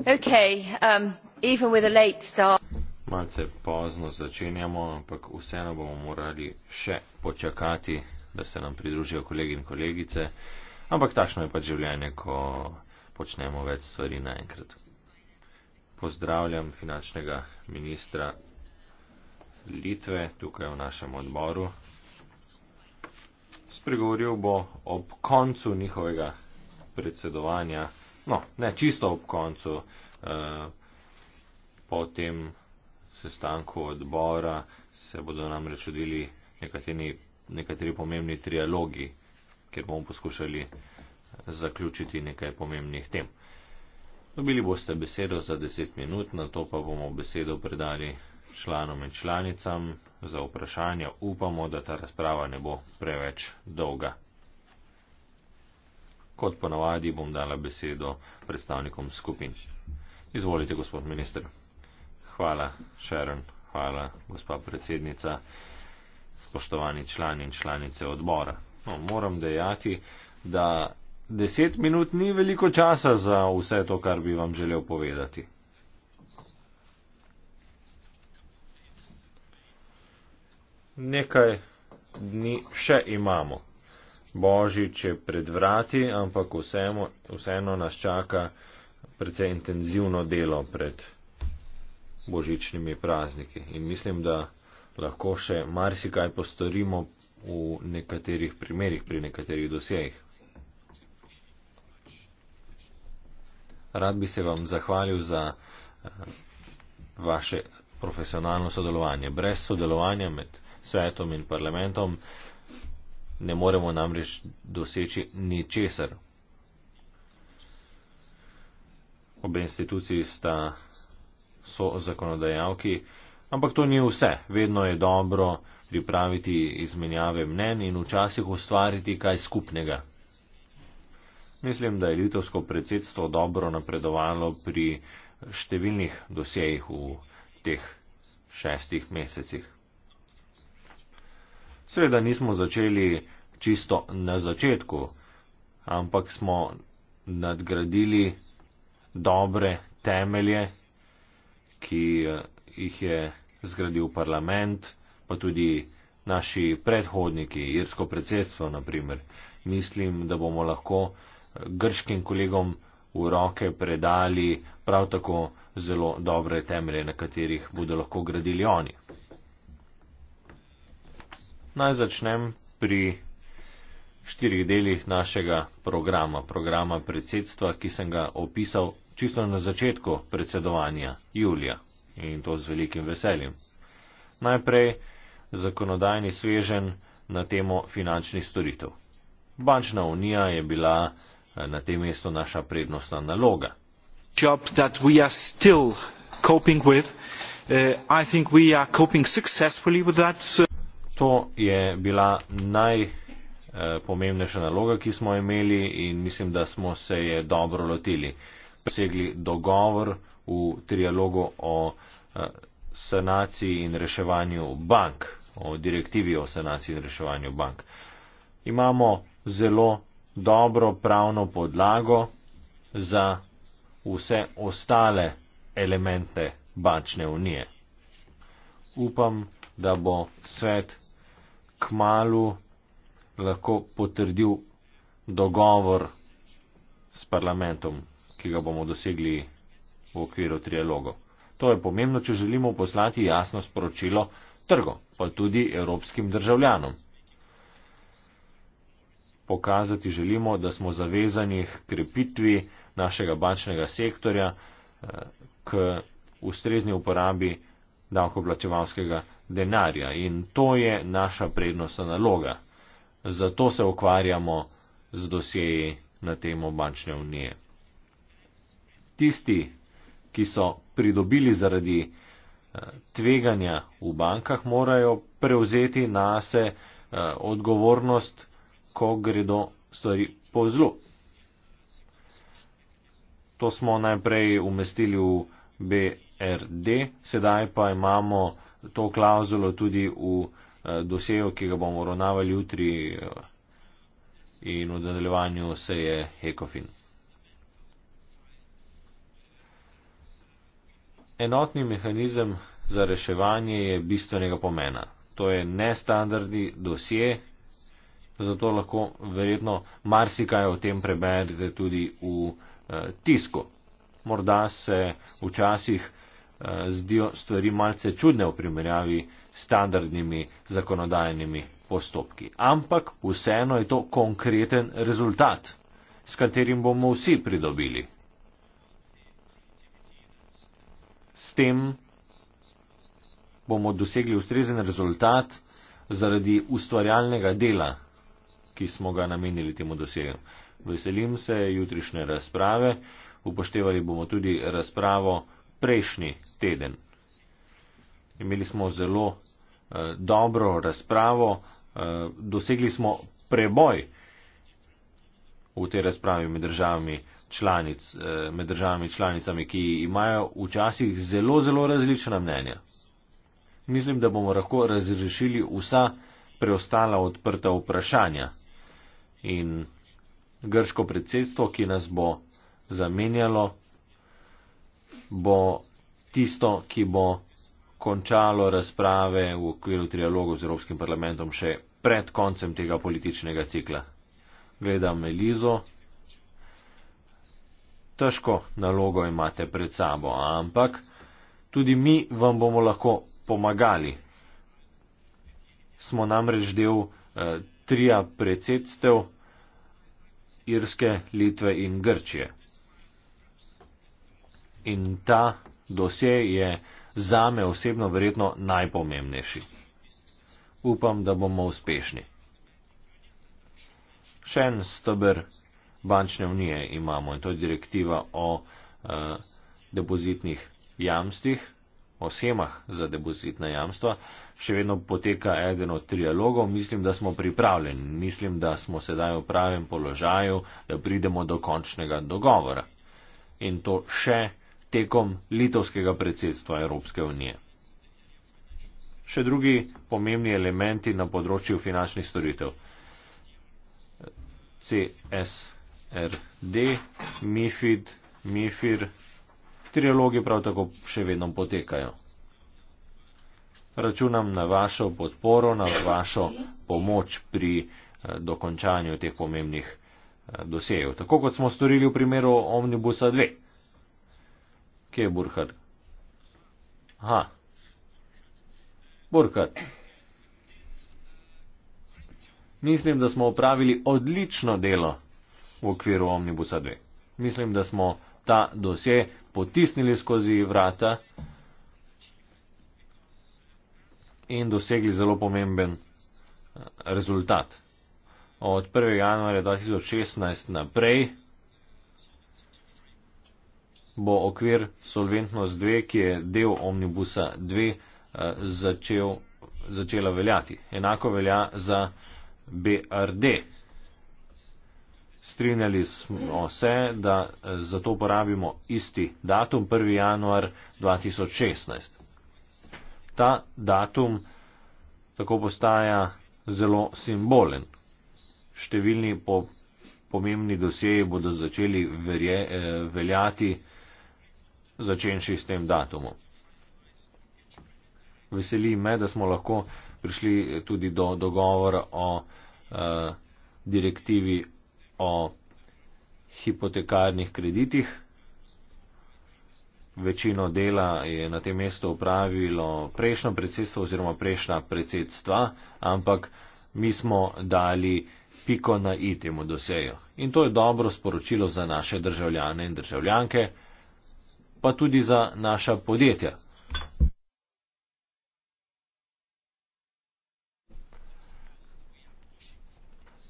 Um, malce pozno začenjamo ampak vseeno bomo morali še počakati da se nam pridružijo kolegi in kolegice ampak takšno je pač življenje ko počnemo več stvari naenkrat pozdravljam finančnega ministra Litve tukaj v našem odboru spregovoril bo ob koncu njihovega predsedovanja No, ne čisto ob koncu, eh, po tem sestanku odbora se bodo nam rečudili nekateri, nekateri pomembni trialogi, kjer bomo poskušali zaključiti nekaj pomembnih tem. Dobili boste besedo za 10 minut, na to pa bomo besedo predali članom in članicam za vprašanje. Upamo, da ta razprava ne bo preveč dolga. Kot ponavadi bom dala besedo predstavnikom skupin. Izvolite, gospod minister. Hvala, Sharon. Hvala, gospa predsednica. Spoštovani člani in članice odbora. No, moram dejati, da deset minut ni veliko časa za vse to, kar bi vam želel povedati. Nekaj dni še imamo. Božič je pred vrati, ampak vsemo, vseeno nas čaka precej intenzivno delo pred božičnimi prazniki. In mislim, da lahko še marsikaj postorimo v nekaterih primerjih, pri nekaterih dosjejih. Rad bi se vam zahvalil za eh, vaše profesionalno sodelovanje. Brez sodelovanja med svetom in parlamentom ne moremo namreč doseči ničesar. Obe instituciji sta so zakonodajalki, ampak to ni vse. Vedno je dobro pripraviti izmenjave mnen in včasih ustvariti kaj skupnega. Mislim, da je litovsko predsedstvo dobro napredovalo pri številnih dosejih v teh šestih mesecih. Seveda nismo začeli čisto na začetku, ampak smo nadgradili dobre temelje, ki eh, jih je zgradil parlament, pa tudi naši predhodniki, irsko predsedstvo naprimer. Mislim, da bomo lahko eh, grškim kolegom v roke predali prav tako zelo dobre temelje, na katerih bodo lahko gradili oni. Naj začnem pri štirih delih našega programa, programa predsedstva, ki sem ga opisal čisto na začetku predsedovanja Julija in to z velikim veseljem. Najprej zakonodajni svežen na temo finančnih storitev. Bančna unija je bila eh, na tem mestu naša prednostna naloga. With, uh, to je bila najpomembnejša eh, naloga, ki smo imeli in mislim, da smo se je dobro lotili. Presegli dogovor v trialogu o eh, sanaciji in reševanju bank, o direktivi o sanaciji in reševanju bank. Imamo zelo dobro pravno podlago za vse ostale elemente bančne unije. Upam, da bo svet kmalo lahko potrdil dogovor s parlamentom, ki ga bomo dosegli v okviru trialogov. To je pomembno, če želimo poslati jasno sporočilo trgo, pa tudi evropskim državljanom. Pokazati želimo, da smo zavezani k krepitvi našega bančnega sektorja, eh, k ustrezni uporabi davkoplačevalskega denarja in to je naša prednostna naloga. Zato se ukvarjamo z dosjeji na temo bančne unije. Tisti, ki so pridobili zaradi eh, tveganja v bankah, morajo prevzeti na se eh, odgovornost, ko gredo stvari po zlu. To smo najprej umestili v BRD, sedaj pa imamo to klauzulo tudi v eh, dosejo, ki ga bomo uravnavali jutri eh, in v nadaljevanju se je Hekofin. Enotni mehanizem za reševanje je bistvenega pomena. To je nestandardni dosje, zato lahko verjetno marsikaj o tem preberete tudi v eh, tisku. Morda se včasih Eh, zdijo stvari malce čudne v primerjavi s standardnimi zakonodajnimi postopki. Ampak vseeno je to konkreten rezultat, s katerim bomo vsi pridobili. S tem bomo dosegli ustrezen rezultat zaradi ustvarjalnega dela, ki smo ga namenili temu dosegu. Veselim se jutrišnje razprave, upoštevali bomo tudi razpravo prejšnji teden. Imeli smo zelo eh, dobro razpravo, eh, dosegli smo preboj v tej razpravi med državami, članic, eh, med državami članicami, ki imajo včasih zelo, zelo različna mnenja. Mislim, da bomo lahko razrešili vsa preostala odprta vprašanja. In grško predsedstvo, ki nas bo zamenjalo, bo tisto, ki bo končalo razprave v okviru trialogov z Evropskim parlamentom še pred koncem tega političnega cikla. Gledam Elizo. Težko nalogo imate pred sabo, ampak tudi mi vam bomo lahko pomagali. Smo namreč del eh, trija predsedstev Irske, Litve in Grčije in ta dosje je zame osebno verjetno najpomembnejši. Upam, da bomo uspešni. Še en stober bančne unije imamo in to je direktiva o eh, depozitnih jamstvih, o schemah za depozitna jamstva. Še vedno poteka eden od trialogov. Mislim, da smo pripravljeni. Mislim, da smo sedaj v pravem položaju, da pridemo do končnega dogovora. In to še tekom litovskega predsedstva Evropske unije. Še drugi pomembni elementi na področju finančnih storitev. CSRD, MIFID, MIFIR, trilogi prav tako še vedno potekajo. Računam na vašo podporo, na vašo pomoč pri eh, dokončanju teh pomembnih eh, dosejev, tako kot smo storili v primeru Omnibusa 2. کې برخت ها برخت Mislim, da smo opravili odlično delo v okviru Omnibusa 2. Mislim, da smo ta dosje potisnili skozi vrata in dosegli zelo pomemben eh, rezultat. Od 1. januarja 2016 naprej bo okvir Solventnost 2, ki je del omnibusa 2, eh, začel, začela veljati. Enako velja za BRD. Strinjali smo se, da eh, za to porabimo isti datum, 1. januar 2016. Ta datum tako postaja zelo simbolen. Številni po, pomembni dosjeji bodo začeli verje, eh, veljati začenši s tem datumom. Veseli me, da smo lahko prišli tudi do dogovora o eh, direktivi o hipotekarnih kreditih. Večino dela je na tem mestu upravilo prejšnjo predsedstvo oziroma prejšnja predsedstva, ampak mi smo dali piko na i temu doseju. In to je dobro sporočilo za naše državljane in državljanke pa tudi za naša podjetja.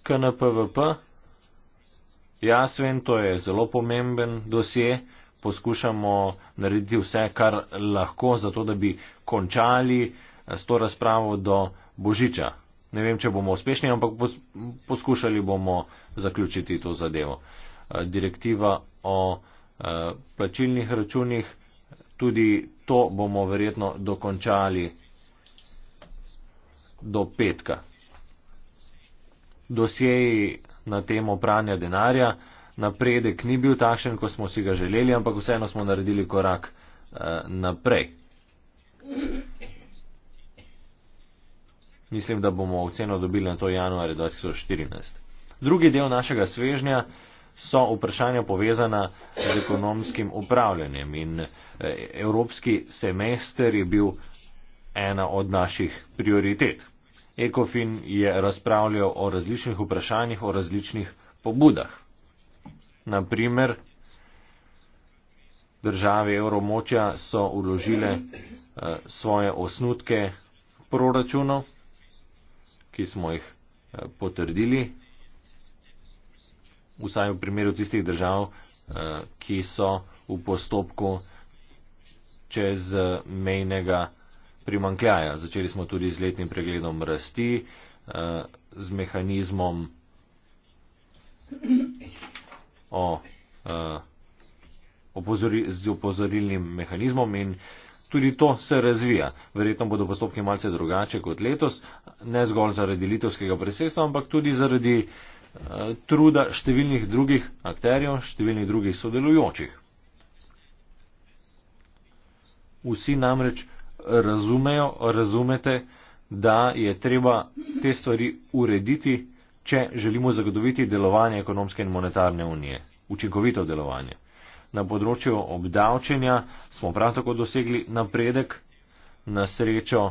KNPVP, jasven, to je zelo pomemben dosje, poskušamo narediti vse, kar lahko, zato da bi končali eh, s to razpravo do božiča. Ne vem, če bomo uspešni, ampak poskušali bomo zaključiti to zadevo. Eh, direktiva o Eh, plačilnih računih, tudi to bomo verjetno dokončali do petka. Dosjeji na temo pranja denarja, napredek ni bil takšen, kot smo si ga želeli, ampak vseeno smo naredili korak eh, naprej. Mislim, da bomo oceno dobili na to januarja 2014. Drugi del našega svežnja so vprašanja povezana z ekonomskim upravljanjem in eh, evropski semester je bil ena od naših prioritet. Ekofin je razpravljal o različnih vprašanjih, o različnih pobudah. Naprimer, države evromočja so uložile eh, svoje osnutke proračunov, ki smo jih eh, potrdili vsaj v primeru tistih držav, eh, ki so v postopku čez eh, mejnega primankljaja. Začeli smo tudi z letnim pregledom rasti, eh, z mehanizmom o, opozori, z opozorilnim mehanizmom in tudi to se razvija. Verjetno bodo postopki malce drugače kot letos, ne zgolj zaradi litovskega presesa, ampak tudi zaradi truda številnih drugih akterjev, številnih drugih sodelujočih. Vsi namreč razumejo, razumete, da je treba te stvari urediti, če želimo zagotoviti delovanje ekonomske in monetarne unije, učinkovito delovanje. Na področju obdavčenja smo prav tako dosegli napredek, na srečo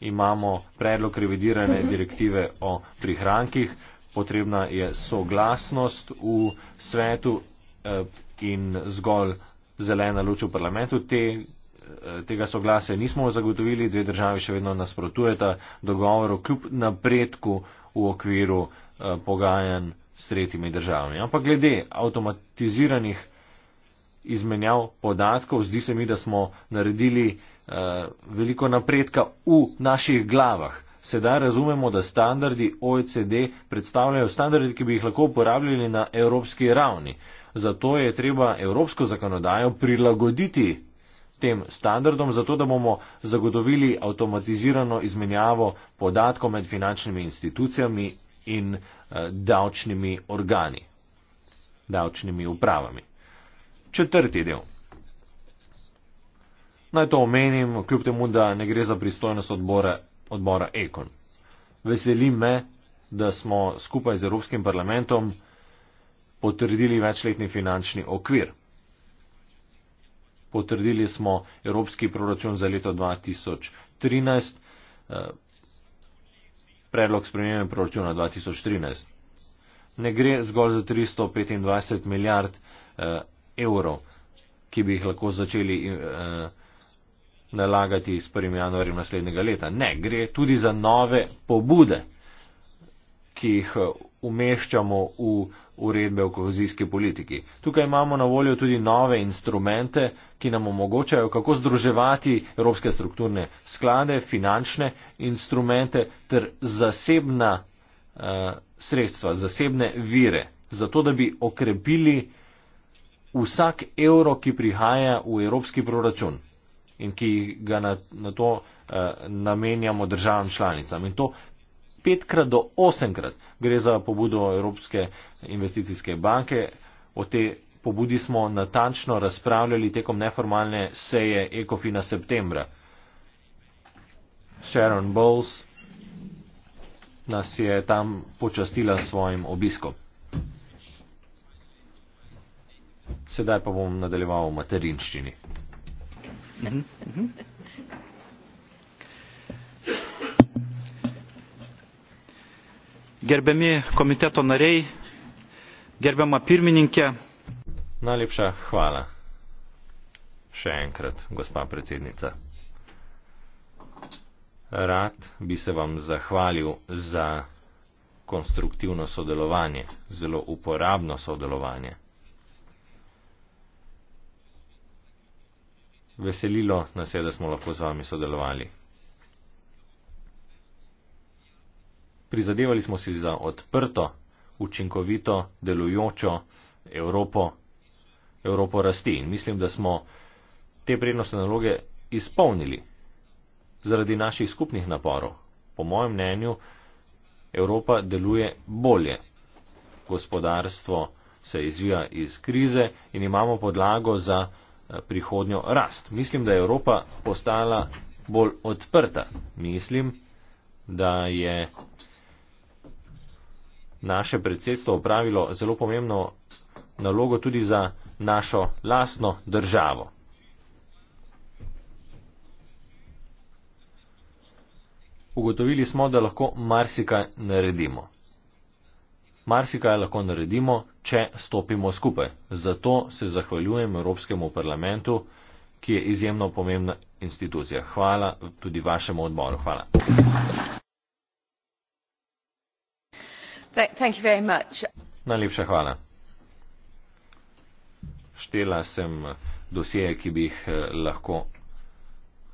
imamo predlog revidirane direktive o prihrankih. Potrebna je soglasnost v svetu eh, in zgolj zelena luč v parlamentu. Te, eh, tega soglasja nismo zagotovili, dve državi še vedno nasprotujeta dogovoru kljub napredku v okviru eh, pogajanj s tretjimi državami. Ampak glede avtomatiziranih izmenjav podatkov, zdi se mi, da smo naredili Eh, veliko napredka v naših glavah. Sedaj razumemo, da standardi OECD predstavljajo standardi, ki bi jih lahko uporabljali na evropski ravni. Zato je treba evropsko zakonodajo prilagoditi tem standardom, zato da bomo zagotovili avtomatizirano izmenjavo podatkov med finančnimi institucijami in eh, davčnimi organi, davčnimi upravami. Četrti del. Naj to omenim, kljub temu, da ne gre za pristojnost odbora, odbora Ekon. Veseli me, da smo skupaj z Evropskim parlamentom potrdili večletni finančni okvir. Potrdili smo Evropski proračun za leto 2013, eh, predlog spremenjenja proračuna 2013. Ne gre zgolj za 325 milijard eh, evrov, ki bi jih lahko začeli. Eh, nalagati s 1. januarjem naslednjega leta. Ne, gre tudi za nove pobude, ki jih eh, umeščamo v uredbe o kohezijski politiki. Tukaj imamo na voljo tudi nove instrumente, ki nam omogočajo, kako združevati evropske strukturne sklade, finančne instrumente ter zasebna eh, sredstva, zasebne vire, zato da bi okrepili vsak evro, ki prihaja v evropski proračun in ki ga na, na to eh, namenjamo državam članicam. In to petkrat do osemkrat gre za pobudo Evropske investicijske banke. O te pobudi smo natančno razpravljali tekom neformalne seje Ekofina septembra. Sharon Bowles nas je tam počastila svojim obiskom. Sedaj pa bom nadaljeval v materinščini. Mhm. Gerbiami komiteto nariai, gerbiama pirmininkė. Najlepša hvala. Še enkrat, gospa predsednica. Rad bi se vam zahvalil za konstruktivno sodelovanje, zelo uporabno sodelovanje. veselilo nas je, da smo lahko z vami sodelovali. Prizadevali smo si za odprto, učinkovito, delujočo Evropo, Evropo rasti in mislim, da smo te prednostne naloge izpolnili zaradi naših skupnih naporov. Po mojem mnenju, Evropa deluje bolje. Gospodarstvo se izvija iz krize in imamo podlago za prihodnjo rast. Mislim, da je Evropa postala bolj odprta. Mislim, da je naše predsedstvo opravilo zelo pomembno nalogo tudi za našo lastno državo. Ugotovili smo, da lahko marsika naredimo. Marsikaj lahko naredimo, če stopimo skupaj. Zato se zahvaljujem Evropskemu parlamentu, ki je izjemno pomembna institucija. Hvala tudi vašemu odboru. Hvala. Najlepša hvala. Štela sem dosije, ki bi jih eh, lahko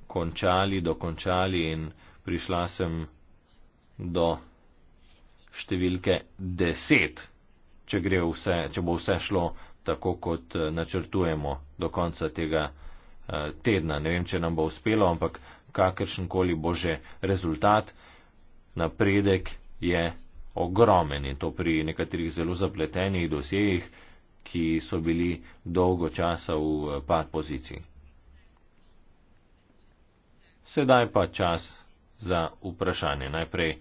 končali, dokončali in prišla sem do številke 10, če, vse, če bo vse šlo tako, kot eh, načrtujemo do konca tega eh, tedna. Ne vem, če nam bo uspelo, ampak kakršenkoli bo že rezultat, napredek je ogromen in to pri nekaterih zelo zapletenih dosjejih, ki so bili dolgo časa v eh, pad poziciji. Sedaj pa čas za vprašanje. Najprej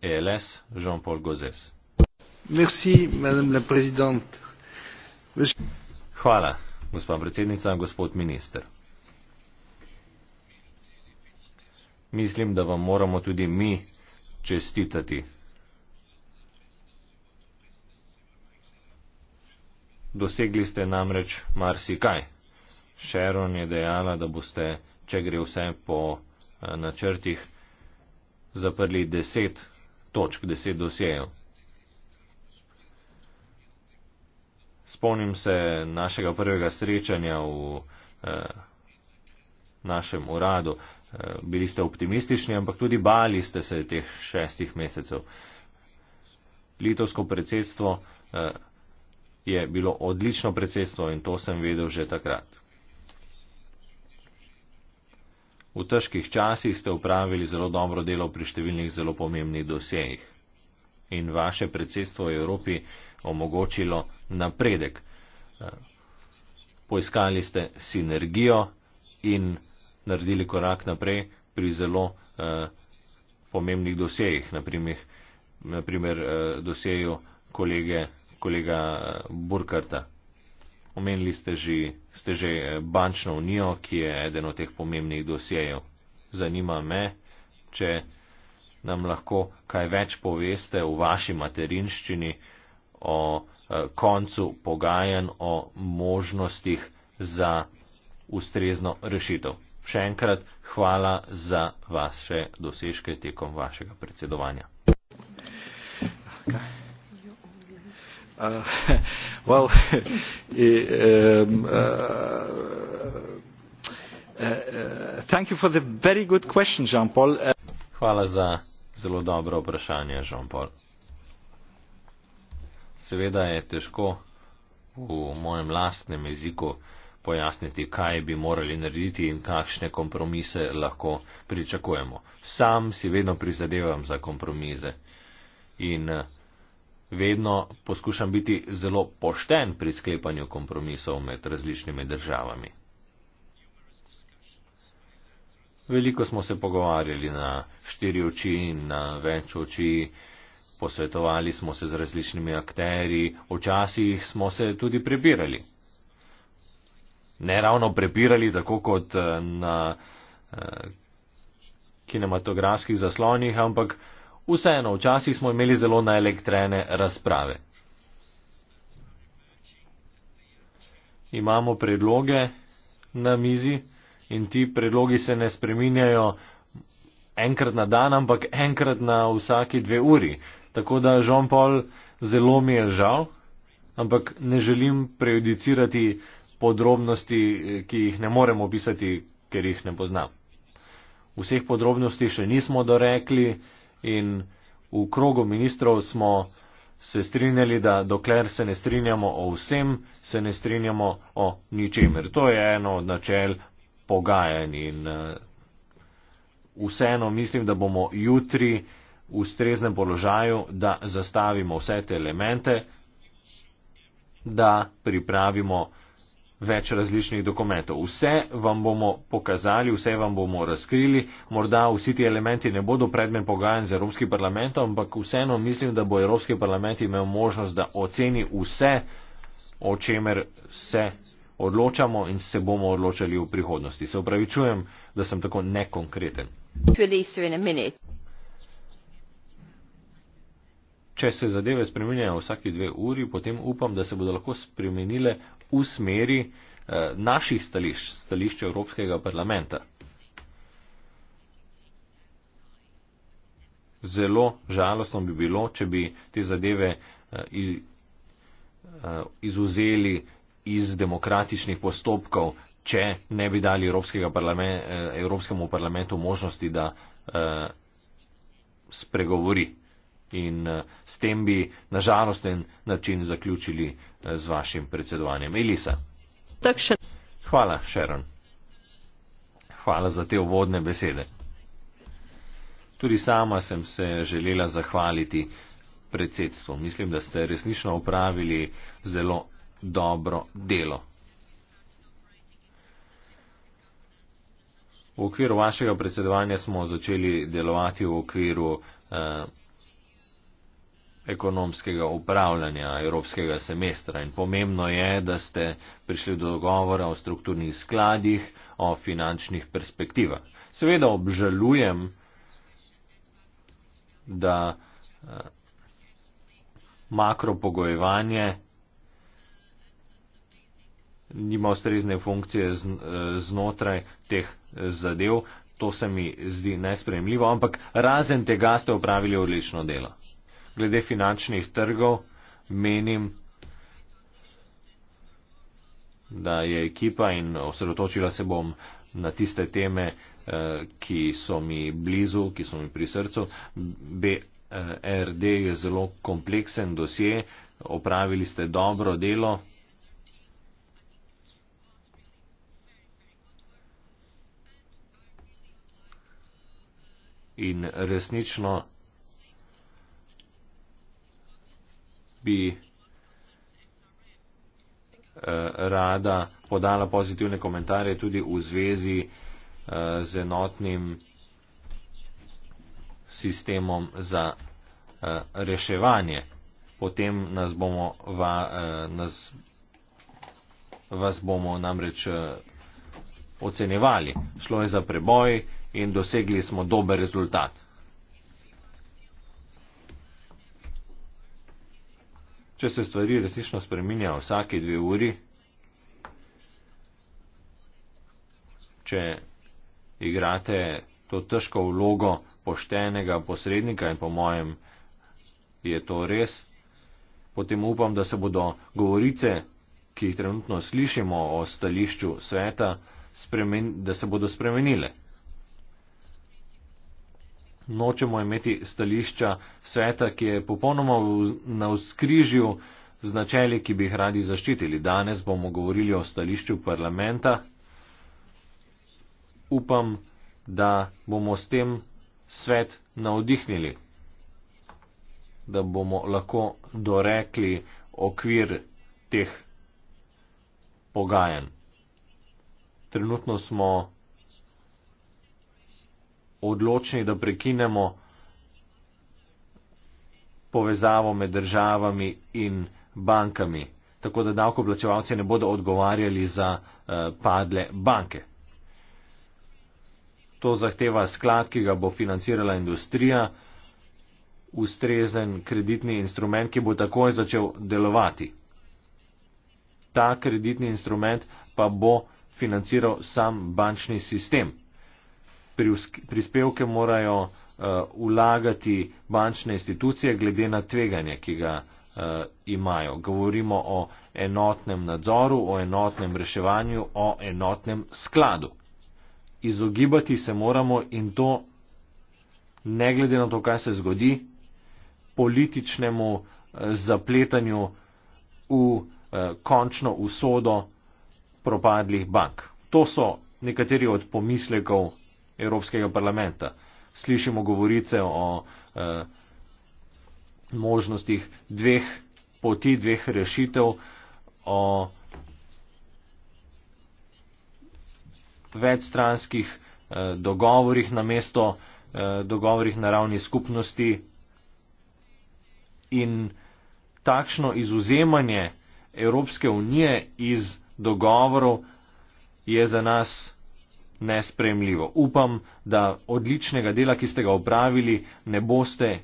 ELS, Jean-Paul Gauzès. Merci, madame la présidente. Monsieur... Hvala, gospa predsednica, gospod minister. Mislim, da vam moramo tudi mi čestitati. Dosegli ste namreč marsikaj. Sharon je dejala, da boste, če gre vse po eh, načrtih, zaprli deset točk deset dosjejev. Spomnim se našega prvega srečanja v eh, našem uradu. Eh, bili ste optimistični, ampak tudi bali ste se teh šestih mesecev. Litovsko predsedstvo eh, je bilo odlično predsedstvo in to sem vedel že takrat. V težkih časih ste upravili zelo dobro delo pri številnih zelo pomembnih dosejih in vaše predsedstvo v Evropi omogočilo napredek. Poiskali ste sinergijo in naredili korak naprej pri zelo eh, pomembnih dosejih, naprimer eh, dosejo kolege, kolega eh, Burkarta omenili ste že, ste že eh, bančno unijo, ki je eden od teh pomembnih dosjejev. Zanima me, če nam lahko kaj več poveste v vaši materinščini o eh, koncu pogajen, o možnostih za ustrezno rešitev. Še enkrat hvala za vaše dosežke tekom vašega predsedovanja. Okay uh, well, um, uh, uh, uh, thank you for the very good question, Jean-Paul. Uh, Hvala za zelo dobro vprašanje, Jean-Paul. Seveda je težko v mojem lastnem jeziku pojasniti, kaj bi morali narediti in kakšne kompromise lahko pričakujemo. Sam si vedno prizadevam za kompromise in uh, vedno poskušam biti zelo pošten pri sklepanju kompromisov med različnimi državami. Veliko smo se pogovarjali na štiri oči in na več oči, posvetovali smo se z različnimi akteri, včasih smo se tudi prepirali. Ne ravno prepirali, tako kot eh, na eh, kinematografskih zaslonih, ampak eh, Vseeno, včasih smo imeli zelo naelektrene razprave. Imamo predloge na mizi in ti predlogi se ne spreminjajo enkrat na dan, ampak enkrat na vsaki dve uri. Tako da Jean-Paul zelo mi je žal, ampak ne želim prejudicirati podrobnosti, ki jih ne morem opisati, ker jih ne poznam. Vseh podrobnosti še nismo dorekli in v krogu ministrov smo se strinjali, da dokler se ne strinjamo o vsem, se ne strinjamo o ničemer. To je eno od načel pogajanj in eh, vseeno mislim, da bomo jutri v streznem položaju, da zastavimo vse te elemente, da pripravimo več različnih dokumentov. Vse vam bomo pokazali, vse vam bomo razkrili, morda vsi ti elementi ne bodo predmet pogajanj z Evropskim parlamentom, ampak vseeno mislim, da bo Evropski parlament imel možnost, da oceni vse, o čemer se odločamo in se bomo odločali v prihodnosti. Se upravičujem, da sem tako nekonkreten. Če se zadeve spremenjajo vsaki dve uri, potem upam, da se bodo lahko spremenile v smeri eh, naših stališč, stališč Evropskega parlamenta. Zelo žalostno bi bilo, če bi te zadeve eh, eh izuzeli iz demokratičnih postopkov, če ne bi dali parlament, eh, Evropskemu parlamentu možnosti, da eh, spregovori in eh, s tem bi na žalosten način zaključili eh, z vašim predsedovanjem. Elisa. Takšen. Hvala, Sharon. Hvala za te uvodne besede. Tudi sama sem se želela zahvaliti predsedstvu. Mislim, da ste resnično upravili zelo dobro delo. V okviru vašega predsedovanja smo začeli delovati v okviru eh, ekonomskega upravljanja evropskega semestra in pomembno je, da ste prišli do dogovora o strukturnih skladih, o finančnih perspektivah. Seveda obžalujem, da eh, makropogojevanje nima ustrezne funkcije eh, znotraj teh eh, zadev. To se mi zdi nespremljivo, ampak razen tega ste upravili odlično delo glede finančnih trgov, menim, da je ekipa in osredotočila se bom na tiste teme, eh, ki so mi blizu, ki so mi pri srcu. BRD je zelo kompleksen dosje, opravili ste dobro delo. In resnično bi eh, rada podala pozitivne komentarje tudi v zvezi eh, z enotnim sistemom za eh, reševanje. Potem nas bomo, va, nas, vas bomo namreč ocenjevali. Šlo je za preboj in dosegli smo dober rezultat. če se stvari resnično spreminjajo vsake dve uri, če igrate to težko vlogo poštenega posrednika in po mojem je to res, potem upam, da se bodo govorice, ki jih trenutno slišimo o stališču sveta, spremen, da se bodo spremenile nočemo imeti stališča sveta, ki je popolnoma na vzkrižju z načeli, ki bi jih radi zaščitili. Danes bomo govorili o stališču parlamenta. Upam, da bomo s tem svet navdihnili, da bomo lahko dorekli okvir teh pogajanj. Trenutno smo odločni, da prekinemo povezavo med državami in bankami, tako da davkoplačevalci ne bodo odgovarjali za eh, padle banke. To zahteva sklad, ki ga bo financirala industrija, ustrezen kreditni instrument, ki bo takoj začel delovati. Ta kreditni instrument pa bo financiral sam bančni sistem prispevke morajo eh, vlagati bančne institucije glede na tveganje, ki ga eh, imajo. Govorimo o enotnem nadzoru, o enotnem reševanju, o enotnem skladu. Izogibati se moramo in to ne glede na to, kaj se zgodi, političnemu eh, zapletanju v končno usodo propadlih bank. To so nekateri od pomislekov Evropskega parlamenta. Slišimo govorice o eh, možnostih dveh poti, dveh rešitev, o večstranskih eh, dogovorih na mesto eh, dogovorih na ravni skupnosti in takšno izuzemanje Evropske unije iz dogovorov je za nas nespremljivo. Upam, da odličnega dela, ki ste ga upravili, ne boste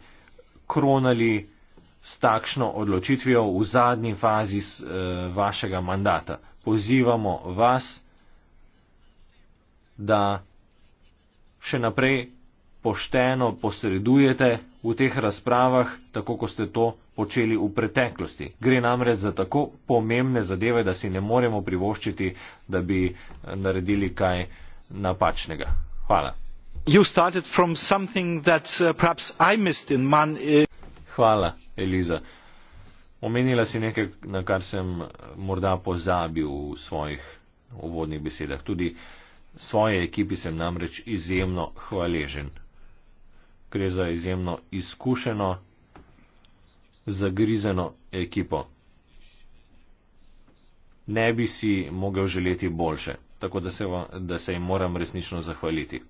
kronali s takšno odločitvijo v zadnji fazi eh, vašega mandata. Pozivamo vas, da še naprej pošteno posredujete v teh razpravah, tako kot ste to počeli v preteklosti. Gre namreč za tako pomembne zadeve, da si ne moremo privoščiti, da bi eh, naredili kaj uh, napačnega. Hvala. That, uh, uh, Hvala, Eliza. Omenila si nekaj, na kar sem morda pozabil v svojih uvodnih besedah. Tudi svoje ekipi sem namreč izjemno hvaležen. Gre za izjemno izkušeno, zagrizeno ekipo. Ne bi si mogel želeti boljše tako da se, da se jim moram resnično zahvaliti.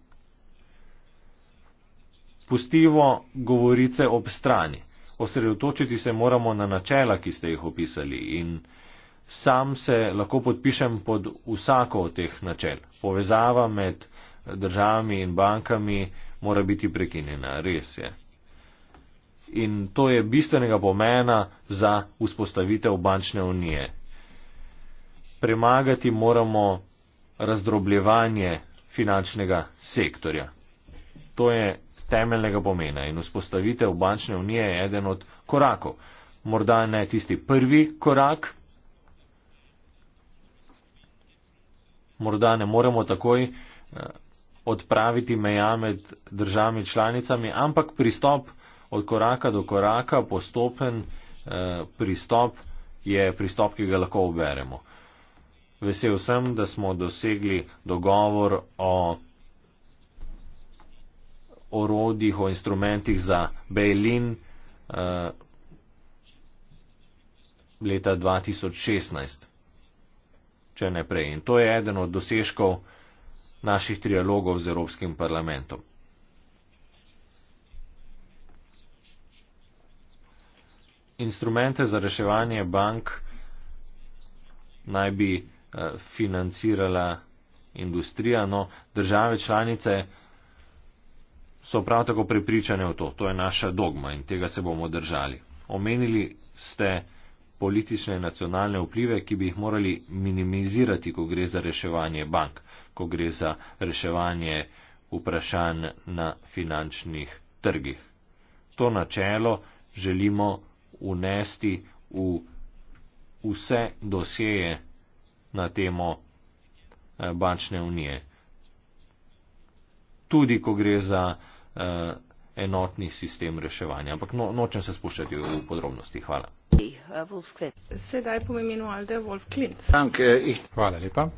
Pustivo govorice ob strani. Osredotočiti se moramo na načela, ki ste jih opisali in sam se lahko podpišem pod vsako od teh načel. Povezava med državami in bankami mora biti prekinjena, res je. In to je bistvenega pomena za vzpostavitev bančne unije. Premagati moramo razdrobljevanje finančnega sektorja. To je temeljnega pomena in vzpostavitev bančne unije je eden od korakov. Morda ne tisti prvi korak, morda ne moremo takoj eh, odpraviti meja med državami članicami, ampak pristop od koraka do koraka, postopen eh, pristop je pristop, ki ga lahko oberemo. Vesel sem, da smo dosegli dogovor o orodjih, o instrumentih za Bejlin uh, leta 2016, če ne prej. In to je eden od dosežkov naših trialogov z Evropskim parlamentom. Instrumente za reševanje bank naj bi Eh, financirala industrija. No, države članice so prav tako prepričane v to. To je naša dogma in tega se bomo držali. Omenili ste politične in nacionalne vplive, ki bi jih morali minimizirati, ko gre za reševanje bank, ko gre za reševanje vprašanj na finančnih trgih. To načelo želimo unesti v vse dosjeje na temo eh, bančne unije. Tudi, ko gre za eh, enotni sistem reševanja. Ampak no, nočem se spuščati v podrobnosti. Hvala. Sedaj po imenu Alde Wolf Klint. Hvala lepa.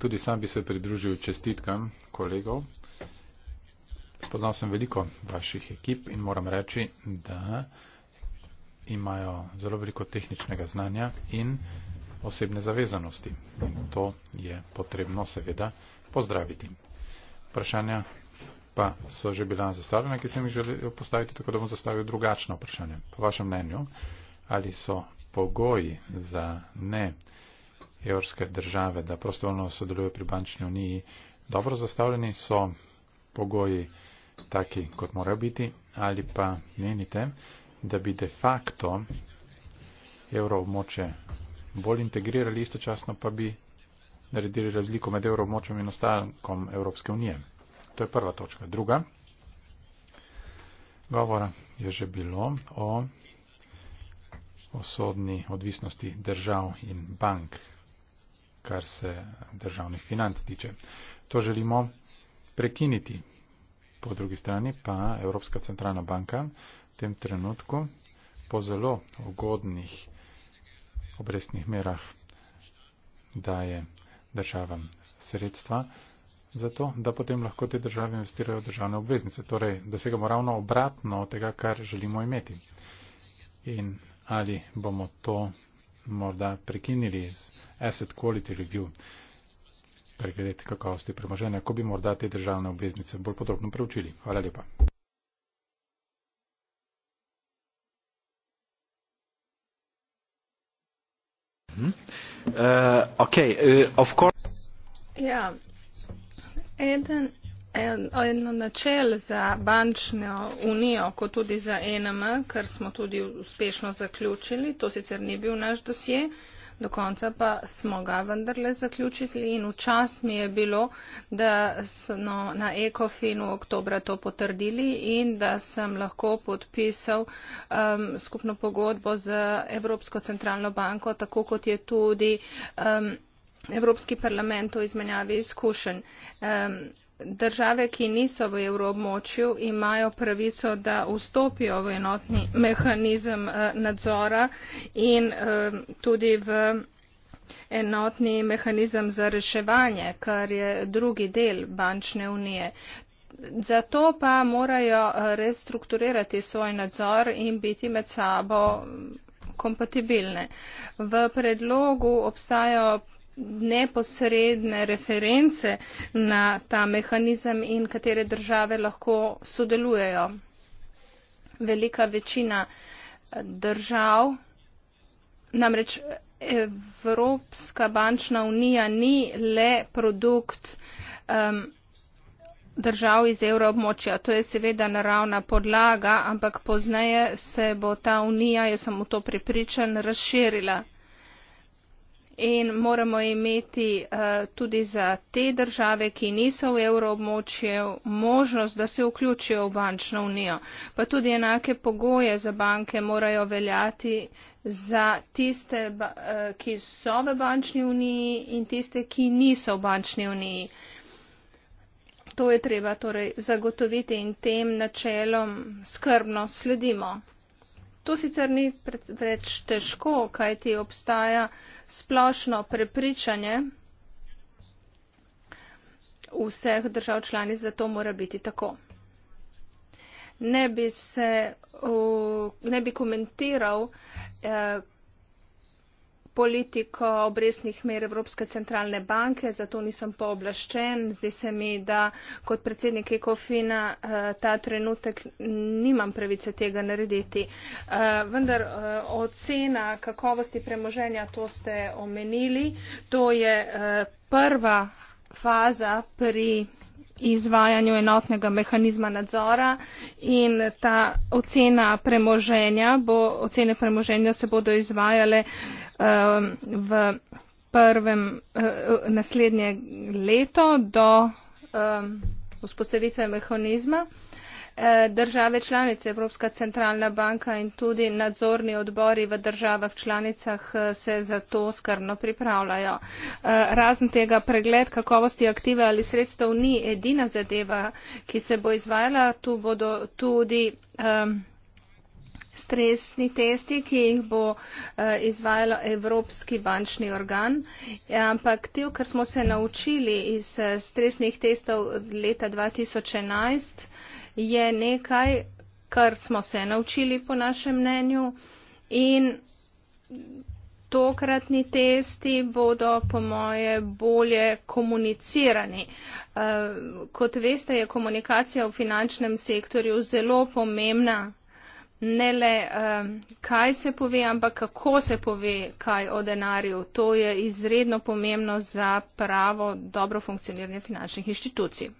Tudi sam bi se pridružil čestitkam kolegov. Spoznal sem veliko vaših ekip in moram reči, da imajo zelo veliko tehničnega znanja in osebne zavezanosti. In to je potrebno seveda pozdraviti. Vprašanja pa so že bila zastavljena, ki sem jih želel postaviti, tako da bom zastavil drugačno vprašanje. Po vašem mnenju, ali so pogoji za ne evropske države, da prostovoljno sodelujejo pri bančni uniji, dobro zastavljeni, so pogoji taki, kot morajo biti, ali pa menite, da bi de facto evroobmoče bolj integrirali, istočasno pa bi naredili razliko med evroobmočem in ostankom Evropske unije. To je prva točka. Druga govora je že bilo o osodni odvisnosti držav in bank, kar se državnih financ tiče. To želimo prekiniti. Po drugi strani pa Evropska centralna banka tem trenutku po zelo ugodnih obrestnih merah daje državam sredstva, zato da potem lahko te države investirajo v državne obveznice. Torej, dosegamo ravno obratno od tega, kar želimo imeti. In ali bomo to morda prekinili z Asset Quality Review, pregled kakovosti premoženja, ko bi morda te državne obveznice bolj podrobno preučili. Hvala lepa. Mhm. Uh, ok, uh, of course. Ja, eden, en, eno načel za bančno unijo, kot tudi za e NM, kar smo tudi uspešno zaključili, to sicer ni bil naš dosje, uh, do konca pa smo ga vendarle zaključili in v čast mi je bilo, da smo na ECOFINu oktobra to potrdili in da sem lahko podpisal um, skupno pogodbo z Evropsko centralno banko, tako kot je tudi um, Evropski parlament o izmenjavi izkušenj. Um, države, ki niso v evroobmočju, imajo pravico, da vstopijo v enotni mehanizem eh, nadzora in eh, tudi v enotni mehanizem za reševanje, kar je drugi del bančne unije. Zato pa morajo eh, restrukturirati svoj nadzor in biti med sabo mm, kompatibilne. V predlogu obstajajo neposredne reference na ta mehanizem in katere države lahko sodelujejo. Velika večina eh, držav, namreč eh, Evropska bančna unija ni le produkt um, držav iz evroobmočja. To je seveda naravna podlaga, ampak pozneje se bo ta unija, jaz sem v to prepričan, razširila in moramo imeti eh, tudi za te države, ki niso v evroobmočju, možnost, da se vključijo v bančno unijo. Pa tudi enake pogoje za banke morajo veljati za tiste, eh, ki so v bančni uniji in tiste, ki niso v bančni uniji. To je treba torej zagotoviti in tem načelom skrbno sledimo. To sicer ni preveč težko, kaj ti obstaja splošno prepričanje vseh držav članic, zato mora biti tako. Ne bi, se, ne bi komentiral, eh, politiko obresnih mer Evropske centralne banke, zato nisem pooblaščen. Zdi se mi, da kot predsednik Ekofina eh, ta trenutek nimam pravice tega narediti. Eh, vendar eh, ocena kakovosti premoženja, to ste omenili, to je prva faza pri izvajanju enotnega mehanizma nadzora in ta ocena premoženja bo ocene premoženja se bodo izvajale um, v prvem eh, eh, naslednje leto do um, vzpostavitve mehanizma države članice, Evropska centralna banka in tudi nadzorni odbori v državah članicah eh, se za to skrbno pripravljajo. Eh, razen tega pregled kakovosti aktive ali sredstev ni edina zadeva, ki se bo izvajala. Tu bodo tudi um, stresni testi, ki jih bo eh, izvajalo Evropski bančni organ. Ampak to, kar smo se naučili iz stresnih testov leta 2011, je nekaj, kar smo se naučili po našem mnenju in tokratni testi bodo po moje bolje komunicirani. Eh, kot veste, je komunikacija v finančnem sektorju zelo pomembna. Ne le, eh, kaj se pove, ampak kako se pove, kaj o denarju. To je izredno pomembno za pravo dobro funkcioniranje finančnih inštitucij.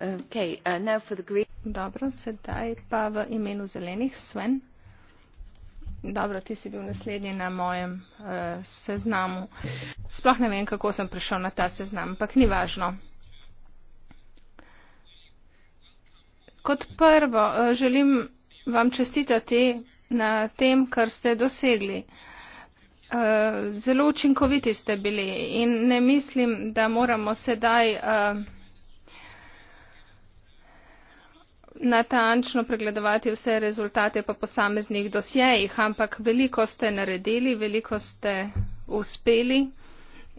Uh, dobro sedaj pa v imenu zelenih sven dobro ti si bil naslednji na mojem uh, seznamu sploh ne vem kako sem prišel na ta seznam ampak ni važno kot prvo uh, želim vam čestitati na tem kar ste dosegli uh, zelo učinkoviti ste bili in ne mislim da moramo sedaj uh, natančno pregledovati vse rezultate po posameznih dosjejih, ampak veliko ste naredili, veliko ste uspeli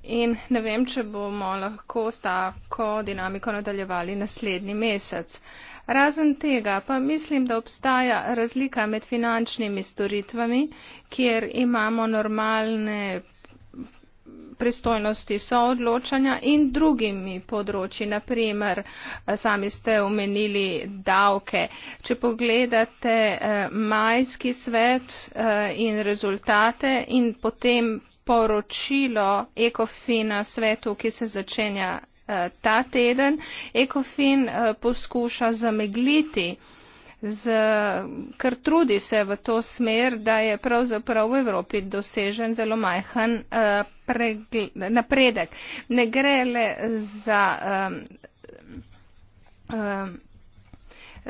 in ne vem, če bomo lahko s tako dinamiko nadaljevali naslednji mesec. Razen tega pa mislim, da obstaja razlika med finančnimi storitvami, kjer imamo normalne pristojnosti soodločanja in drugimi področji, naprimer, eh, sami ste omenili davke. Če pogledate eh, majski svet eh, in rezultate in potem poročilo ECOFIN-a svetu, ki se začenja ta teden, ECOFIN poskuša zamegliti z, kar trudi se v to smer, da je pravzaprav v Evropi dosežen zelo majhen uh, pregled, napredek. Ne gre le za. Um, um,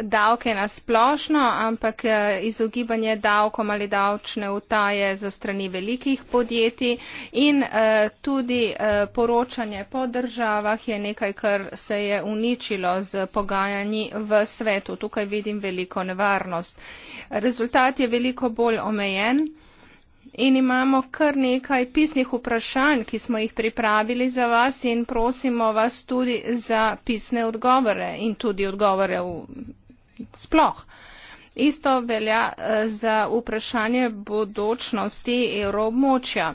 davke na splošno, ampak eh, izogibanje davkom ali davčne utaje za strani velikih podjetij in eh, tudi eh, poročanje po državah je nekaj, kar se je uničilo z pogajanji v svetu. Tukaj vidim veliko nevarnost. Rezultat je veliko bolj omejen. In imamo kar nekaj pisnih vprašanj, ki smo jih pripravili za vas in prosimo vas tudi za pisne odgovore in tudi odgovore v sploh. Isto velja eh, za vprašanje bodočnosti evroobmočja.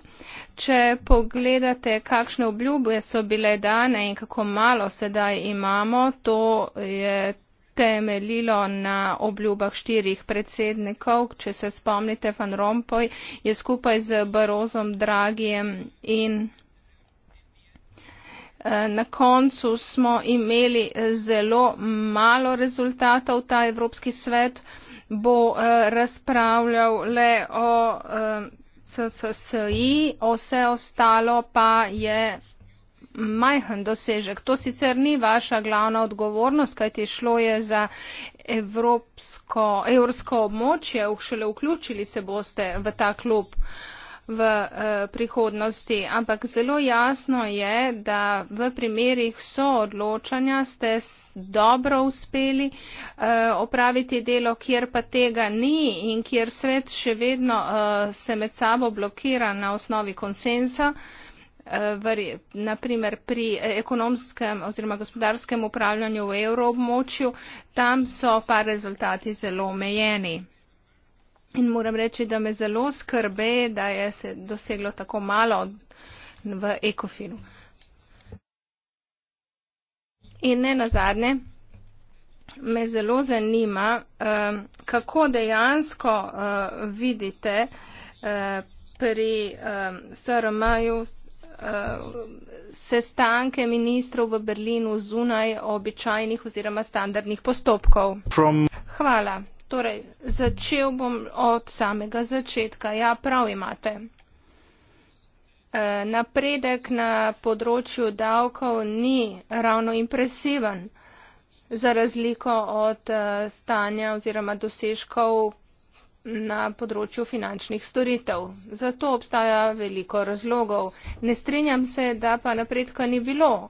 Če pogledate, kakšne obljube so bile dane in kako malo sedaj imamo, to je temeljilo na obljubah štirih predsednikov. Če se spomnite, Van Rompuy je skupaj z Barozom, Dragijem in Eh, na koncu smo imeli eh, zelo malo rezultatov. Ta Evropski svet bo eh, razpravljal le o CSSI, vse ostalo pa je majhen dosežek. To sicer ni vaša glavna odgovornost, kajti šlo je za evropsko, evropsko območje, šele vključili se boste v ta klub. Uh, v eh, prihodnosti. Ampak zelo jasno je, da v primerih soodločanja ste dobro uspeli eh, opraviti delo, kjer pa tega ni in kjer svet še vedno eh, se med sabo blokira na osnovi konsensa. Naprimer pri ekonomskem oziroma gospodarskem upravljanju v evroobmočju, tam so pa rezultati zelo omejeni. In moram reči, da me zelo skrbe, da je se doseglo tako malo v ekofinu. In ne nazadnje, me zelo zanima, eh, kako dejansko eh, vidite eh, pri SRM-ju sestanke ministrov v Berlinu zunaj običajnih oziroma standardnih postopkov. Hvala. Torej, začel bom od samega začetka. Ja, prav imate. E, napredek na področju davkov ni ravno impresiven, za razliko od e, stanja oziroma dosežkov, na področju finančnih storitev. Zato obstaja veliko razlogov. Ne strinjam se, da pa napredka ni bilo.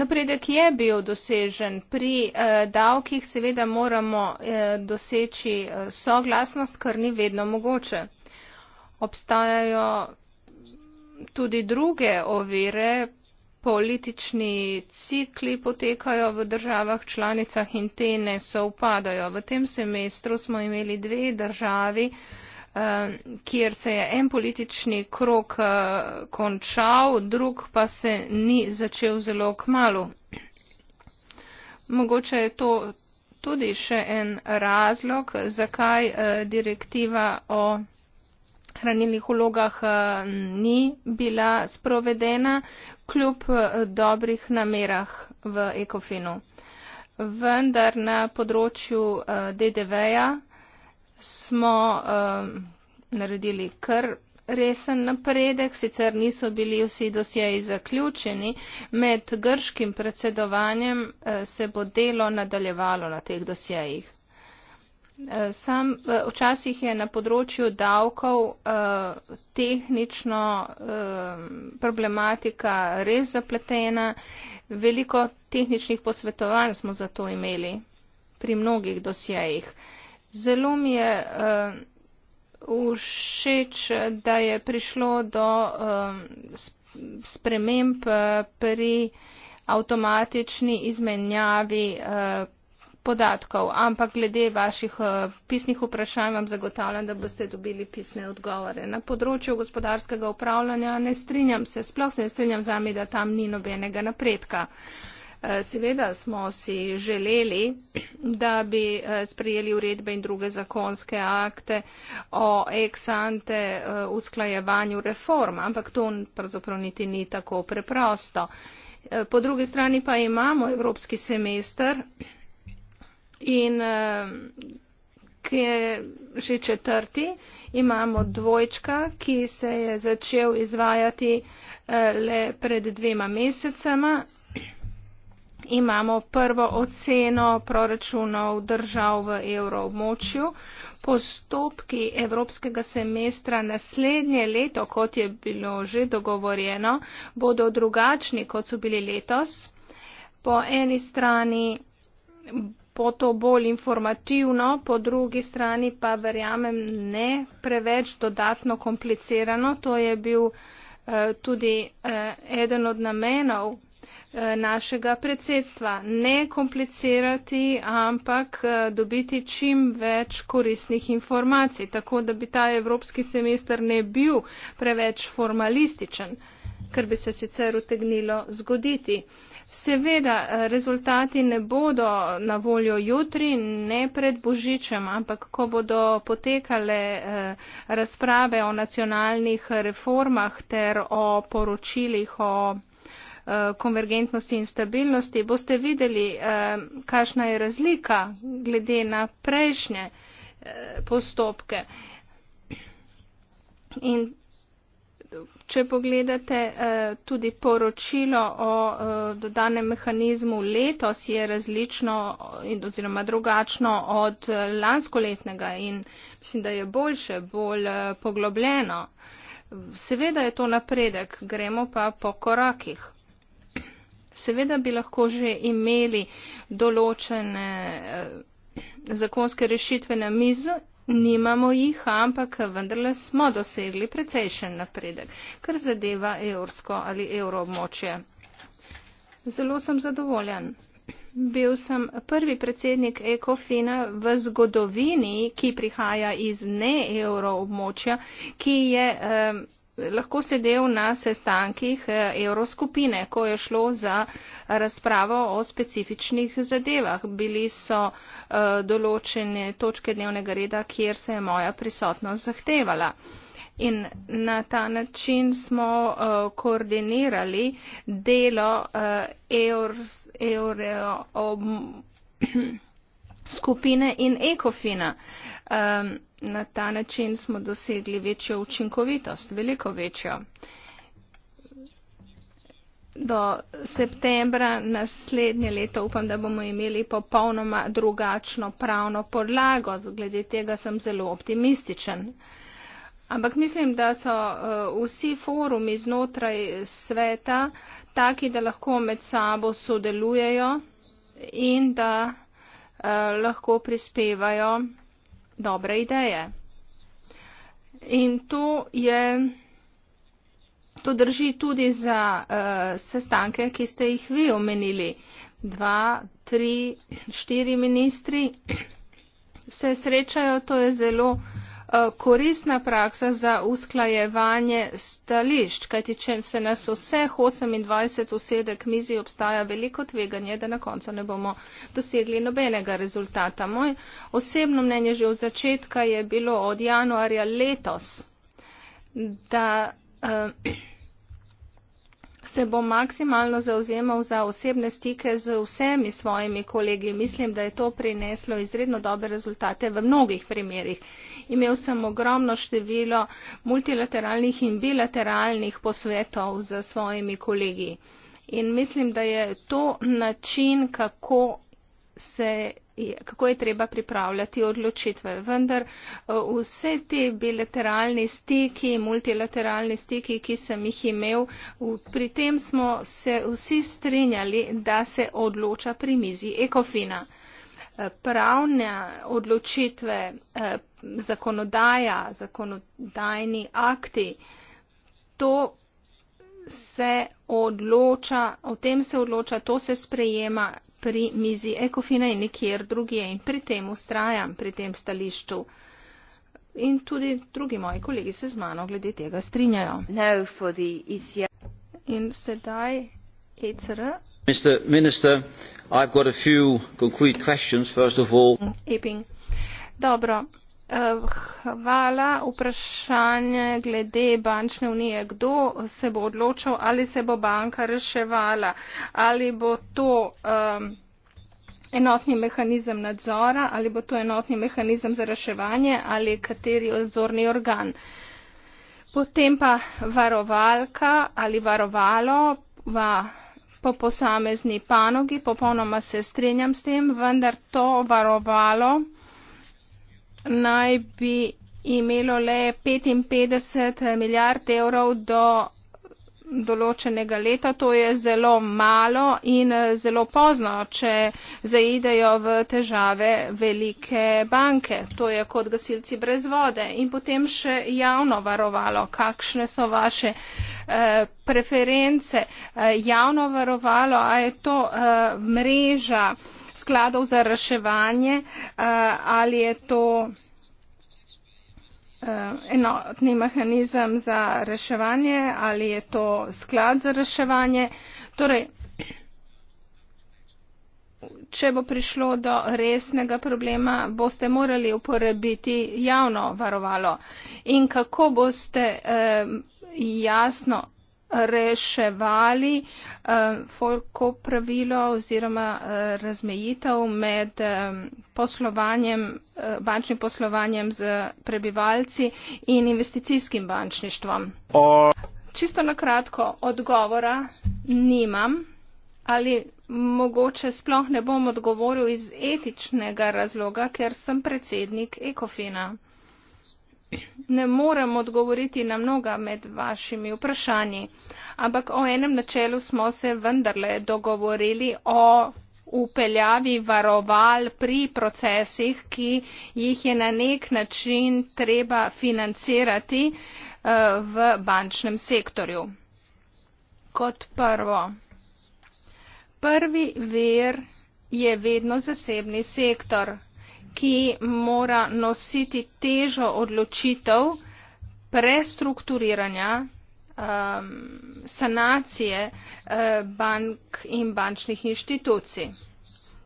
Napredek je bil dosežen. Pri eh, davkih seveda moramo eh, doseči eh, soglasnost, kar ni vedno mogoče. Obstajajo tudi druge ovire, politični cikli potekajo v državah članicah in te ne sovpadajo. V tem semestru smo imeli dve državi, eh, kjer se je en politični krok eh, končal, drug pa se ni začel zelo k malu. Mogoče je to tudi še en razlog, zakaj eh, direktiva o hranilnih vlogah eh, ni bila sprovedena, kljub eh, dobrih namerah v ekofinu. Vendar na področju eh, DDV-ja smo naredili kar resen napredek, sicer niso bili vsi dosjeji zaključeni, med grškim predsedovanjem se bo delo nadaljevalo na teh dosjejih. Eh, sam eh, včasih je na področju davkov eh, tehnično problematika res zapletena. Veliko tehničnih posvetovanj smo zato imeli pri mnogih dosjejih. Zelo mi je všeč, da je prišlo do sprememb pri avtomatični izmenjavi podatkov, ampak glede vaših eh, pisnih vprašanj vam zagotavljam, da boste dobili pisne odgovore. Na področju gospodarskega upravljanja ne strinjam se, sploh se ne strinjam z vami, da tam ni nobenega napredka. Eh, seveda smo si želeli, da bi eh, sprejeli uredbe in druge zakonske akte o ex-ante usklajevanju reform, ampak to pravzaprav niti ni tako preprosto. Po drugi strani pa imamo evropski semester, in eh, ki je že četrti, imamo dvojčka, ki se je začel izvajati eh, le pred dvema mesecema. Imamo prvo oceno proračunov držav v evroobmočju. Postopki evropskega semestra naslednje leto, kot je bilo že dogovorjeno, bodo drugačni, kot so bili letos. Po eni strani bo to bolj informativno, po drugi strani pa verjamem ne preveč dodatno komplicirano. To je bil eh, tudi eh, eden od namenov eh, našega predsedstva. Ne komplicirati, ampak eh, dobiti čim več korisnih informacij, tako da bi ta evropski semester ne bil preveč formalističen kar bi se sicer utegnilo zgoditi. Seveda eh, rezultati ne bodo na voljo jutri, ne pred božičem, ampak ko bodo potekale eh, razprave o nacionalnih reformah ter o poročilih o eh, konvergentnosti in stabilnosti, boste videli, kakšna je razlika glede na prejšnje postopke. In če pogledate eh, tudi poročilo o eh, dodanem mehanizmu letos, je različno oziroma drugačno od eh, lanskoletnega in mislim, da je boljše, bolj poglobljeno. Seveda je to napredek, gremo pa po korakih. Seveda bi lahko že imeli določene zakonske rešitve na mizi, Nimamo jih, ampak vendarle smo dosegli precejšen napredek, kar zadeva evrsko ali evroobmočje. Zelo sem zadovoljen. Bil sem prvi predsednik ECOFINA v zgodovini, ki prihaja iz ne-euroobmočja, ki je. Eh, lahko sedel na sestankih eh, Evroskupine, ko je šlo za razpravo o specifičnih zadevah. Bili so eh, določene točke dnevnega reda, kjer se je moja prisotnost zahtevala. In na ta način smo uh, koordinirali delo uh, Euroskupine um, in Ekofina. Um, na ta način smo dosegli večjo učinkovitost, veliko večjo. Do septembra naslednje leto upam, da bomo imeli popolnoma drugačno pravno podlago. Zglede tega sem zelo optimističen. Ampak mislim, da so eh, vsi forumi znotraj sveta taki, da lahko med sabo sodelujejo in da eh, lahko prispevajo dobre ideje. In to, je, to drži tudi za uh, sestanke, ki ste jih vi omenili. Dva, tri, štiri ministri se srečajo, to je zelo uh, Eh, koristna praksa za usklajevanje stališč, kajti če se nas vseh 28 usede k mizi, obstaja veliko tveganje, da na koncu ne bomo dosegli nobenega rezultata. Moj osebno mnenje že od začetka je bilo od januarja letos, da. Uh, se bom maksimalno zauzemal za osebne stike z vsemi svojimi kolegi. Mislim, da je to prineslo izredno dobre rezultate v mnogih primerjih. Imel sem ogromno število multilateralnih in bilateralnih posvetov z svojimi kolegi. In mislim, da je to način, kako se kako je treba pripravljati odločitve. Vendar eh, vse te bilateralni stiki, multilateralni stiki, ki sem jih imel, pri tem smo se vsi strinjali, da se odloča pri mizi ekofina. Eh, pravne odločitve, eh, zakonodaja, zakonodajni akti, to se odloča, o tem se odloča, to se sprejema pri mizi ECOFINA in nikjer drugje in pri tem ustrajam, pri tem stališču. In tudi drugi moji kolegi se z mano glede tega strinjajo. E in sedaj ECR. Mr. Minister, I've got a few concrete questions, first of all. Eping. Dobro. Eh, hvala. Vprašanje glede bančne unije. Kdo se bo odločil, ali se bo banka reševala? Ali bo to um, enotni mehanizem nadzora, ali bo to enotni mehanizem za reševanje, ali kateri odzorni organ? Potem pa varovalka ali varovalo va, po posamezni panogi. Popolnoma se strinjam s tem, vendar to varovalo naj bi imelo le 55 milijard evrov do določenega leta. To je zelo malo in eh, zelo pozno, če zaidejo v težave velike banke. To je kot gasilci brez vode. In potem še javno varovalo. Kakšne so vaše eh, preference? Eh, javno varovalo, a je to mreža? skladov za reševanje, eh, ali je to eh, enotni mehanizem za reševanje, ali je to sklad za reševanje. Torej, če bo prišlo do resnega problema, boste morali uporabiti javno varovalo. In kako boste eh, jasno reševali eh, folko pravilo oziroma eh, razmejitev med eh, poslovanjem, bančnim poslovanjem z prebivalci in investicijskim bančništvom. Čisto na kratko odgovora nimam ali mogoče sploh ne bom odgovoril iz etičnega razloga, ker sem predsednik Ekofina ne morem odgovoriti na mnoga med vašimi vprašanji, ampak o enem načelu smo se vendarle dogovorili o upeljavi varoval pri procesih, ki jih je na nek način treba financirati eh, v bančnem sektorju. Kot prvo, prvi ver je vedno zasebni sektor ki mora nositi težo odločitev prestrukturiranja, um, sanacije uh, bank in bančnih inštitucij.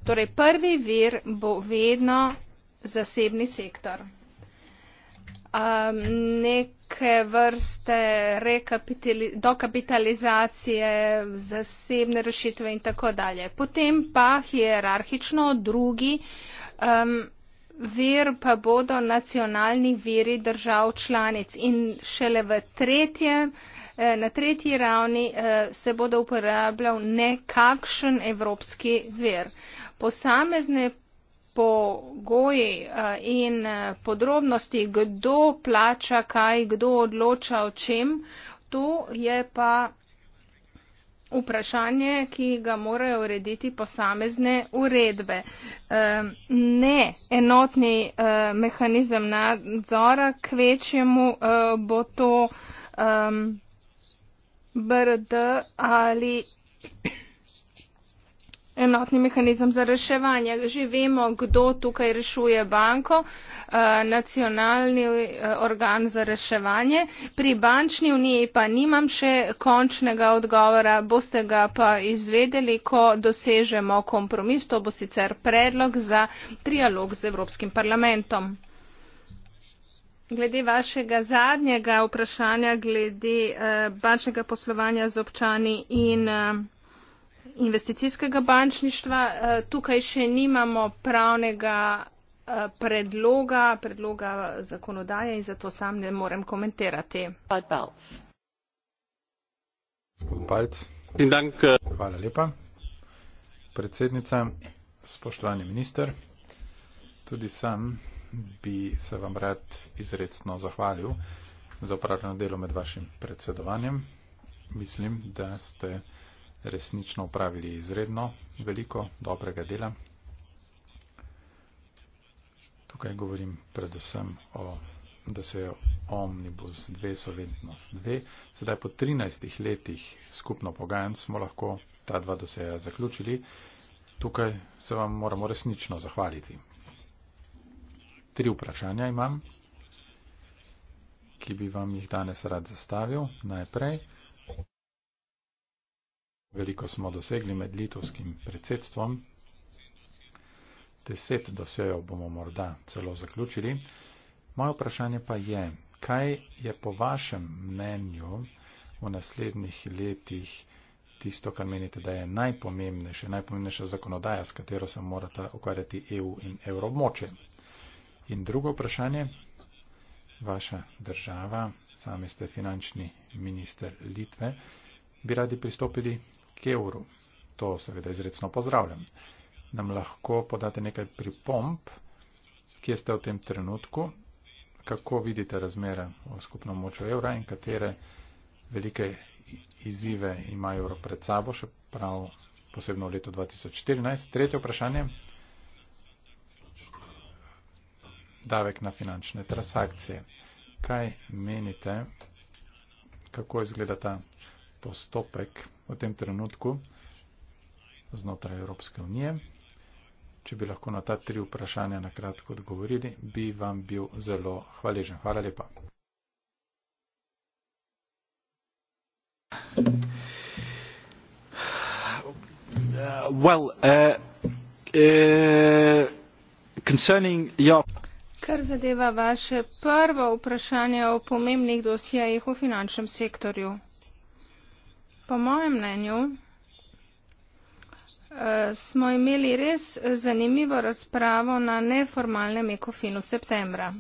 Torej, prvi vir bo vedno zasebni sektor. Um, neke vrste dokapitalizacije, zasebne rešitve in tako dalje. Potem pa hierarhično drugi um, vir pa bodo nacionalni viri držav članic in šele v tretje. Eh, na tretji ravni eh, se bodo uporabljal nekakšen evropski ver. Posamezne pogoji eh, in podrobnosti, kdo plača kaj, kdo odloča o čem, to je pa vprašanje, ki ga morajo urediti posamezne uredbe. Ne enotni eh, mehanizem nadzora, kvečjemu eh, bo to BRD ali enotni mehanizem za reševanje. Že vemo, kdo tukaj rešuje banko, eh, nacionalni eh, organ za reševanje. Pri bančni uniji pa nimam še končnega odgovora, boste ga pa izvedeli, ko dosežemo kompromis. To bo sicer predlog za trialog z Evropskim parlamentom. Glede vašega zadnjega vprašanja, glede eh, bančnega poslovanja z občani in investicijskega bančništva. Eh, tukaj še nimamo pravnega eh, predloga, predloga zakonodaje in zato sam ne morem komentirati. Eh. Hvala lepa. Predsednica, spoštovani minister, tudi sam bi se vam rad izredno zahvalil za upravljeno delo med vašim predsedovanjem. Mislim, da ste resnično upravili izredno veliko dobrega dela. Tukaj govorim predvsem o, da se je omnibus 2 solidnost 2. Sedaj po 13 letih skupno pogajanj smo lahko ta dva doseja zaključili. Tukaj se vam moramo resnično zahvaliti. Tri vprašanja imam, ki bi vam jih danes rad zastavil. Najprej. Veliko smo dosegli med litovskim predsedstvom. Deset dosejev bomo morda celo zaključili. Moje vprašanje pa je, kaj je po vašem mnenju v naslednjih letih tisto, kar menite, da je najpomembnejše, najpomembnejša zakonodaja, s katero se morata ukvarjati EU in evromoče. In drugo vprašanje, vaša država, sami ste finančni minister Litve, bi radi pristopili evru. To seveda izredno pozdravljam. Nam lahko podate nekaj pripomp, kje ste v tem trenutku, kako vidite razmere v skupno močjo evra in katere velike izzive ima evro pred sabo, še prav posebno v letu 2014. Tretje vprašanje. Davek na finančne transakcije. Kaj menite, kako izgleda ta postopek v tem trenutku znotraj Evropske unije. Če bi lahko na ta tri vprašanja nakratko odgovorili, bi vam bil zelo hvaležen. Hvala lepa. Uh, well, uh, uh, your... Kar zadeva vaše prvo vprašanje o pomembnih dosijajih v finančnem sektorju po mojem mnenju eh, smo imeli res zanimivo razpravo na neformalnem ekofinu septembra.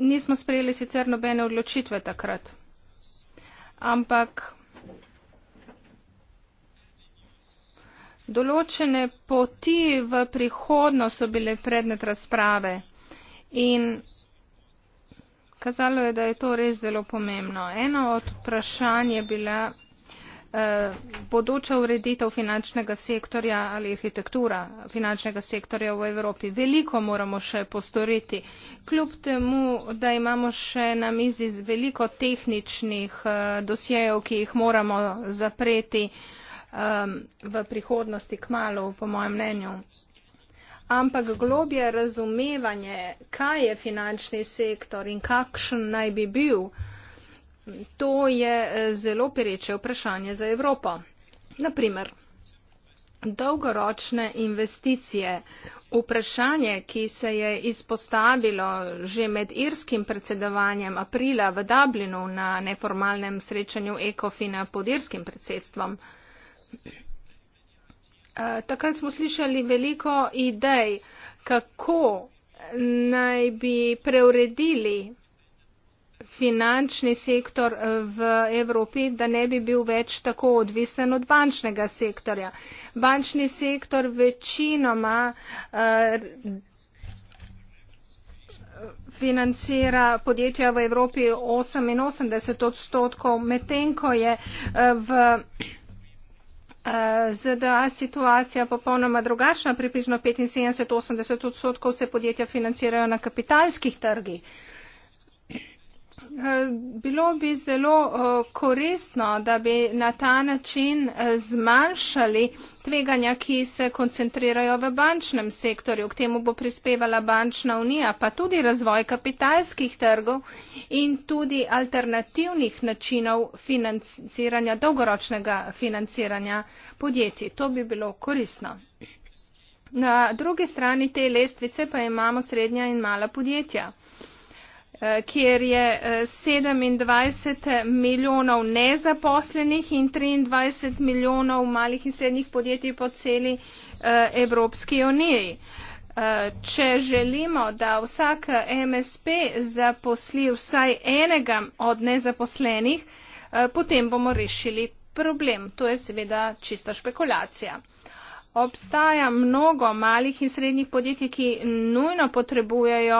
Nismo sprejeli sicer nobene odločitve takrat, ampak določene poti v prihodno so bile predmet razprave in kazalo je, da je to res zelo pomembno. Eno od vprašanj je bila Eh, bodoča ureditev finančnega sektorja ali arhitektura finančnega sektorja v Evropi. Veliko moramo še postoriti. Kljub temu, da imamo še na mizi veliko tehničnih eh, dosjejev, ki jih moramo zapreti v prihodnosti k malu, po mojem mnenju. Ampak globje razumevanje, kaj je finančni sektor in kakšen naj bi bil, To je eh, zelo pereče vprašanje za Evropo. Naprimer, dolgoročne investicije. Vprašanje, ki se je izpostavilo že med irskim predsedovanjem aprila v Dublinu na neformalnem srečanju ECOFIN-a pod irskim predsedstvom. Eh, takrat smo slišali veliko idej, kako naj bi preuredili finančni sektor eh, v evropi da ne bi bil več tako odvisen od bančnega sektorja. bančni sektor večinoma eh, financira podjetja v evropi oseminosemdeset odstotkov medtem ko je eh, v ZDA situacija popolnoma drugačna približno petinsedemdeset osemdeset odstotkov se podjetja financirajo na kapitalskih trgih. Eh, bilo bi zelo eh, koristno, da bi na ta način eh, zmanjšali tveganja, ki se koncentrirajo v bančnem sektorju. K temu bo prispevala bančna unija, pa tudi razvoj kapitalskih trgov in tudi alternativnih načinov financiranja, dolgoročnega financiranja podjetij. To bi bilo koristno. Na drugi strani te lestvice pa imamo srednja in mala podjetja. Eh, kjer je eh, sedemindvajset milijonov nezaposlenih in triindvajset milijonov malih in srednjih podjetij po celi eh, Evropski uniji. Če želimo, da vsak MSP zaposli vsaj enega od nezaposlenih, potem bomo rešili problem. To je seveda čista špekulacija obstaja mnogo malih in srednjih podjetij, ki nujno potrebujejo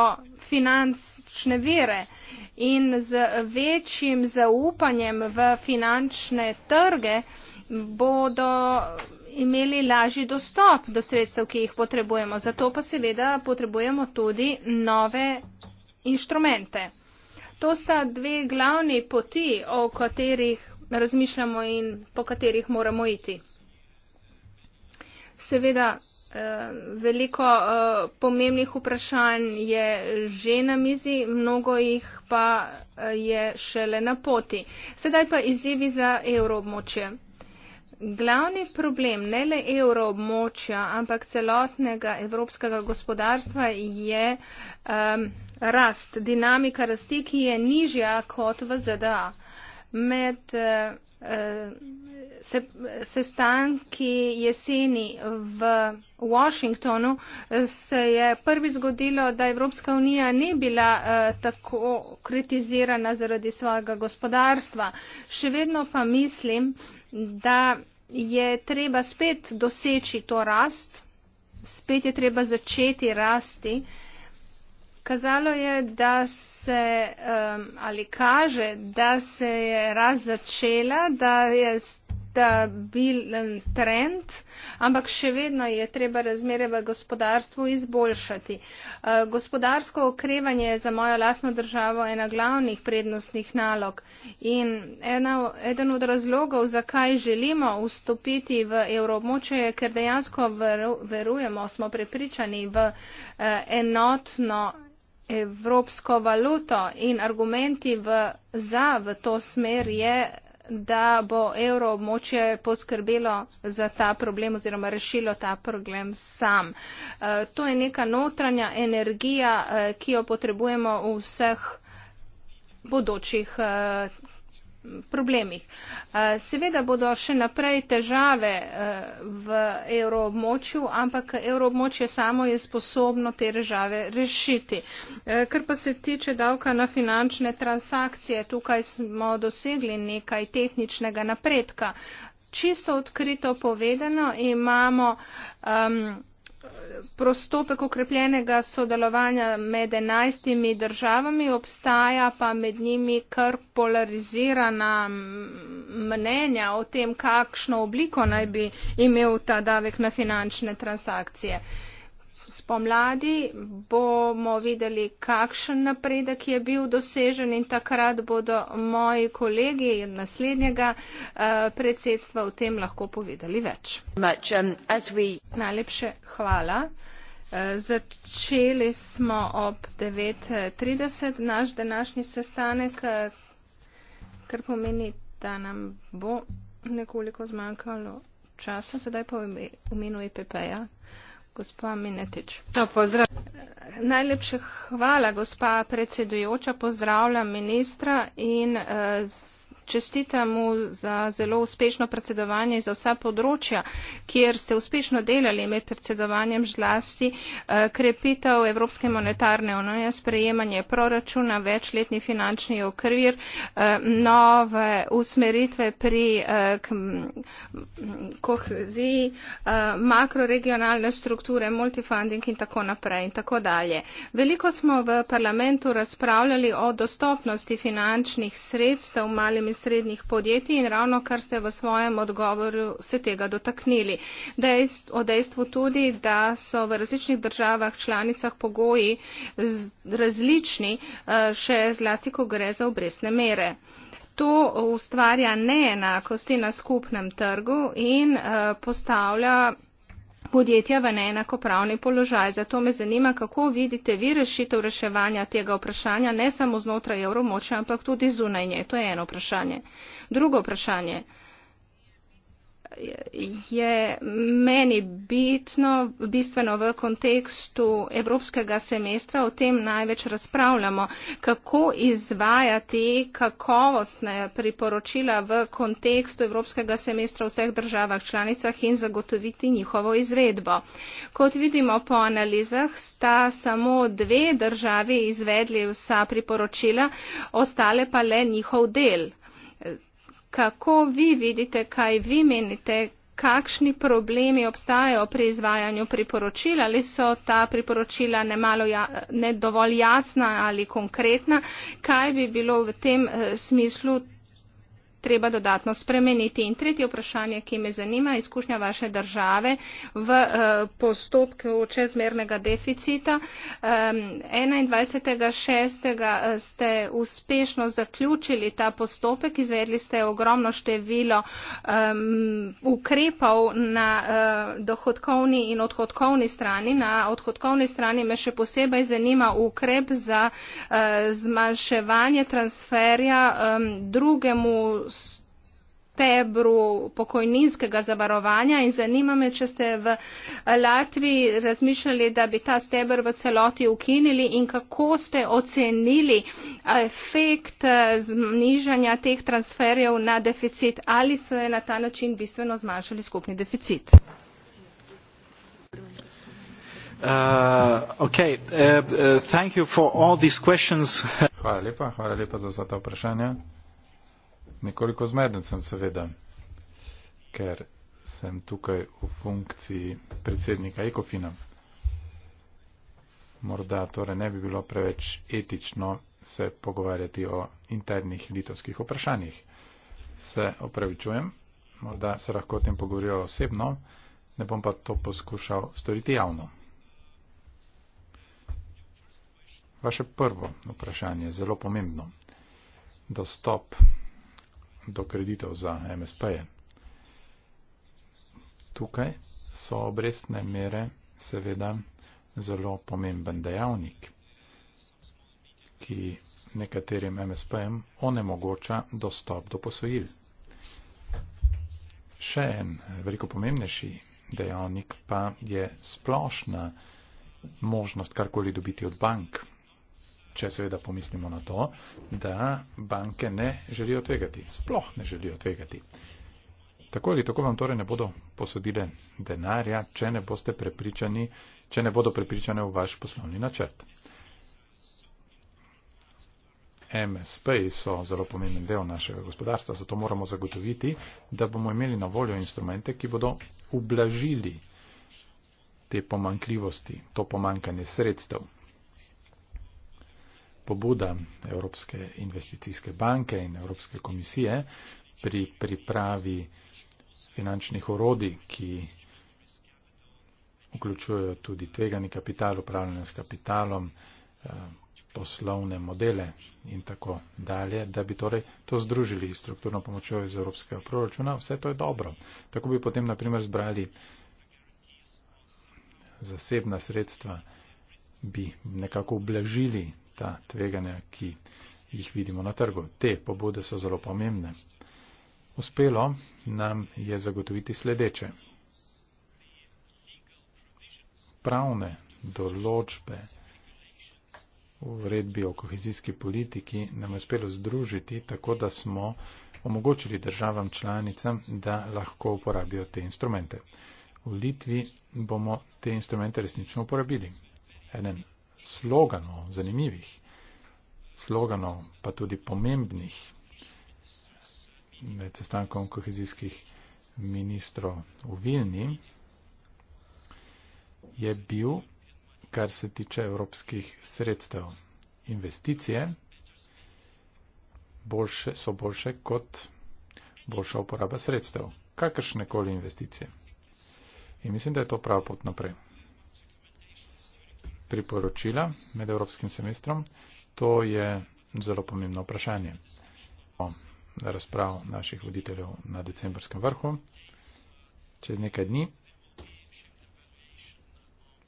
finančne vire in z večjim zaupanjem v finančne trge bodo imeli lažji dostop do sredstev, ki jih potrebujemo. Zato pa seveda potrebujemo tudi nove inštrumente. To sta dve glavni poti, o katerih razmišljamo in po katerih moramo iti. Seveda, eh, veliko eh, pomembnih vprašanj je že na mizi, mnogo jih pa eh, je šele na poti. Sedaj pa izzivi za evroobmočje. Glavni problem ne le evroobmočja, ampak celotnega evropskega gospodarstva je um, rast, dinamika rasti, ki je nižja kot v ZDA. Med uh, uh, sestanki jeseni v Washingtonu eh, se je prvi zgodilo, da Evropska unija ni bila eh, tako kritizirana zaradi svojega gospodarstva. Še vedno pa mislim, da je treba spet doseči to rast, spet je treba začeti rasti. Kazalo je, da se eh, ali kaže, da se je raz začela, da je s stabilen trend, ampak še vedno je treba razmere v gospodarstvu izboljšati. Eh, gospodarsko okrevanje je za mojo lasno državo ena glavnih prednostnih nalog in ena, eden od razlogov, zakaj želimo vstopiti v evromoče, je, ker dejansko verujemo, smo prepričani v eh, enotno evropsko valuto in argumenti v, za v to smer je da bo evroobmočje poskrbelo za ta problem oziroma rešilo ta problem sam. Eh, to je neka notranja energija, eh, ki jo potrebujemo v vseh bodočih eh, problemih. Eh, seveda bodo še naprej težave eh, v evroobmočju, ampak evroobmočje samo je sposobno te težave rešiti. Eh, Ker pa se tiče davka na finančne transakcije, tukaj smo dosegli nekaj tehničnega napredka. Čisto odkrito povedano imamo. Um, prostopek okrepljenega sodelovanja med enajstimi državami, obstaja pa med njimi kar polarizirana mnenja o tem, kakšno obliko naj bi imel ta davek na finančne transakcije spomladi bomo videli, kakšen napredek je bil dosežen in takrat bodo moji kolegi naslednjega eh, predsedstva o tem lahko povedali več. Much, um, we... Najlepše hvala. Eh, začeli smo ob 9.30 naš današnji sestanek, eh, kar pomeni, da nam bo nekoliko zmanjkalo časa, sedaj pa v imenu EPP-ja. -ja gospa Minetič. No, Najlepša hvala, gospa predsedujoča. Pozdravljam ministra in z eh, čestitam mu za zelo uspešno predsedovanje in za vsa področja, kjer ste uspešno delali med predsedovanjem zlasti eh, krepitev Evropske monetarne unije, sprejemanje proračuna, večletni finančni okvir, eh, nove usmeritve pri eh, koheziji, makroregionalne strukture, multifunding in tako naprej in tako dalje. Veliko smo v parlamentu razpravljali o dostopnosti finančnih sredstev malim in srednjih podjetij in ravno kar ste v svojem odgovoru se tega dotaknili. Dejstv, o dejstvu tudi, da so v različnih državah članicah pogoji z, različni, eh, še zlasti, ko gre za obresne mere. To ustvarja neenakosti na skupnem trgu in uh, postavlja podjetja v neenakopravni položaj. Zato me zanima, kako vidite vi rešitev reševanja tega vprašanja, ne samo znotraj evromoča, ampak tudi zunaj nje. To je eno vprašanje. Drugo vprašanje je meni bitno, bistveno v kontekstu evropskega semestra, o tem največ razpravljamo, kako izvajati kakovostne priporočila v kontekstu evropskega semestra v vseh državah članicah in zagotoviti njihovo izvedbo. Kot vidimo po analizah, sta samo dve državi izvedli vsa priporočila, ostale pa le njihov del kako vi vidite, kaj vi menite, kakšni problemi obstajajo pri izvajanju priporočila, ali so ta priporočila ja, ne dovolj jasna ali konkretna, kaj bi bilo v tem eh, smislu treba dodatno spremeniti. In tretje vprašanje, ki me zanima, izkušnja vaše države v uh, postopku čezmernega deficita. Um, 21.6. Eh, ste uspešno zaključili ta postopek, izvedli ste ogromno število um, ukrepov na uh, dohodkovni in odhodkovni strani. Na odhodkovni strani me še posebej zanima ukrep za uh, zmanjševanje transferja um, drugemu stebru pokojninskega zavarovanja in zanima me, če ste v Latviji razmišljali, da bi ta stebr v celoti ukinili in kako ste ocenili efekt eh, znižanja teh transferjev na deficit ali se je na ta način bistveno zmanjšali skupni deficit. Uh, okay. uh, uh, hvala lepa, hvala lepa za vsa ta vprašanja. Nekoliko zmeden sem seveda, ker sem tukaj v funkciji predsednika Ekofina. Morda torej ne bi bilo preveč etično se pogovarjati o internih litovskih vprašanjih. Se opravičujem, morda se lahko o tem pogovorijo osebno, ne bom pa to poskušal storiti javno. Vaše prvo vprašanje je zelo pomembno. Dostop do kreditov za MSP-je. Tukaj so obrestne mere seveda zelo pomemben dejavnik, ki nekaterim MSP-jem onemogoča dostop do posojil. Še en veliko pomembnejši dejavnik pa je splošna možnost karkoli dobiti od bank če seveda pomislimo na to, da banke ne želijo tvegati, sploh ne želijo tvegati. Tako ali tako vam torej ne bodo posodile denarja, če ne boste prepričani, če ne bodo prepričane v vaš poslovni načrt. MSP so zelo pomemben del našega gospodarstva, zato moramo zagotoviti, da bomo imeli na voljo instrumente, ki bodo ublažili te pomankljivosti, to pomankanje sredstev pobuda Evropske investicijske banke in Evropske komisije pri pripravi finančnih orodi, ki vključujejo tudi tveganje kapital, upravljanje s kapitalom, eh, poslovne modele in tako dalje, da bi torej to združili s strukturno pomočjo iz evropskega proračuna, vse to je dobro. Tako bi potem naprimer zbrali zasebna sredstva, bi nekako oblažili ta tveganja, ki jih vidimo na trgu. Te pobude so zelo pomembne. Uspelo nam je zagotoviti sledeče. Pravne določbe v vredbi o kohezijski politiki nam je uspelo združiti tako, da smo omogočili državam članicam, da lahko uporabijo te instrumente. V Litvi bomo te instrumente resnično uporabili. Eden sloganov, zanimivih sloganov, pa tudi pomembnih med sestankom kohezijskih ministrov v Vilni, je bil, kar se tiče evropskih sredstev, investicije boljše, so boljše kot boljša uporaba sredstev, kakršne koli investicije. In mislim, da je to prav pot naprej priporočila med evropskim semestrom, to je zelo pomembno vprašanje. O razprav naših voditeljev na decembrskem vrhu. Čez nekaj dni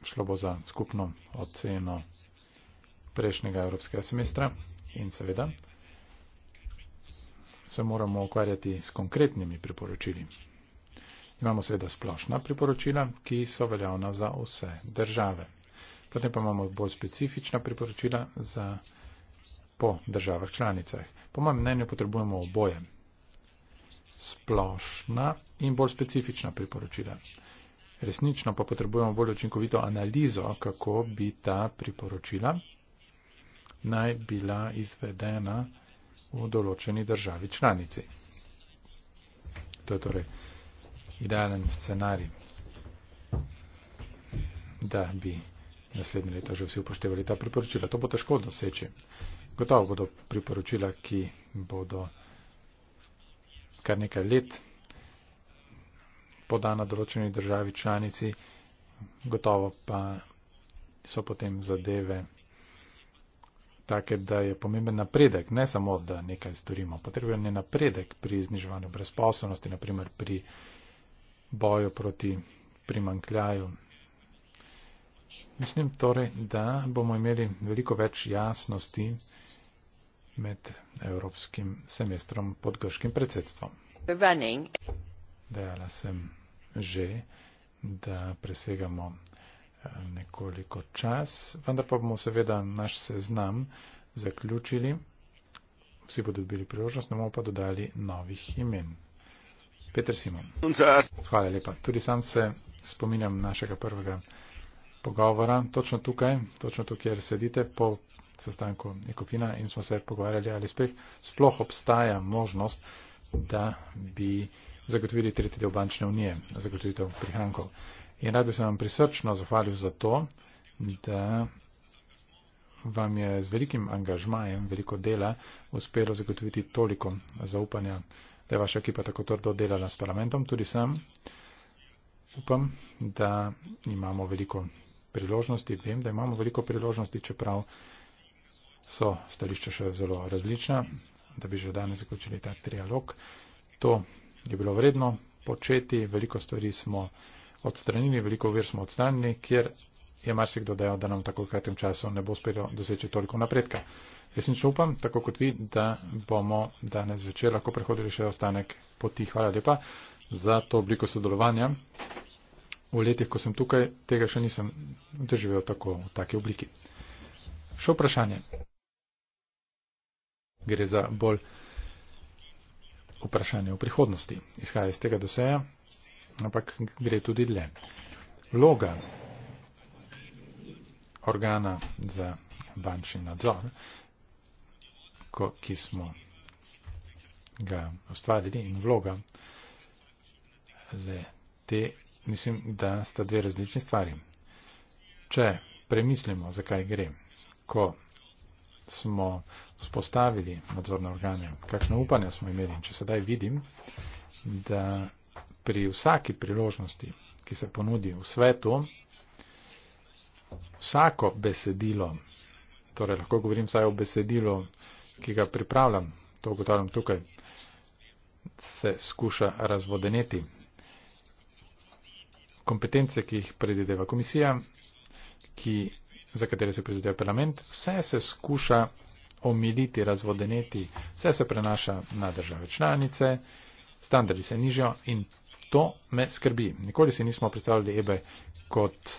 šlo bo za skupno oceno prejšnjega evropskega semestra in seveda se moramo ukvarjati s konkretnimi priporočili. Imamo seveda splošna priporočila, ki so veljavna za vse države. Potem pa imamo bolj specifična priporočila za po državah članicah. Po mojem mnenju potrebujemo oboje. Splošna in bolj specifična priporočila. Resnično pa potrebujemo bolj učinkovito analizo, kako bi ta priporočila naj bila izvedena v določeni državi članici. To je torej idealen scenarij, da bi naslednje leto že vsi upoštevali ta priporočila. To bo težko doseči. Gotovo bodo priporočila, ki bodo kar nekaj let podana določeni državi članici, gotovo pa so potem zadeve take, da je pomemben napredek, ne samo, da nekaj storimo. Potrebujem je napredek pri zniževanju brezposobnosti, naprimer pri boju proti primankljaju Mislim torej, da bomo imeli veliko več jasnosti med evropskim semestrom pod grškim predsedstvom. Dejala sem že, da presegamo eh, nekoliko čas, vendar pa bomo seveda naš seznam zaključili. Vsi bodo dobili priložnost, ne bomo pa dodali novih imen. Peter Simon. Hvala lepa. Tudi sam se spominjam našega prvega pogovora, točno tukaj, točno tukaj, kjer sedite po sestanku Ekofina in smo se pogovarjali, ali speh sploh obstaja možnost, da bi zagotovili tretji del bančne unije, zagotovitev prihankov. In rad bi se vam prisrčno zahvalil za to, da vam je z velikim angažmajem, veliko dela uspelo zagotoviti toliko zaupanja, da je vaša ekipa tako trdo delala s parlamentom. Tudi sem upam, da imamo veliko priložnosti, vem, da imamo veliko priložnosti, čeprav so stališča še zelo različna, da bi že danes zaključili ta trialog. To je bilo vredno početi, veliko stvari smo odstranili, veliko vir smo odstranili, kjer je marsikdo dejal, da nam v tako kratkem času ne bo uspelo doseči toliko napredka. Resnično upam, tako kot vi, da bomo danes večer lahko prehodili še ostanek poti. Hvala lepa za to obliko sodelovanja v letih, ko sem tukaj, tega še nisem doživel tako v taki obliki. Še vprašanje. Gre za bolj vprašanje o prihodnosti. Izhaja iz tega doseja, ampak gre tudi dlje. Vloga organa za bančni nadzor, ko, ki smo ga ustvarili in vloga le te mislim, da sta dve različni stvari. Če premislimo, zakaj gre, ko smo vzpostavili nadzorne organe, kakšno upanje smo imeli in če sedaj vidim, da pri vsaki priložnosti, ki se ponudi v svetu, vsako besedilo, torej lahko govorim vsaj o besedilu, ki ga pripravljam, to ugotavljam tukaj, se skuša razvodeneti, kompetence, ki jih predvideva komisija, ki, za katere se predvideva parlament, vse se skuša omiliti, razvodeneti, vse se prenaša na države članice, standardi se nižajo in to me skrbi. Nikoli si nismo predstavljali EBE kot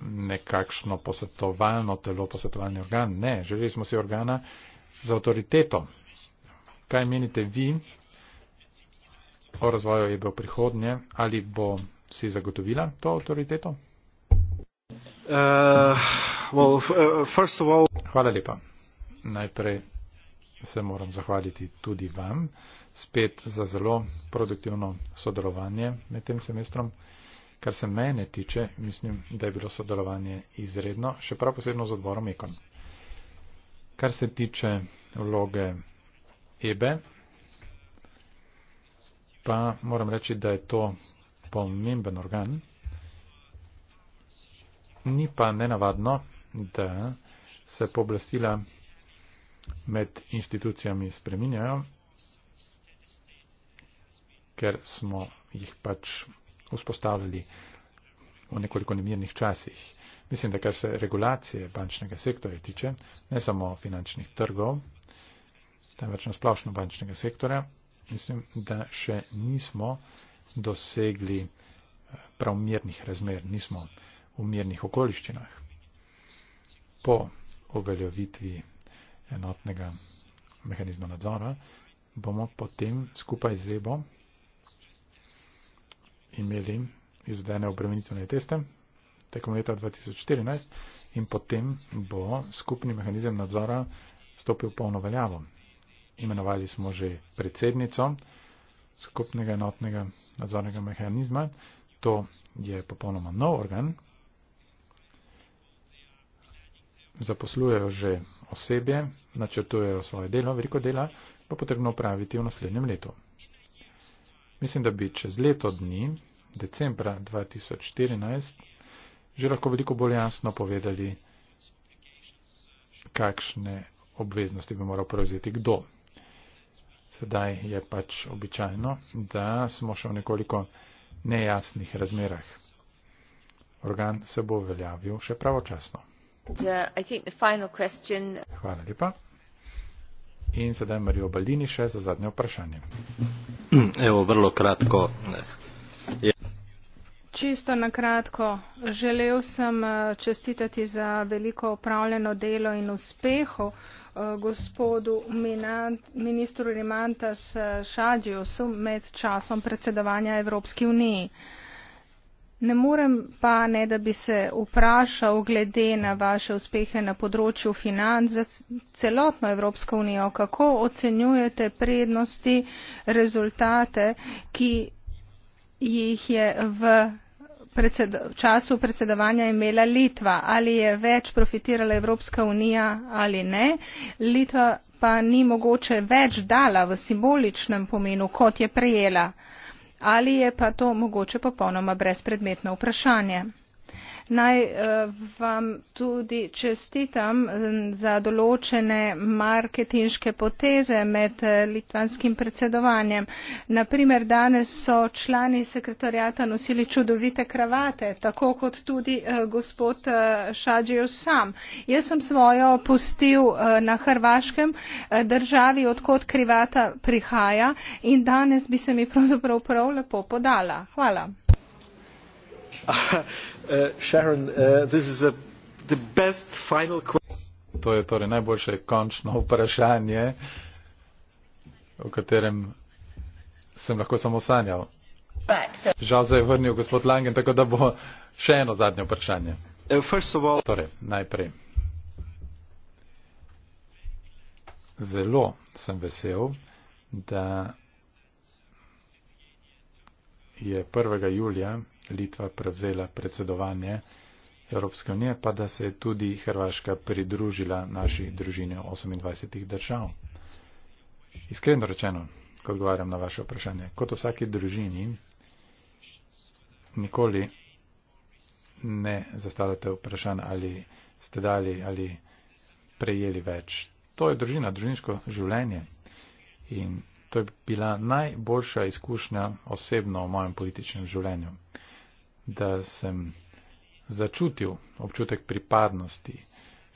nekakšno posvetovalno telo, posvetovalni organ. Ne, želeli smo si organa za avtoriteto. Kaj menite vi, o razvoju EB v prihodnje, ali bo si zagotovila to avtoriteto? Uh, well, uh, all... Hvala lepa. Najprej se moram zahvaliti tudi vam spet za zelo produktivno sodelovanje med tem semestrom. Kar se mene tiče, mislim, da je bilo sodelovanje izredno, še prav posebno z odborom EKON. Kar se tiče vloge EBE, pa moram reči, da je to pomemben organ. Ni pa nenavadno, da se pooblastila med institucijami spreminjajo, ker smo jih pač vzpostavljali v nekoliko nemirnih časih. Mislim, da kar se regulacije bančnega sektorja tiče, ne samo finančnih trgov, temveč na splošno bančnega sektorja, mislim, da še nismo dosegli eh, pravmernih razmer, nismo v mirnih okoliščinah. Po uveljavitvi enotnega mehanizma nadzora bomo potem skupaj z EBO imeli izvedene obremenitvene teste tekom leta 2014 in potem bo skupni mehanizem nadzora stopil polno veljavo imenovali smo že predsednico skupnega enotnega nadzornega mehanizma. To je popolnoma nov organ. Zaposlujejo že osebje, načrtujejo svoje delo, veliko dela pa potrebno upraviti v naslednjem letu. Mislim, da bi čez leto dni, decembra 2014, že lahko veliko bolj jasno povedali, kakšne obveznosti bi moral prevzeti kdo. Sedaj je pač običajno, da smo še v nekoliko nejasnih razmerah. Organ se bo uveljavil še pravočasno. Ja, Hvala lepa. In sedaj Marijo Baldini še za zadnje vprašanje. Evo, vrlo kratko. Je. Čisto na kratko. Želel sem eh, čestitati za veliko opravljeno delo in uspehov Eh, gospodu ministru Rimantas eh, Šađiusu med časom predsedovanja Evropski uniji. Ne morem pa ne, da bi se vprašal glede na vaše uspehe na področju financ za celotno Evropsko unijo, kako ocenjujete prednosti, rezultate, ki jih je v predsed času predsedovanja imela Litva, ali je več profitirala Evropska unija ali ne. Litva pa ni mogoče več dala v simboličnem pomenu, kot je prejela. Ali je pa to mogoče popolnoma brezpredmetno vprašanje? Naj eh, vam tudi čestitam eh, za določene marketinške poteze med eh, litvanskim predsedovanjem. Naprimer, danes so člani sekretarjata nosili čudovite kravate, tako kot tudi gospod Šađejo sam. Jaz sem svojo pustil na Hrvaškem državi, odkot krivata prihaja in danes bi se mi pravzaprav prav lepo podala. Hvala. Uh, Sharon, uh, this is a, the best final to je torej najboljše končno vprašanje, o katerem sem lahko samo sanjal. Žal se je vrnil gospod Langen, tako da bo še eno zadnje vprašanje. Uh, all, torej, najprej. Zelo sem vesel, da je 1. julija Litva prevzela predsedovanje Evropske unije, pa da se je tudi Hrvaška pridružila naši družini 28 držav. Iskreno rečeno, ko odgovarjam na vaše vprašanje, kot vsaki družini, nikoli ne zastavljate vprašanja, ali ste dali ali prejeli več. To je družina, družinsko življenje. In to je bila najboljša izkušnja osebno v mojem političnem življenju da sem začutil občutek pripadnosti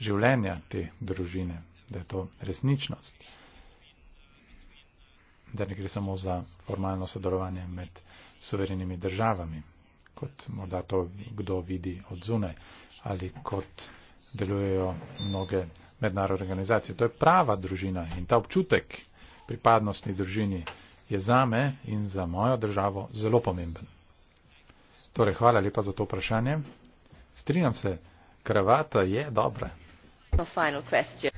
življenja te družine, da je to resničnost, da ne gre samo za formalno sodelovanje med suverenimi državami, kot morda to kdo vidi od zunaj ali kot delujejo mnoge mednarodne organizacije. To je prava družina in ta občutek pripadnosti družini je zame in za mojo državo zelo pomemben. Torej, hvala lepa za to vprašanje. Strinjam se, kravata je dobra. No,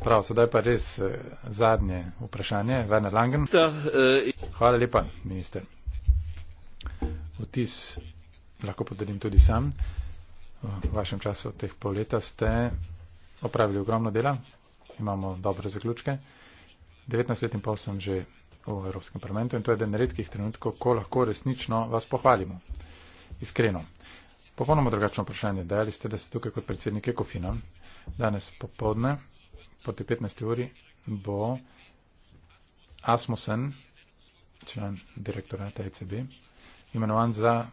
Prav, sedaj pa res eh, zadnje vprašanje, Werner Langen. Eh, hvala lepa, minister. Vtis lahko podelim tudi sam. V vašem času teh pol leta ste opravili ogromno dela, imamo dobre zaključke. 19 let in pol sem že v Evropskem parlamentu in to je eden redkih trenutkov, ko lahko resnično vas pohvalimo iskreno. Popolnoma drugačno vprašanje, dejali ste, da ste tukaj kot predsednik Ekofina. Danes popovdne, proti 15. uri, bo Asmusen, član direktorata ECB, imenovan za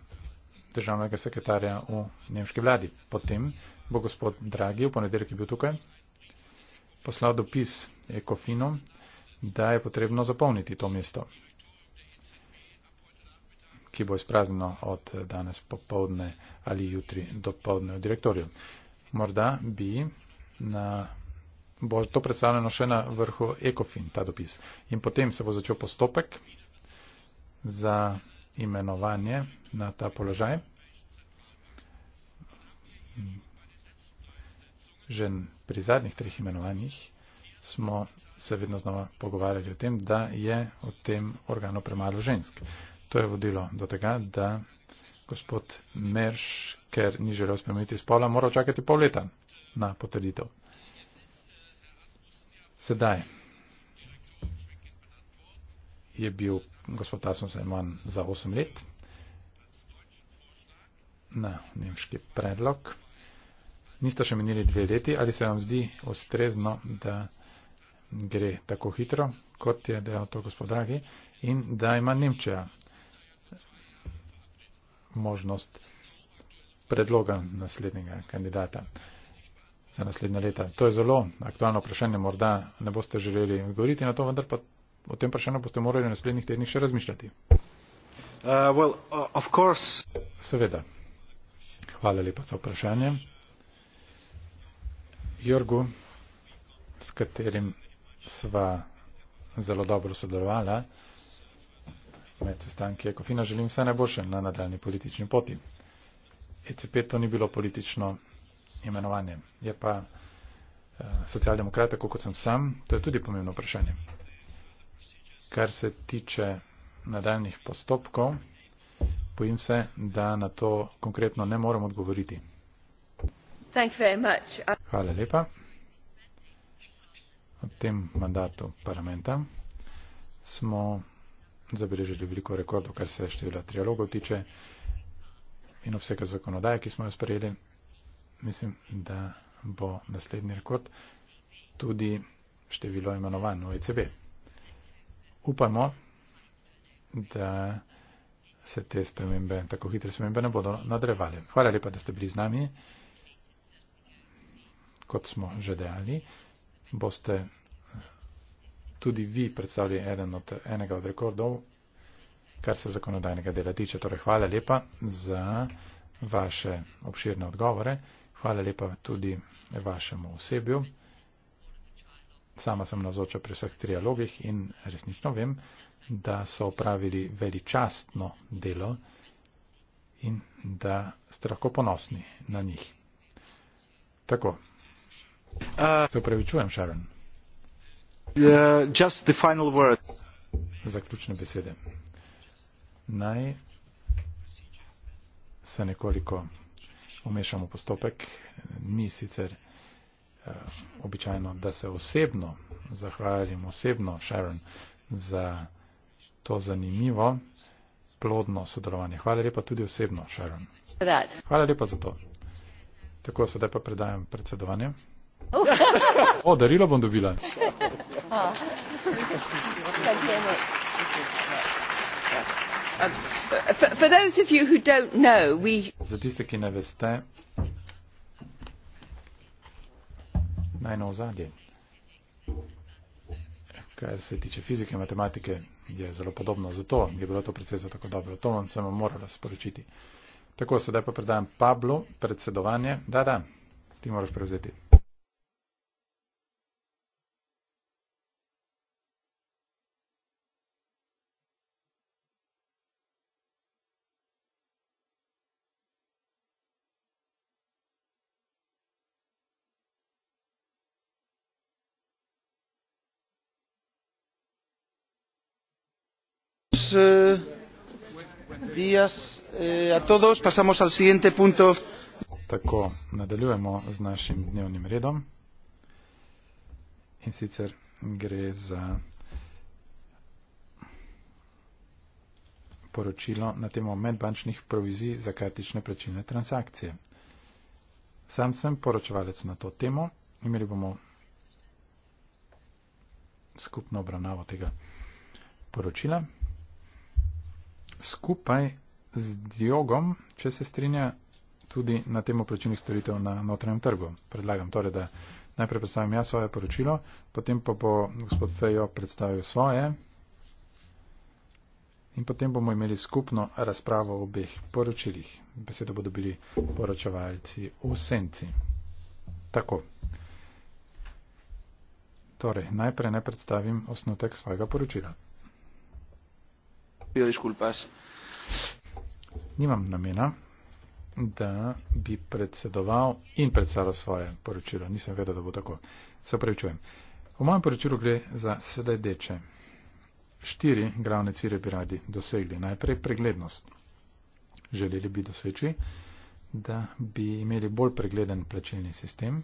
državnega sekretarja v nemški vladi. Potem bo gospod Dragi, v ponedeljek je bil tukaj, poslal dopis Ekofinu, da je potrebno zapolniti to mesto ki bo izpraznjeno od danes popovdne ali jutri do povdne v direktorju. Morda bi na, bo to predstavljeno še na vrhu ECOFIN, ta dopis. In potem se bo začel postopek za imenovanje na ta položaj. Že pri zadnjih treh imenovanjih smo se vedno znova pogovarjali o tem, da je v tem organu premalo žensk. To je vodilo do tega, da gospod Merš, ker ni želel spremeniti spola, mora čakati pol leta na potrditev. Sedaj je bil gospod Asmus Eman za 8 let na nemški predlog. Niste še menili dve leti, ali se vam zdi ustrezno, da gre tako hitro, kot je dejal to gospod Dragi, in da ima Nemčija možnost predloga naslednjega kandidata za naslednje leta. To je zelo aktualno vprašanje, morda ne boste želeli govoriti na to, vendar pa o tem vprašanju boste morali v naslednjih tednih še razmišljati. Uh, well, uh, Seveda. Hvala lepa za vprašanje. Jorgu, s katerim sva zelo dobro sodelovala, med sestanki Ekofina želim vse najboljše na nadaljni politični poti. ECP to ni bilo politično imenovanje. Je pa eh, socialdemokrat, tako kot sem sam, to je tudi pomembno vprašanje. Kar se tiče nadaljnih postopkov, bojim se, da na to konkretno ne morem odgovoriti. Hvala lepa. V tem mandatu parlamenta smo zabeležili veliko rekordov, kar se števila trialogov tiče in obsega zakonodaje, ki smo jo sprejeli. Mislim, da bo naslednji rekord tudi število imenovanj v ECB. Upamo, da se te spremembe, tako hitre spremembe, ne bodo nadrevali. Hvala lepa, da ste bili z nami. Kot smo že dejali, boste tudi vi predstavlja eden od, enega od rekordov, kar se zakonodajnega dela tiče. Torej, hvala lepa za vaše obširne odgovore. Hvala lepa tudi vašemu osebju. Sama sem nazočal pri vseh trialogih in resnično vem, da so opravili veličastno delo in da ste lahko ponosni na njih. Tako. Uh. Se upravičujem, Sharon. Zaključne besede. Naj se nekoliko umešamo postopek. Ni sicer eh, običajno, da se osebno zahvaljujem osebno, Sharon, za to zanimivo, plodno sodelovanje. Hvala lepa tudi osebno, Sharon. Hvala lepa za to. Tako, sedaj pa predajam predsedovanje. O, darilo bom dobila. Um, za tiste, ki ne veste, naj na ozadje, kar se tiče fizike in matematike, je zelo podobno. Zato je bilo to predsedstvo tako dobro. To vam sem morala sporočiti. Tako, sedaj pa predajam Pablu predsedovanje. Da, da, ti moraš prevzeti. días eh, a todos. Pasamos al siguiente punto. Tako, nadaljujemo z našim dnevnim redom. In sicer gre za poročilo na temo medbančnih provizij za kartične plačilne transakcije. Sam sem poročevalec na to temo. Imeli bomo skupno obravnavo tega poročila skupaj z Diogom, če se strinja, tudi na temo plačilnih storitev na notranjem trgu. Predlagam torej, da najprej predstavim jaz svoje poročilo, potem pa bo gospod Fejo predstavil svoje in potem bomo imeli skupno razpravo o obeh poročilih. Besedo bodo bili poročevalci v senci. Tako. Torej, najprej ne predstavim osnutek svojega poročila pido disculpas. Nimam namena, da bi predsedoval in predstavljal svoje poročilo. Nisem vedel, da bo tako. Se prevečujem. V mojem poročilu gre za sledeče. Štiri glavne cilje bi radi dosegli. Najprej preglednost. Želeli bi doseči, da bi imeli bolj pregleden plačilni sistem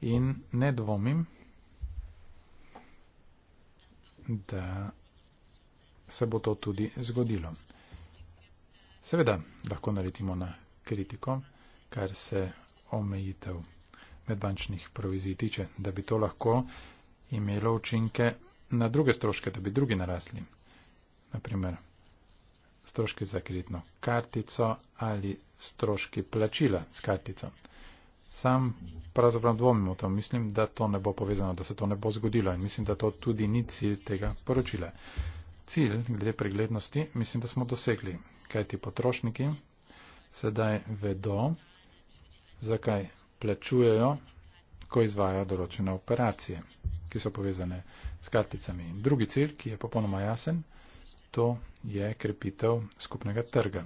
in ne dvomim, da se bo to tudi zgodilo. Seveda lahko naletimo na kritiko, kar se omejitev medbančnih provizij tiče, da bi to lahko imelo učinke na druge stroške, da bi drugi narasli. Naprimer, stroški za kreditno kartico ali stroški plačila s kartico. Sam pravzaprav dvomim o tem, mislim, da to ne bo povezano, da se to ne bo zgodilo in mislim, da to tudi ni cilj tega poročila cilj glede preglednosti mislim, da smo dosegli, kaj ti potrošniki sedaj vedo, zakaj plačujejo, ko izvajajo določene operacije, ki so povezane s karticami. Drugi cilj, ki je popolnoma jasen, to je krepitev skupnega trga.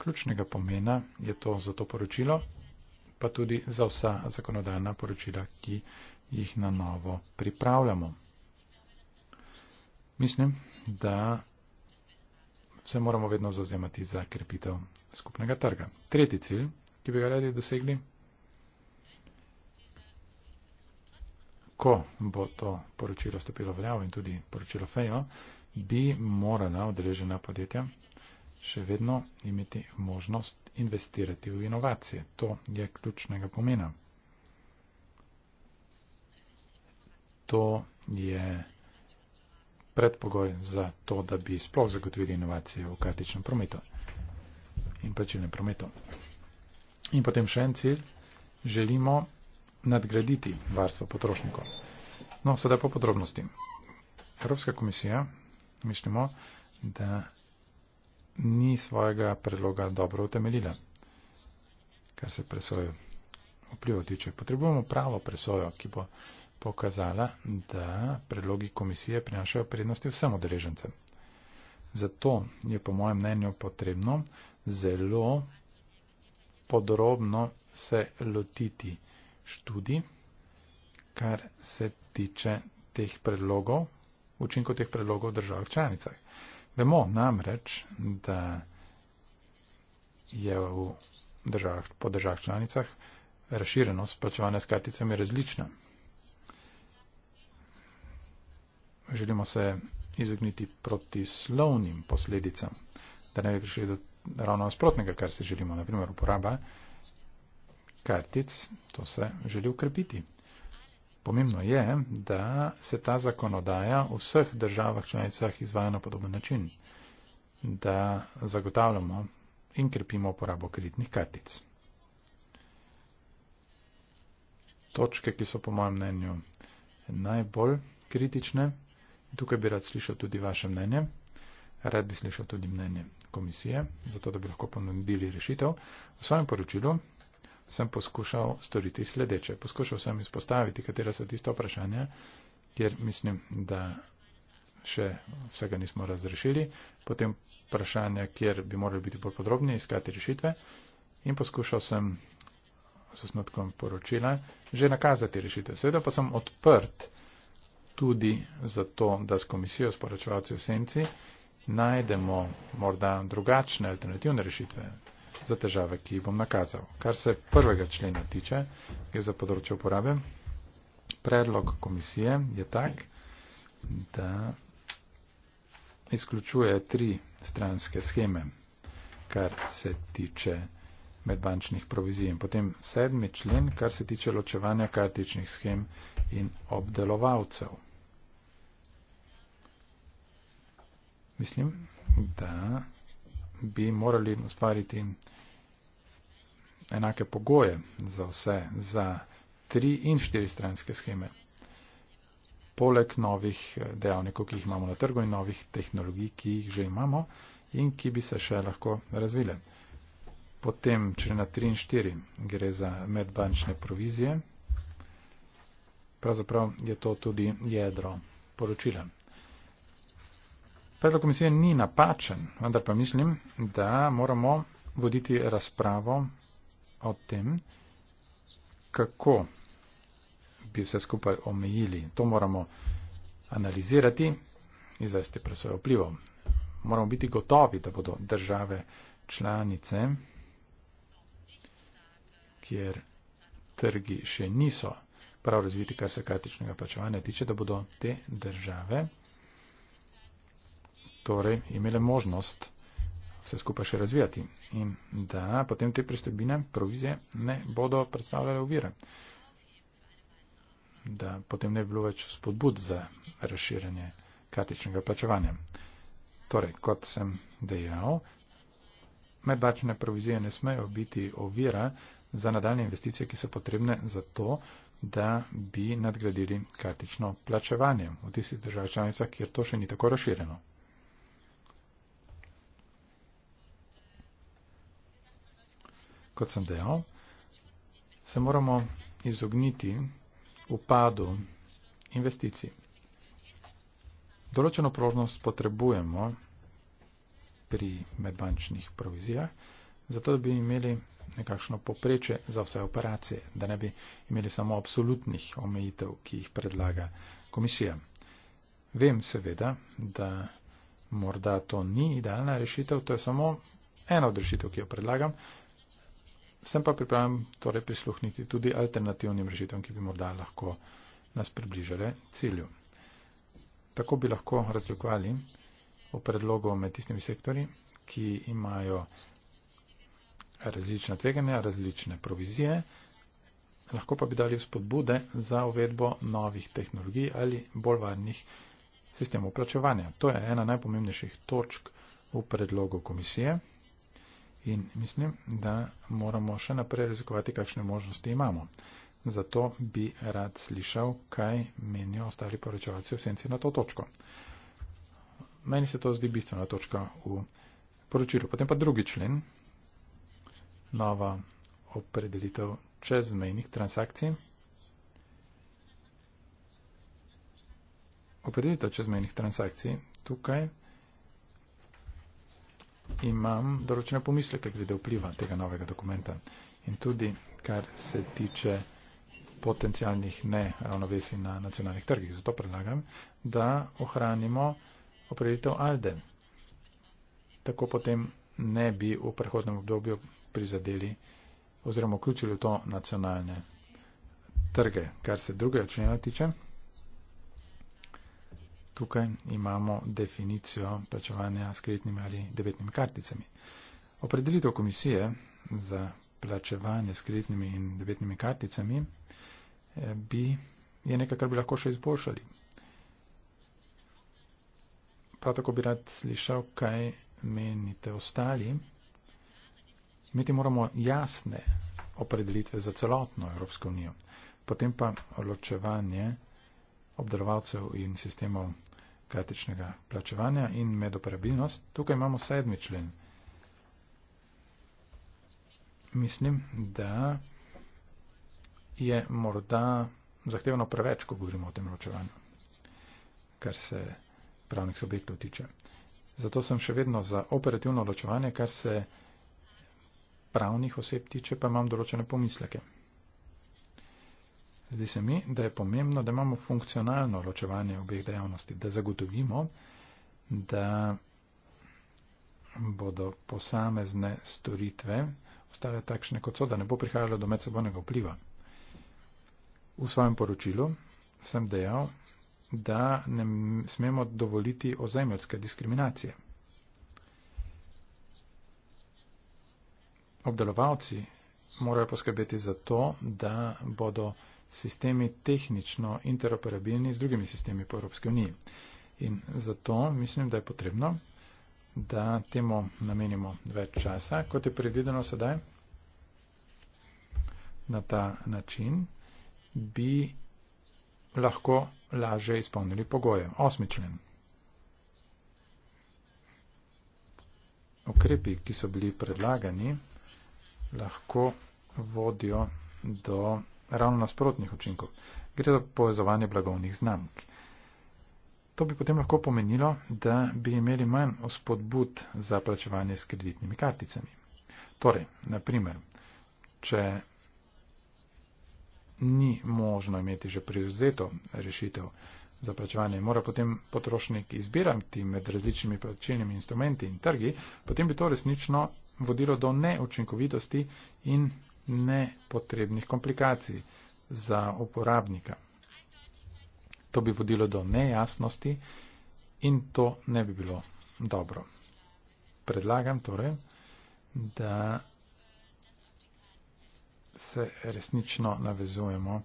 Ključnega pomena je to za to poročilo, pa tudi za vsa zakonodajna poročila, ki jih na novo pripravljamo. Mislim, da se moramo vedno zauzemati za krepitev skupnega trga. Tretji cilj, ki bi ga radi dosegli, ko bo to poročilo stopilo veljavo in tudi poročilo fejo, bi morala odrežena podjetja še vedno imeti možnost investirati v inovacije. To je ključnega pomena. To je predpogoj za to, da bi sploh zagotovili inovacije v kartičnem prometu in plačilnem prometu. In potem še en cilj, želimo nadgraditi varstvo potrošnikov. No, sedaj po podrobnosti. Evropska komisija, mislimo, da ni svojega predloga dobro utemeljila, kar se presojo vplivo tiče. Potrebujemo pravo presojo, ki bo pokazala, da predlogi komisije prinašajo prednosti vsem odrežencem. Zato je po mojem mnenju potrebno zelo podrobno se lotiti študi, kar se tiče teh predlogov, učinkov teh predlogov v državah članicah. Vemo namreč, da je v državah, po državah članicah razširenost plačevanja s karticami različna. želimo se izogniti proti slovnim posledicam, da ne bi prišli do ravno nasprotnega, kar se želimo, naprimer uporaba kartic, to se želi ukrepiti. Pomembno je, da se ta zakonodaja v vseh državah članicah izvaja na podoben način, da zagotavljamo in krepimo uporabo kreditnih kartic. Točke, ki so po mojem mnenju najbolj kritične, Tukaj bi rad slišal tudi vaše mnenje. Rad bi slišal tudi mnenje komisije, zato da bi lahko ponudili rešitev. V svojem poročilu sem poskušal storiti sledeče. Poskušal sem izpostaviti, katera so tiste vprašanja, kjer mislim, da še vsega nismo razrešili. Potem vprašanja, kjer bi morali biti bolj podrobni, iskati rešitve. In poskušal sem s osnotkom poročila že nakazati rešitev. Seveda pa sem odprt tudi zato, da s komisijo sporočevalci v senci najdemo morda drugačne alternativne rešitve za težave, ki jih bom nakazal. Kar se prvega člena tiče, je za področje uporabe. Predlog komisije je tak, da izključuje tri stranske scheme, kar se tiče medbančnih provizij. In potem sedmi člen, kar se tiče ločevanja kartičnih schem in obdelovalcev. mislim, da bi morali ustvariti enake pogoje za vse, za tri in štiri stranske scheme. Poleg novih eh, dejavnikov, ki jih imamo na trgu in novih tehnologij, ki jih že imamo in ki bi se še lahko razvile. Potem, če na 3 in 4 gre za medbančne provizije, pravzaprav je to tudi jedro poročila. Predlog komisije ni napačen, vendar pa mislim, da moramo voditi razpravo o tem, kako bi vse skupaj omejili. To moramo analizirati in zvesti presojo vplivom. Moramo biti gotovi, da bodo države članice, kjer trgi še niso prav razviti, kar se kartičnega plačevanja tiče, da bodo te države torej imele možnost vse skupaj še razvijati in da potem te pristojbine, provizije ne bodo predstavljale uvire. Da potem ne bi bilo več spodbud za razširjanje katičnega plačevanja. Torej, kot sem dejal, medbačne provizije ne smejo biti ovira za nadaljne investicije, ki so potrebne za to, da bi nadgradili kartično plačevanje v tistih državah članicah, kjer to še ni tako razširjeno. kot sem dejal, se moramo izogniti upadu investicij. Določeno prožnost potrebujemo pri medbančnih provizijah, zato da bi imeli nekakšno popreče za vse operacije, da ne bi imeli samo absolutnih omejitev, ki jih predlaga komisija. Vem seveda, da morda to ni idealna rešitev, to je samo ena od rešitev, ki jo predlagam, sem pa pripravljen torej prisluhniti tudi alternativnim rešitvam, ki bi morda lahko nas približale cilju. Tako bi lahko razlikovali v predlogu med tistimi sektori, ki imajo različna tveganja, različne provizije, lahko pa bi dali spodbude za uvedbo novih tehnologij ali bolj varnih sistemov plačevanja. To je ena najpomembnejših točk v predlogu komisije. In mislim, da moramo še naprej razlikovati, kakšne možnosti imamo. Zato bi rad slišal, kaj menijo ostali poročevalci v senci na to točko. Meni se to zdi bistvena točka v poročilu. Potem pa drugi člen, nova opredelitev čezmejnih transakcij. Opredelitev čezmejnih transakcij tukaj imam določene pomisleke glede vpliva tega novega dokumenta in tudi kar se tiče potencijalnih neravnovesij na nacionalnih trgih. Zato predlagam, da ohranimo opreditev ALDE. Tako potem ne bi v prehodnem obdobju prizadeli oziroma vključili v to nacionalne trge, kar se druge členja tiče tukaj imamo definicijo plačevanja s kreditnimi ali debetnimi karticami. Opredelitev komisije za plačevanje s kreditnimi in debetnimi karticami eh, bi, je nekaj, kar bi lahko še izboljšali. Prav tako bi rad slišal, kaj menite ostali. Imeti moramo jasne opredelitve za celotno Evropsko unijo, potem pa odločevanje obdelovalcev in sistemov demokratičnega plačevanja in medoperabilnost. Tukaj imamo sedmi člen. Mislim, da je morda zahtevano preveč, ko govorimo o tem ločevanju, kar se pravnih subjektov tiče. Zato sem še vedno za operativno ločevanje, kar se pravnih oseb tiče, pa imam določene pomisleke. Zdi se mi, da je pomembno, da imamo funkcionalno ločevanje obeh dejavnosti, da zagotovimo, da bodo posamezne storitve ostale takšne, kot so, da ne bo prihajalo do medsebojnega vpliva. V svojem poročilu sem dejal, da ne smemo dovoliti ozemeljske diskriminacije. Obdelovalci morajo poskrbeti za to, da bodo sistemi tehnično interoperabilni z drugimi sistemi po Evropske uniji. In zato mislim, da je potrebno, da temu namenimo več časa, kot je predvideno sedaj. Na ta način bi lahko laže izpolnili pogoje. Osmi člen. Okrepi, ki so bili predlagani, lahko vodijo do ravno nasprotnih učinkov. Gre za povezovanje blagovnih znamk. To bi potem lahko pomenilo, da bi imeli manj ospodbud za plačevanje s kreditnimi karticami. Torej, naprimer, če ni možno imeti že prevzeto rešitev za plačevanje, mora potem potrošnik izbirati med različnimi plačilnimi instrumenti in trgi, potem bi to resnično vodilo do neučinkovitosti in nepotrebnih komplikacij za uporabnika. To bi vodilo do nejasnosti in to ne bi bilo dobro. Predlagam torej, da se resnično navezujemo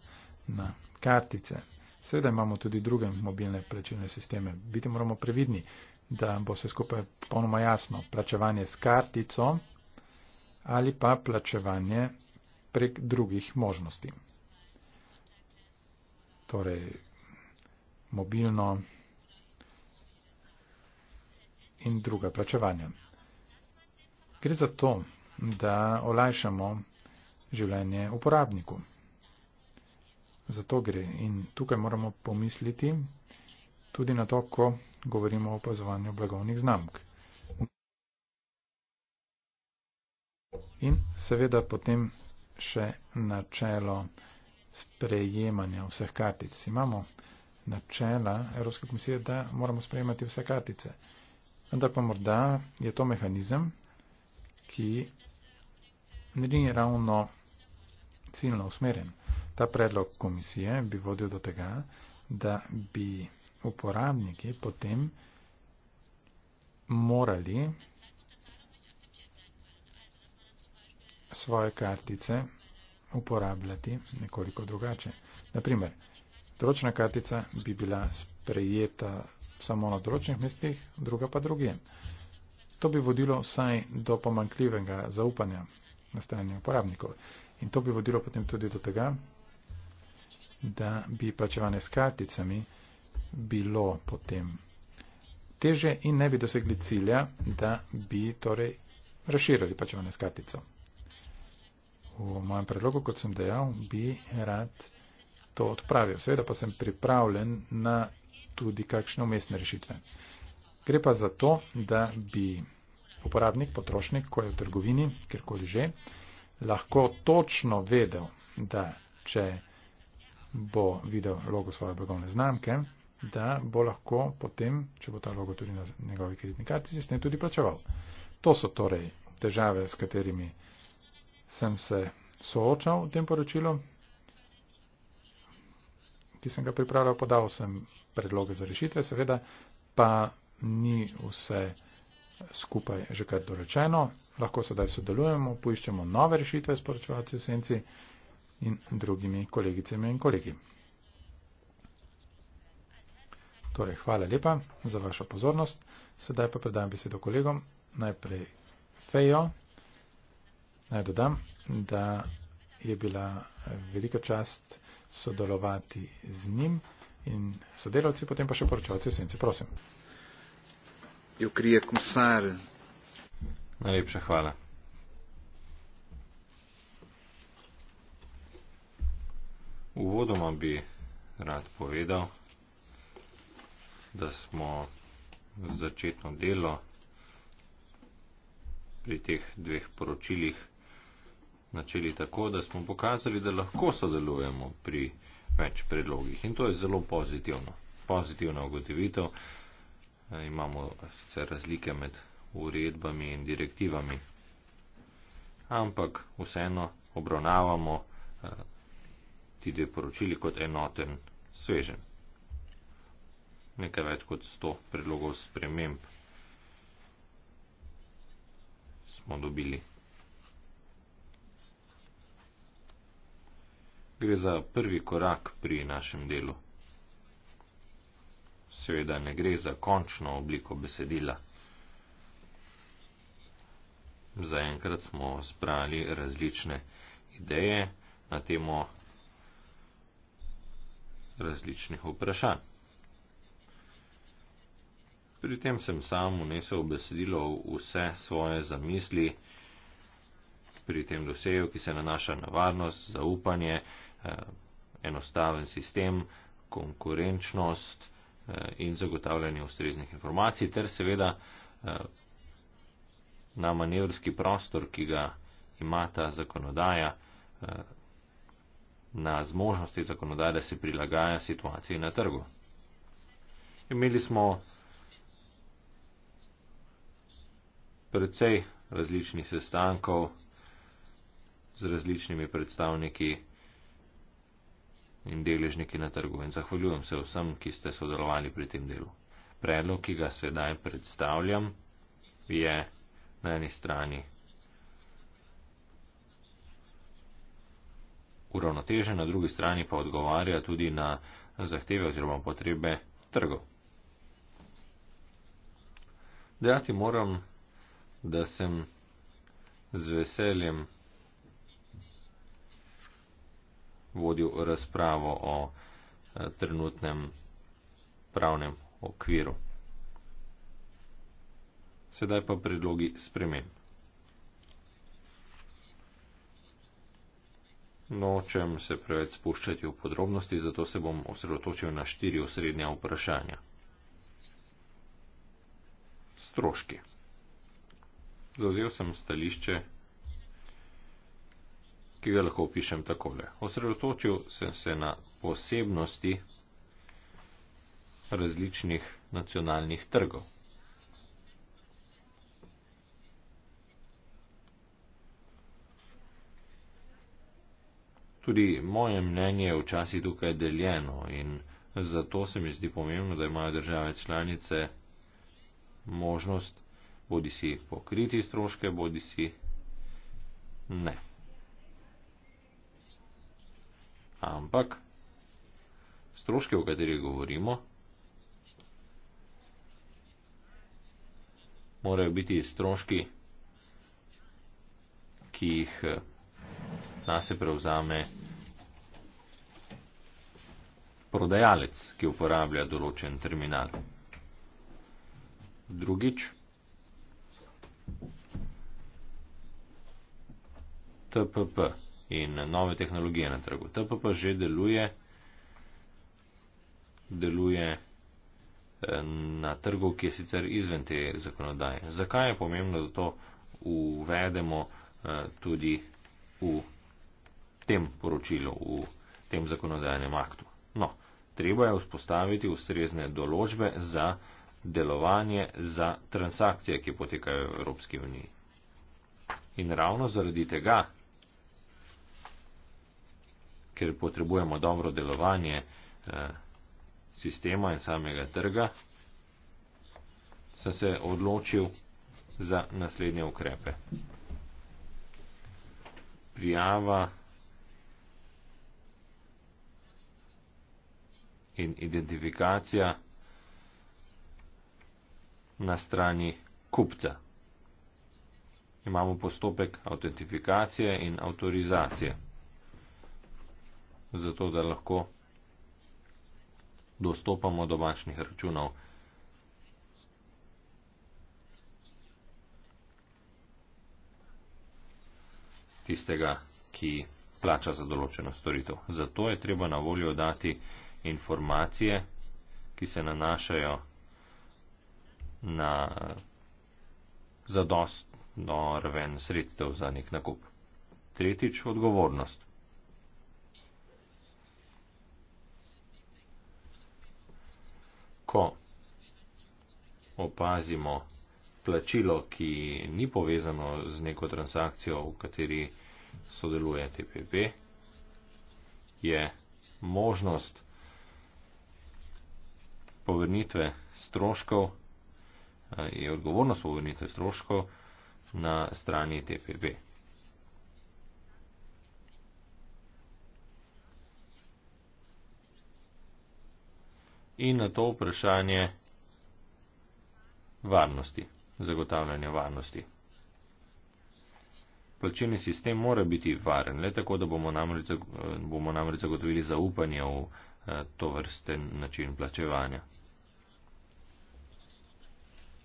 na kartice. Seveda imamo tudi druge mobilne plačilne sisteme. Biti moramo previdni, da bo se skupaj ponoma jasno plačevanje s kartico ali pa plačevanje prek drugih možnosti. Torej, mobilno in druga plačevanja. Gre za to, da olajšamo življenje uporabniku. Za to gre in tukaj moramo pomisliti tudi na to, ko govorimo o opazovanju blagovnih znamk. In seveda potem še načelo sprejemanja vseh kartic. Imamo načela Evropske komisije, da moramo sprejemati vse kartice. Vendar pa morda je to mehanizem, ki ni ravno ciljno usmerjen. Ta predlog komisije bi vodil do tega, da bi uporabniki potem morali svoje kartice uporabljati nekoliko drugače. Naprimer, določena kartica bi bila sprejeta samo na določenih mestih, druga pa drugje. To bi vodilo vsaj do pomankljivega zaupanja na strani uporabnikov. In to bi vodilo potem tudi do tega, da bi plačevanje s karticami bilo potem teže in ne bi dosegli cilja, da bi torej razširili plačevanje s karticami v mojem predlogu, kot sem dejal, bi rad to odpravil. Seveda pa sem pripravljen na tudi kakšne umestne rešitve. Gre pa za to, da bi uporabnik, potrošnik, ko je v trgovini, kjerkoli že, lahko točno vedel, da če bo videl logo svoje blagovne znamke, da bo lahko potem, če bo ta logo tudi na njegovi kreditni kartici, s tem tudi plačeval. To so torej težave, s katerimi sem se soočal v tem poročilu, ki sem ga pripravljal, podal sem predloge za rešitve, seveda pa ni vse skupaj že kar dorečeno. Lahko sedaj sodelujemo, poiščemo nove rešitve s poročevalci v senci in drugimi kolegicami in kolegi. Torej, hvala lepa za vašo pozornost. Sedaj pa predajam besedo kolegom. Najprej Fejo. Naj dodam, da je bila velika čast sodelovati z njim in sodelavci, potem pa še poročalci Sence. Prosim. Eu queria começar. Najlepša hvala. Uvodoma bi rad povedal, da smo začetno delo pri teh dveh poročilih načeli tako, da smo pokazali, da lahko sodelujemo pri več predlogih. In to je zelo pozitivno. Pozitivna ugotovitev. E, imamo sicer razlike med uredbami in direktivami, ampak vseeno obravnavamo e, ti dve poročili kot enoten svežen. Nekaj več kot 100 predlogov sprememb smo dobili. gre za prvi korak pri našem delu. Seveda ne gre za končno obliko besedila. Zaenkrat smo spravili različne ideje na temo različnih vprašanj. Pri tem sem sam unesel besedilo vse svoje zamisli pri tem dosegel, ki se nanaša na varnost, zaupanje, eh, enostaven sistem, konkurenčnost eh, in zagotavljanje ustreznih informacij ter seveda eh, na manevrski prostor, ki ga ima ta zakonodaja, na zmožnosti zakonodaje, da se prilagaja situaciji na trgu. Imeli smo precej različnih sestankov, z različnimi predstavniki in deležniki na trgu in zahvaljujem se vsem, ki ste sodelovali pri tem delu. Predlog, ki ga sedaj predstavljam, je na eni strani uravnotežen, na drugi strani pa odgovarja tudi na zahteve oziroma potrebe trgov. Dejati moram, da sem z veseljem vodil razpravo o eh, trenutnem pravnem okviru. Sedaj pa predlogi spremen. Nočem se preveč spuščati v podrobnosti, zato se bom osredotočil na štiri osrednja vprašanja. Stroški. Zauzel sem stališče, ki ga lahko opišem takole. Osredotočil sem se na posebnosti različnih nacionalnih trgov. Tudi moje mnenje je včasih tukaj deljeno in zato se mi zdi pomembno, da imajo države članice možnost bodi si pokriti stroške, bodi si ne. ampak stroške, o katerih govorimo, morajo biti stroški, ki jih eh, nas je prevzame prodajalec, ki uporablja določen terminal. Drugič, TPP in nove tehnologije na trgu. TPP že deluje, deluje eh, na trgu, ki je sicer izven te zakonodaje. Zakaj je pomembno, da to uvedemo eh, tudi v tem poročilu, v tem zakonodajnem aktu? No, treba je vzpostaviti ustrezne določbe za delovanje za transakcije, ki potekajo v Evropski uniji. In ravno zaradi tega ker potrebujemo dobro delovanje eh, sistema in samega trga, sem se odločil za naslednje ukrepe. Prijava in identifikacija na strani kupca. Imamo postopek autentifikacije in avtorizacije zato da lahko dostopamo do bančnih računov. tistega, ki plača za določeno storitev. Zato je treba na voljo dati informacije, ki se nanašajo na zadostno raven sredstev za nek nakup. Tretjič, odgovornost. ko opazimo plačilo, ki ni povezano z neko transakcijo, v kateri sodeluje TPP, je možnost povrnitve stroškov, eh, je odgovornost povrnitve stroškov na strani TPP. in na to vprašanje varnosti, zagotavljanja varnosti. Plačilni sistem mora biti varen, le tako, da bomo namreč, bomo namreč zagotovili zaupanje v eh, to vrste način plačevanja.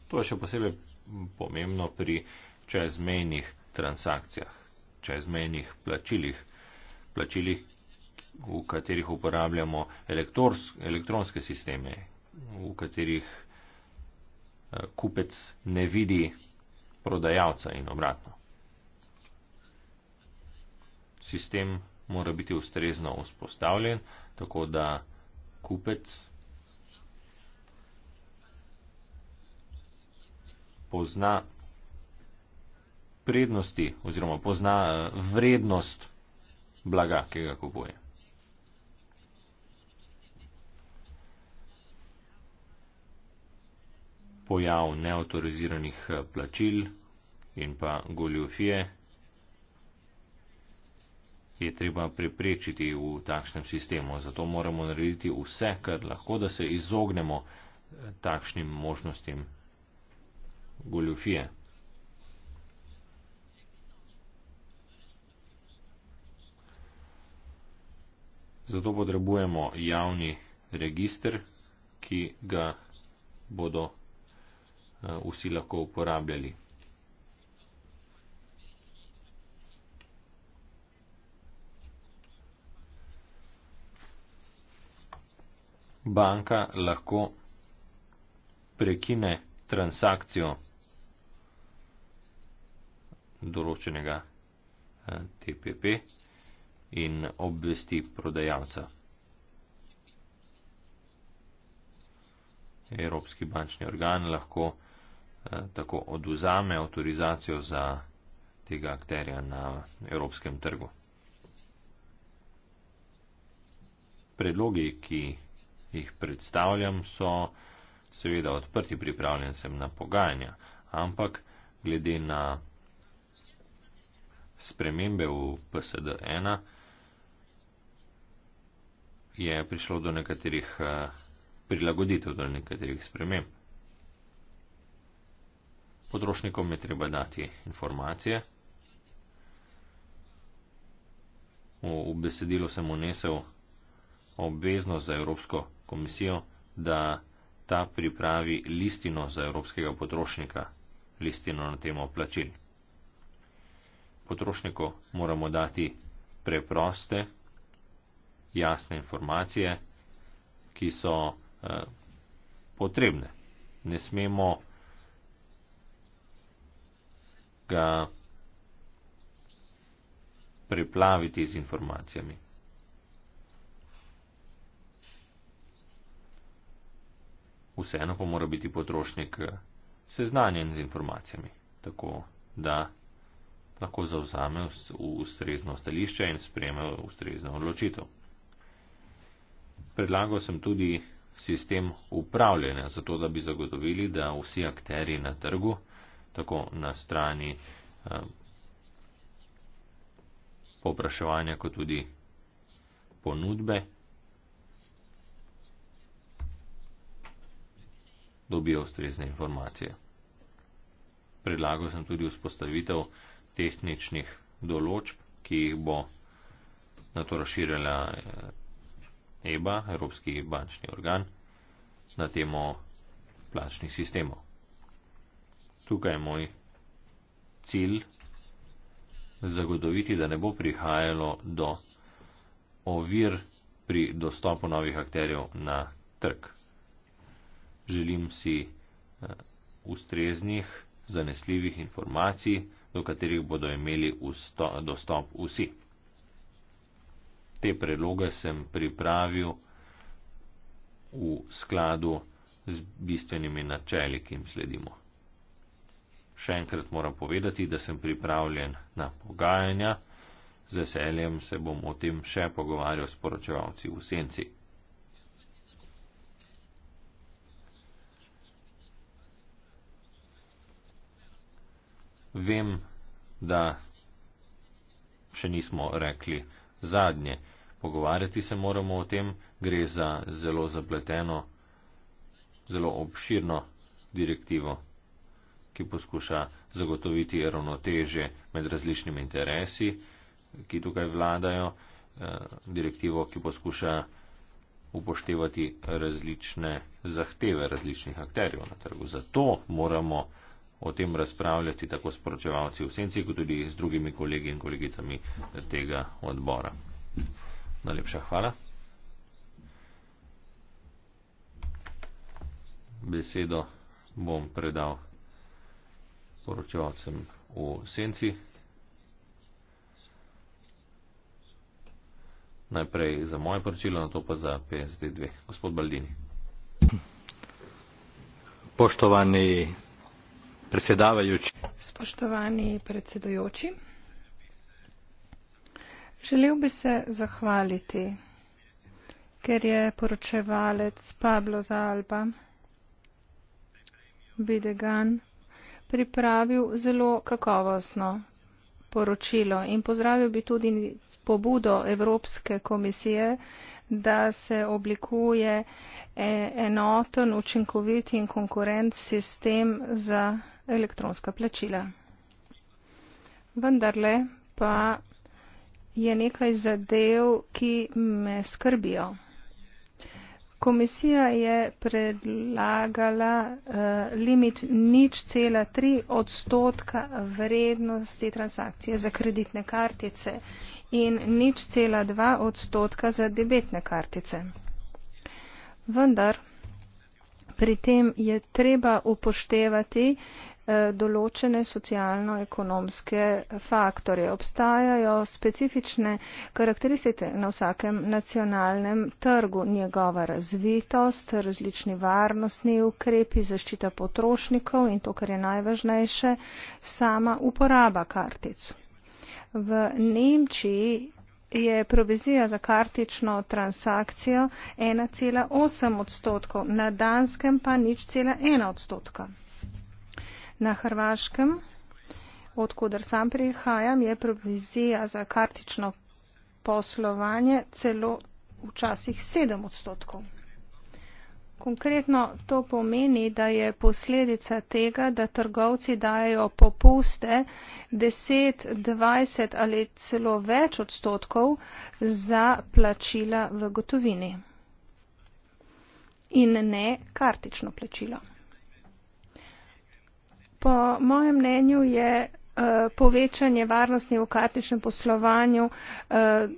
To je še posebej pomembno pri čezmejnih transakcijah, čezmejnih plačilih, plačilih, v katerih uporabljamo elektronske sisteme, v katerih eh, kupec ne vidi prodajalca in obratno. Sistem mora biti ustrezno vzpostavljen, tako da kupec pozna prednosti oziroma pozna eh, vrednost blaga, ki ga kupuje. pojav neautoriziranih eh, plačil in pa goljofije je treba preprečiti v takšnem sistemu. Zato moramo narediti vse, kar lahko, da se izognemo eh, takšnim možnostim goljofije. Zato potrebujemo javni register, ki ga bodo Eh, vsi lahko uporabljali. Banka lahko prekine transakcijo določenega eh, TPP in obvesti prodajalca. Evropski bančni organ lahko prekine transakcijo. Eh, tako oduzame avtorizacijo za tega akterja na evropskem trgu. Predlogi, ki jih predstavljam, so seveda odprti, pripravljen sem na pogajanja, ampak glede na spremembe v PSD-1 je prišlo do nekaterih eh, prilagoditev, do nekaterih sprememb. Potrošnikom je treba dati informacije. O, v besedilo sem unesel obvezno za Evropsko komisijo, da ta pripravi listino za evropskega potrošnika, listino na temo plačil. Potrošniku moramo dati preproste, jasne informacije, ki so eh, potrebne. Ne smemo ga priplaviti z informacijami. Vseeno pa mora biti potrošnik eh, seznanjen z informacijami, tako da lahko zauzame ustrezno stališče in sprejme ustrezno odločitev. Predlagal sem tudi sistem upravljanja, zato da bi zagotovili, da vsi akteri na trgu tako na strani eh, popraševanja, kot tudi ponudbe. dobijo ustrezne informacije. Predlagal sem tudi vzpostavitev tehničnih določb, ki jih bo na to razširjala EBA, eh, e Evropski bančni organ, na temo plačnih sistemov tukaj je moj cilj zagotoviti, da ne bo prihajalo do ovir pri dostopu novih akterjev na trg. Želim si eh, ustreznih, zanesljivih informacij, do katerih bodo imeli dostop vsi. Te predloge sem pripravil v skladu z bistvenimi načeli, ki jim sledimo še enkrat moram povedati, da sem pripravljen na pogajanja. Z veseljem se bom o tem še pogovarjal s poročevalci v senci. Vem, da še nismo rekli zadnje. Pogovarjati se moramo o tem, gre za zelo zapleteno, zelo obširno direktivo ki poskuša zagotoviti ravnoteže med različnimi interesi, ki tukaj vladajo, eh, direktivo, ki poskuša upoštevati različne zahteve različnih akterjev na trgu. Zato moramo o tem razpravljati tako s poročevalci v senci, kot tudi z drugimi kolegi in kolegicami tega odbora. Najlepša hvala. Besedo bom predal poročevalcem v senci. Najprej za moje poročilo, na to pa za PSD2. Gospod Baldini. Poštovani predsedavajoči. Spoštovani predsedujoči. Želel bi se zahvaliti, ker je poročevalec Pablo Zalba, Bidegan, za pripravil zelo kakovostno poročilo in pozdravil bi tudi pobudo Evropske komisije, da se oblikuje e, enoten, učinkovit in konkurent sistem za elektronska plačila. Vendarle pa je nekaj zadev, ki me skrbijo. Komisija je predlagala uh, limit nič cela tri odstotka vrednosti transakcije za kreditne kartice in nič cela dva odstotka za debetne kartice. Vendar pri tem je treba upoštevati, uh, Eh, določene socialno-ekonomske faktorje. Obstajajo specifične karakteristike na vsakem nacionalnem trgu, njegova razvitost, različni varnostni ukrepi, zaščita potrošnikov in to, kar je najvažnejše, sama uporaba kartic. V Nemčiji je provizija za kartično transakcijo 1,8 odstotkov, na Danskem pa nič cela 1 odstotka. Na Hrvaškem, odkudar sam prihajam, je provizija za kartično poslovanje celo včasih 7 odstotkov. Konkretno to pomeni, da je posledica tega, da trgovci dajo popuste 10, 20 ali celo več odstotkov za plačila v gotovini in ne kartično plačilo po mojem mnenju je eh, povečanje varnosti v kartičnem poslovanju eh,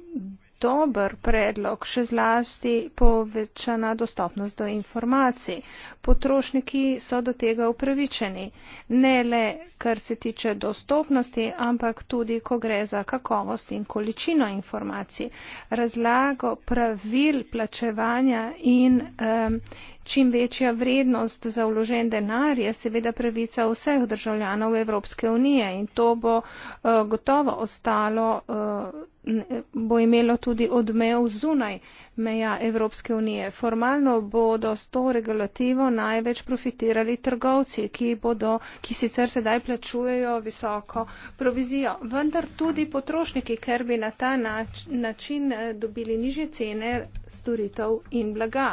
dober predlog, še zlasti povečana dostopnost do informacij. Potrošniki so do tega upravičeni, ne le kar se tiče dostopnosti, ampak tudi, ko gre za kakovost in količino informacij. Razlago pravil plačevanja in um, čim večja vrednost za vložen denar je seveda pravica vseh državljanov Evropske unije in to bo uh, gotovo ostalo, uh, bo imelo tudi tudi odmev zunaj meja Evropske unije. Formalno bodo s to regulativo največ profitirali trgovci, ki, bodo, ki sicer sedaj plačujejo visoko provizijo. Vendar tudi potrošniki, ker bi na ta nač, način eh, dobili nižje cene storitev in blaga.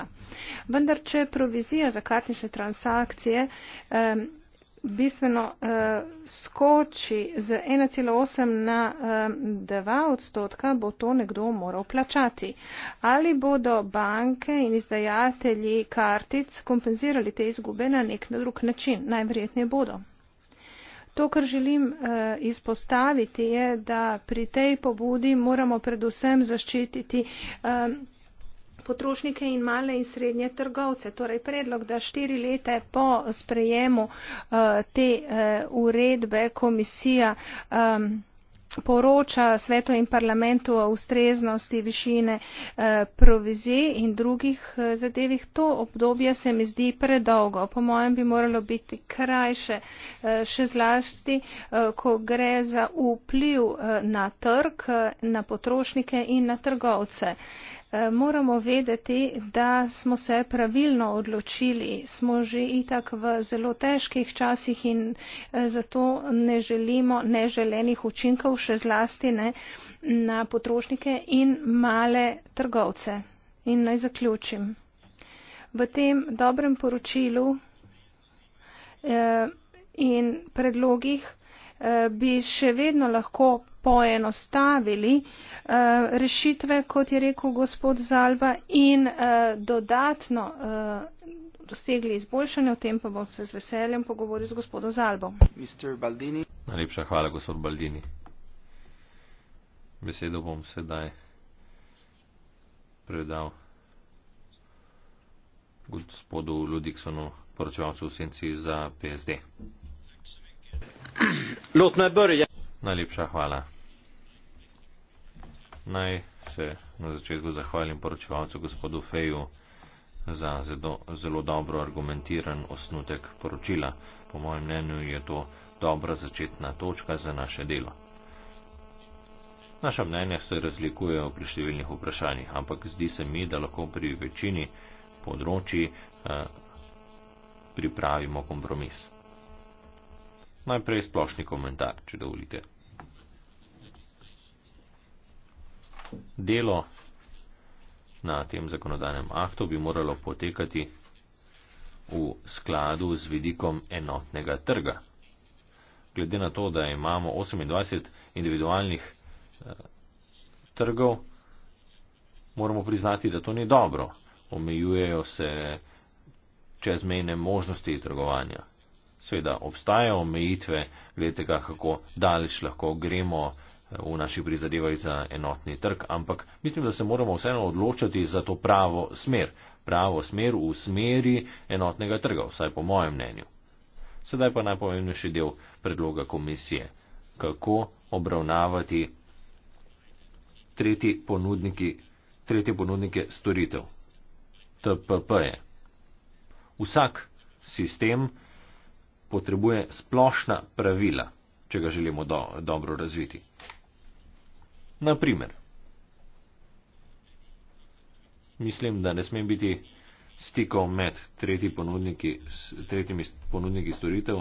Vendar, če provizija za kartnične transakcije um, bistveno uh, skoči z 1,8 na uh, eh, 2 odstotka, bo to nekdo moral plačati. Ali bodo banke in izdajatelji kartic kompenzirali te izgube na nek na drug način? Najverjetneje bodo. To, kar želim uh, izpostaviti, je, da pri tej pobudi moramo predvsem zaščititi. Uh, potrošnike in male in srednje trgovce. Torej predlog, da štiri leta po sprejemu eh, te eh, uredbe komisija poroča svetu in parlamentu o ustreznosti višine eh, provizij in drugih zadevih. To obdobje se mi zdi predolgo. Po mojem bi moralo biti krajše, še zlasti, ko gre za vpliv na trg, na potrošnike in na trgovce. Eh, moramo vedeti, da smo se pravilno odločili. Smo že itak v zelo težkih časih in eh, zato ne želimo neželenih učinkov, še zlasti ne na potrošnike in male trgovce. In naj zaključim. V tem dobrem poročilu eh, in predlogih Eh, bi še vedno lahko poenostavili eh, rešitve, kot je rekel gospod Zalba, in eh, dodatno dosegli izboljšanje. O tem pa bom se z veseljem pogovoril z gospodom Zalbom. Najlepša hvala, gospod Baldini. Besedo bom sedaj predal gospodu Ludiksonu, poročevalcu v senci za PSD. Låt mig börja. Najlepša hvala. Naj se na začetku zahvalim poročevalcu gospodu Feju za zelo, zelo dobro argumentiran osnutek poročila. Po mojem mnenju je to dobra začetna točka za naše delo. Naša mnenja se razlikujejo pri številnih vprašanjih, ampak zdi se mi, da lahko pri večini področji eh, pripravimo kompromis najprej splošni komentar, če dovolite. Delo na tem zakonodajnem aktu bi moralo potekati v skladu z vidikom enotnega trga. Glede na to, da imamo 28 individualnih eh, trgov, moramo priznati, da to ni dobro. Omejujejo se čezmejne možnosti trgovanja. Seveda obstajajo omejitve, glede ga, kako daleč lahko gremo eh, v naši prizadevaj za enotni trg, ampak mislim, da se moramo vseeno odločiti za to pravo smer, pravo smer v smeri enotnega trga, vsaj po mojem mnenju. Sedaj pa najpomembnejši del predloga komisije, kako obravnavati tretji ponudniki, tretji ponudnike storitev, TPP-je. Vsak sistem, potrebuje splošna pravila, če ga želimo do, dobro razviti. Naprimer, mislim, da ne smem biti stikov med tretji ponudniki, tretjimi ponudniki storitev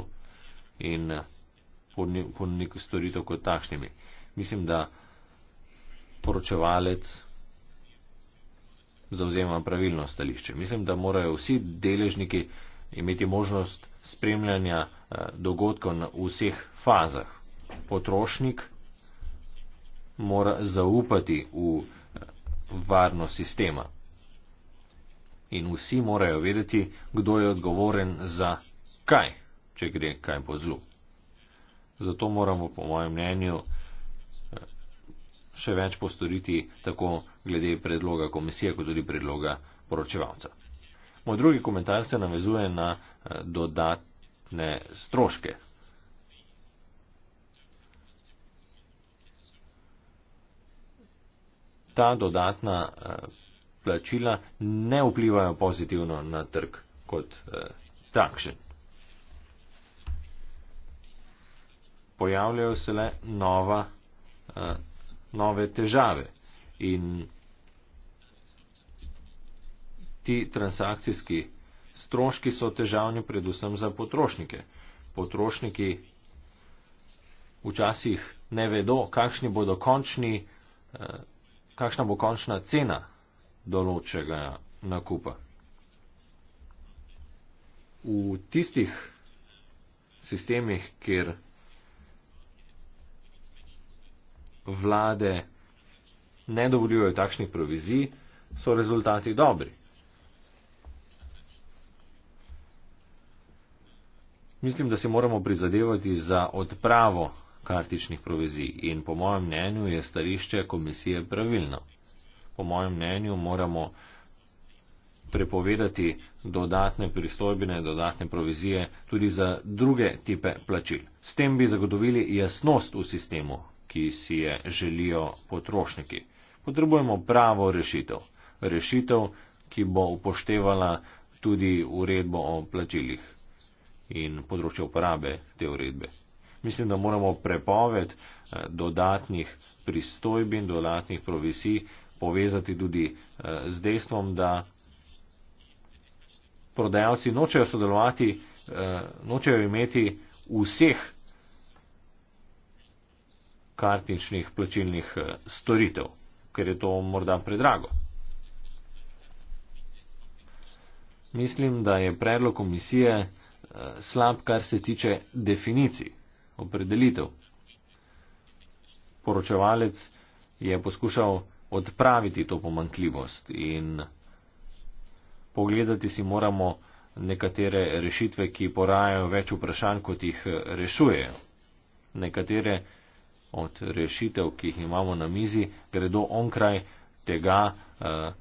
in eh, ponudniki storitev kot takšnimi. Mislim, da poročevalec zauzema pravilno stališče. Mislim, da morajo vsi deležniki imeti možnost spremljanja eh, dogodkov na vseh fazah. Potrošnik mora zaupati v eh, varno sistema. In vsi morajo vedeti, kdo je odgovoren za kaj, če gre kaj po zlu. Zato moramo, po mojem mnenju, eh, še več postoriti tako glede predloga komisije, kot tudi predloga poročevalca. Moj drugi komentar se navezuje na eh, dodatne stroške. Ta dodatna eh, plačila ne vplivajo pozitivno na trg kot eh, takšen. Pojavljajo se le nova, nove težave in ti transakcijski stroški so težavni predvsem za potrošnike. Potrošniki včasih ne vedo, kakšni bodo končni, eh, kakšna bo končna cena določega nakupa. V tistih sistemih, kjer vlade ne dovoljujejo takšnih provizij, so rezultati dobri. Mislim, da se moramo prizadevati za odpravo kartičnih provizij in po mojem mnenju je stališče komisije pravilno. Po mojem mnenju moramo prepovedati dodatne pristojbine, dodatne provizije tudi za druge tipe plačil. S tem bi zagotovili jasnost v sistemu, ki si je želijo potrošniki. Potrebujemo pravo rešitev. Rešitev, ki bo upoštevala tudi uredbo o plačilih in področje uporabe te uredbe. Mislim, da moramo prepoved eh, dodatnih pristojbin, dodatnih provisij povezati tudi eh, z dejstvom, da prodajalci nočejo sodelovati, eh, nočejo imeti vseh kartičnih plačilnih storitev, ker je to morda predrago. Mislim, da je predlog komisije slab, kar se tiče definicij, opredelitev. Poročevalec je poskušal odpraviti to pomankljivost in pogledati si moramo nekatere rešitve, ki porajajo več vprašanj, kot jih rešujejo. Nekatere od rešitev, ki jih imamo na mizi, gredo onkraj tega, eh,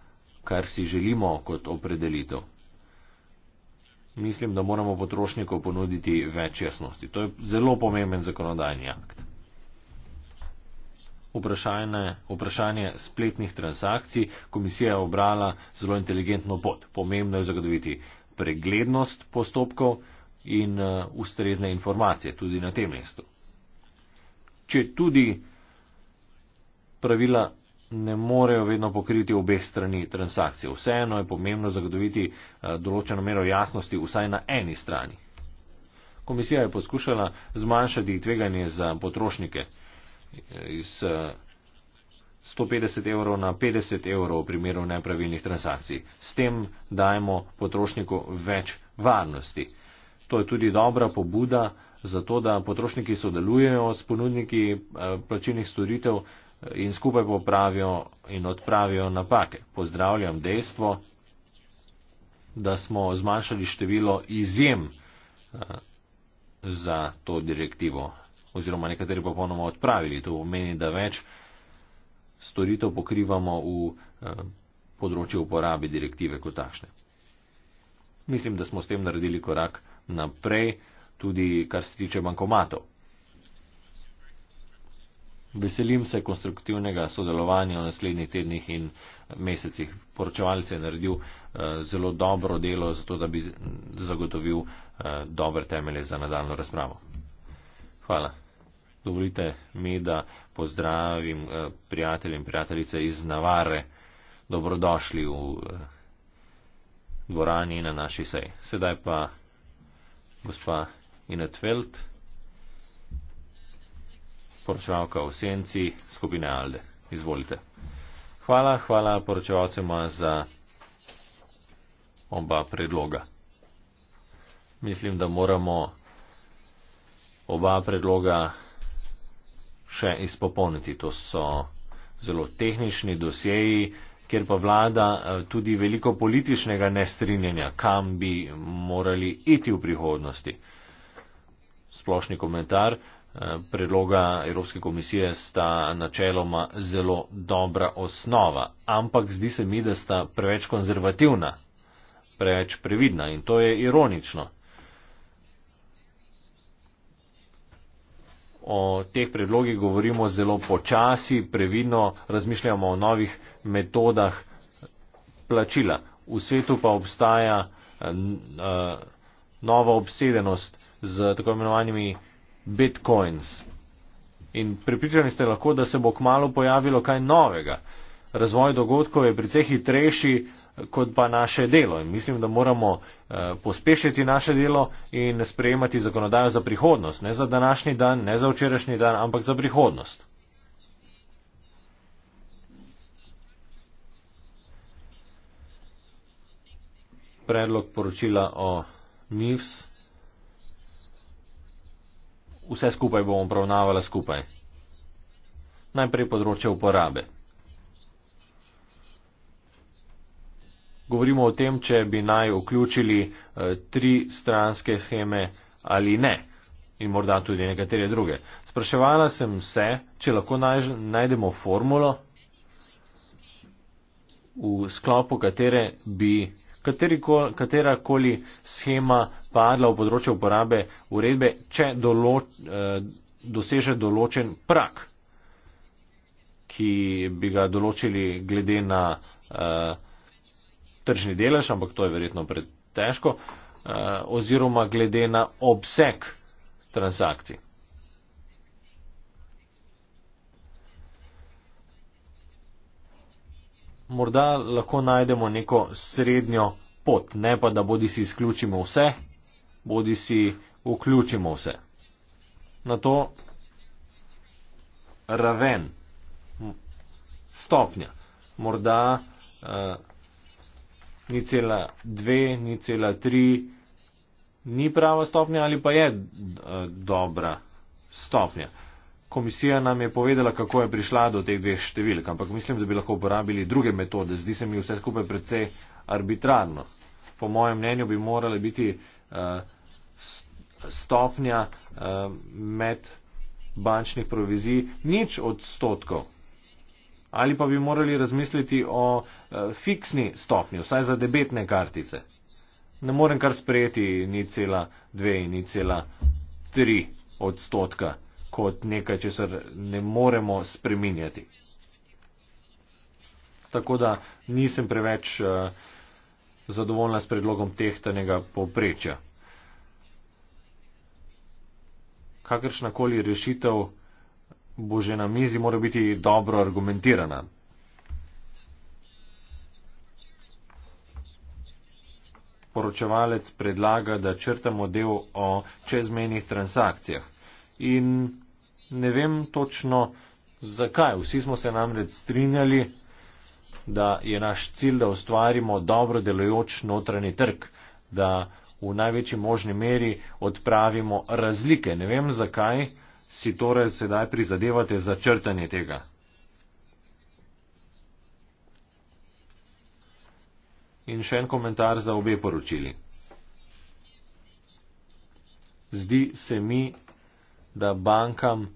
kar si želimo kot opredelitev mislim, da moramo potrošniku ponuditi več jasnosti. To je zelo pomemben zakonodajni akt. Vprašanje, vprašanje spletnih transakcij. Komisija je obrala zelo inteligentno pot. Pomembno je zagotoviti preglednost postopkov in eh, ustrezne informacije tudi na tem mestu. Če tudi pravila ne morejo vedno pokriti obeh strani transakcije. Vseeno je pomembno zagotoviti eh, določeno mero jasnosti vsaj na eni strani. Komisija je poskušala zmanjšati tveganje za potrošnike eh, iz 150 eh, evrov na 50 evrov v primeru nepravilnih transakcij. S tem dajemo potrošniku več varnosti. To je tudi dobra pobuda za to, da potrošniki sodelujejo s ponudniki plačilnih storitev in skupaj popravijo in odpravijo napake. Pozdravljam dejstvo, da smo zmanjšali število izjem eh, za to direktivo oziroma nekateri popolnoma odpravili. To pomeni, da več storitev pokrivamo v eh, področju uporabe direktive kot takšne. Mislim, da smo s tem naredili korak naprej, tudi kar se tiče bankomatov. Veselim se konstruktivnega sodelovanja v naslednjih tednih in mesecih. Poročevalce je naredil eh, zelo dobro delo, zato da bi zagotovil eh, dobre temelje za nadaljno razpravo. Hvala. Dovolite mi, da pozdravim eh, prijatelje in prijateljice iz Navare. Dobrodošli v eh, dvorani na naši seji. Sedaj pa gospa Inetveld poročevalka v senci skupine Alde. Izvolite. Hvala, hvala poročevalcema za oba predloga. Mislim, da moramo oba predloga še izpopolniti. To so zelo tehnični dosjeji, kjer pa vlada eh, tudi veliko političnega nestrinjanja, kam bi morali iti v prihodnosti. Splošni komentar. Eh, predloga Evropske komisije sta načeloma zelo dobra osnova, ampak zdi se mi, da sta preveč konzervativna, preveč previdna in to je ironično. O teh predlogih govorimo zelo počasi, previdno razmišljamo o novih metodah plačila. V svetu pa obstaja eh, eh, nova obsedenost z tako imenovanimi bitcoins. In pripričani ste lahko, da se bo k malu pojavilo kaj novega. Razvoj dogodkov je precej hitrejši kot pa naše delo. In mislim, da moramo eh, pospešiti naše delo in sprejemati zakonodajo za prihodnost. Ne za današnji dan, ne za včerajšnji dan, ampak za prihodnost. Predlog poročila o MIFS 2021-2022 vse skupaj bom obravnavala skupaj. Najprej področje uporabe. Govorimo o tem, če bi naj vključili eh, tri stranske scheme ali ne in morda tudi nekatere druge. Spraševala sem se, če lahko najdemo formulo, v sklopu katere bi katera koli schema padla v področju uporabe uredbe, če določ, eh, doseže določen prak, ki bi ga določili glede na uh, tržni delež, ampak to je verjetno pretežko, uh, oziroma glede na obseg transakcij. morda lahko najdemo neko srednjo pot, ne pa da bodi si izključimo vse, bodi si vključimo vse. Na to raven, stopnja, morda uh, ni cela dve, ni cela tri, ni prava stopnja ali pa je uh, dobra stopnja komisija nam je povedala, kako je prišla do teh dveh številk, ampak mislim, da bi lahko uporabili druge metode. Zdi se mi vse skupaj precej arbitrarno. Po mojem mnenju bi morala biti uh, stopnja uh, med bančnih provizij nič odstotkov. Ali pa bi morali razmisliti o uh, fiksni stopnji, vsaj za debetne kartice. Ne morem kar sprejeti ni cela dve, ni cela tri odstotka kot nekaj, česar ne moremo spreminjati. Tako da nisem preveč eh, zadovoljna s predlogom tehtanega povprečja. Kakršnakoli rešitev bo že na mizi, mora biti dobro argumentirana. Poročevalec predlaga, da črtamo del o čezmenih transakcijah in ne vem točno zakaj. Vsi smo se namreč strinjali, da je naš cilj, da ustvarimo dobro delojoč notranji trg, da v največji možni meri odpravimo razlike. Ne vem, zakaj si torej sedaj prizadevate za črtanje tega. In še en komentar za obe poročili. Zdi se mi, da bankam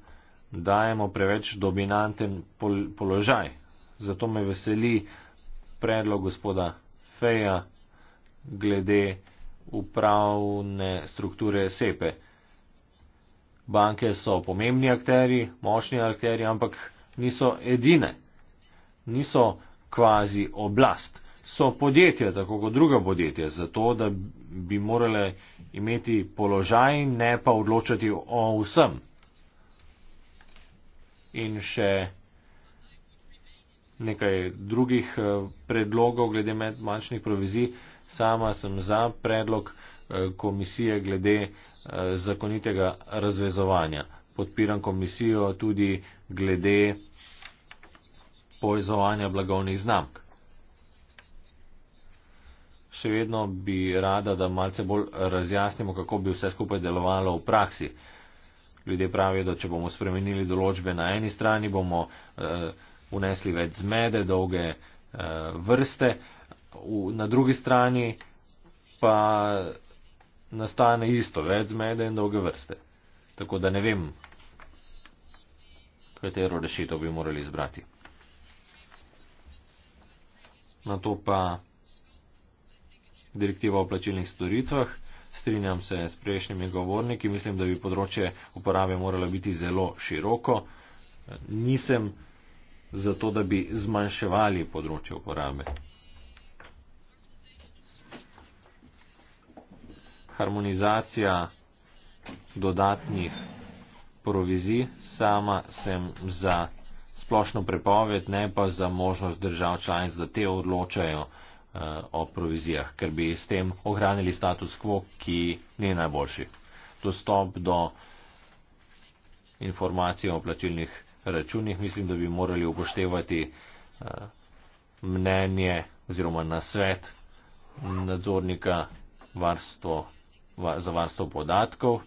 dajemo preveč dominanten pol položaj. Zato me veseli predlog gospoda Feja glede upravne strukture SEPE. Banke so pomembni akteri, močni akteri, ampak niso edine. Niso kvazi oblast. So podjetja, tako kot druga podjetja, zato da bi morale imeti položaj, ne pa odločati o vsem in še nekaj drugih eh, predlogov glede medbančnih provizij. Sama sem za predlog eh, komisije glede eh, zakonitega razvezovanja. Podpiram komisijo tudi glede povezovanja blagovnih znamk. Še vedno bi rada, da malce bolj razjasnimo, kako bi vse skupaj delovalo v praksi. Ljudje pravijo, da če bomo spremenili določbe na eni strani, bomo uh, eh, unesli več zmede, dolge uh, vrste, v, na drugi strani pa nastane isto, več zmede in dolge vrste. Tako da ne vem, katero rešitev bi morali izbrati. Na to pa direktiva o plačilnih storitvah strinjam se s prejšnjimi govorniki, mislim, da bi področje uporabe moralo biti zelo široko. Nisem zato, da bi zmanjševali področje uporabe. Harmonizacija dodatnih provizij, sama sem za splošno prepoved, ne pa za možnost držav članic, da te odločajo. Eh, o provizijah, ker bi s tem ohranili status quo, ki ni najboljši. Dostop do informacij o plačilnih računih mislim, da bi morali upoštevati eh, mnenje oziroma nasvet nadzornika varstvo, za varstvo podatkov.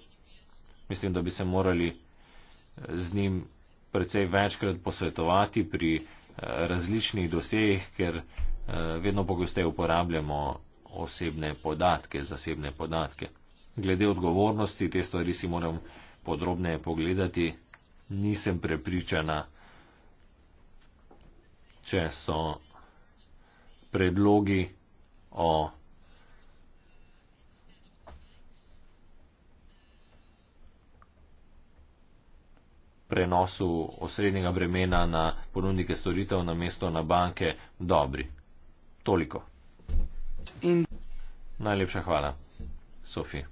Mislim, da bi se morali eh, z njim precej večkrat posvetovati pri različnih dosejih, ker eh, vedno pogosteje uporabljamo osebne podatke, zasebne podatke. Glede odgovornosti, te stvari si moram podrobneje pogledati, nisem prepričana, če so predlogi o prenosu osrednjega bremena na ponudnike storitev na mesto na banke dobri. Toliko. In... Najlepša hvala, Sofi.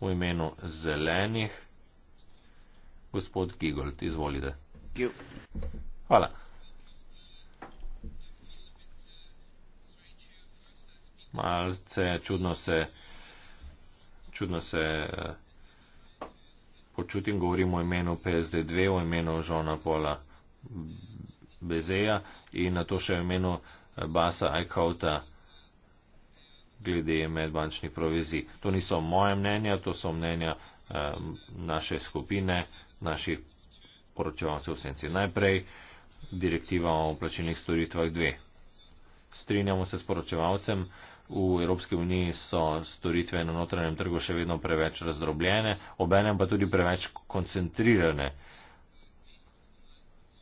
V imenu zelenih, gospod Gigold, izvolite. Hvala. Malce čudno se, čudno se. Uh, počutim, govorim o imenu PSD2, o imenu Žona Pola Bezeja in na to še o imenu eh, Basa Aikauta glede medbančnih provizij. To niso moje mnenja, to so mnenja eh, naše skupine, naših poročevalcev v senci. Najprej direktiva o plačilnih storitvah 2. Strinjamo se s poročevalcem v Evropski uniji so storitve na notranjem trgu še vedno preveč razdrobljene, obenem pa tudi preveč koncentrirane.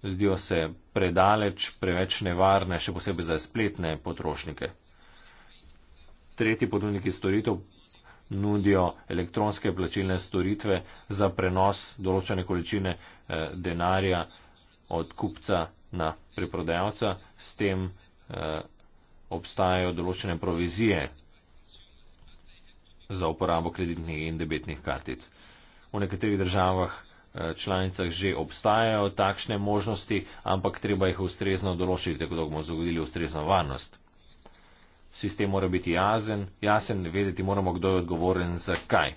Zdijo se predaleč, preveč nevarne, še posebej za spletne potrošnike. Tretji ponudniki storitev nudijo elektronske plačilne storitve za prenos določene količine eh, denarja od kupca na preprodajalca, s tem eh, obstajajo določene provizije za uporabo kreditnih in debetnih kartic. V nekaterih državah eh, članicah že obstajajo takšne možnosti, ampak treba jih ustrezno določiti, tako da bomo zagodili ustrezno varnost. Sistem mora biti jazen, jasen, vedeti moramo, kdo je odgovoren za kaj.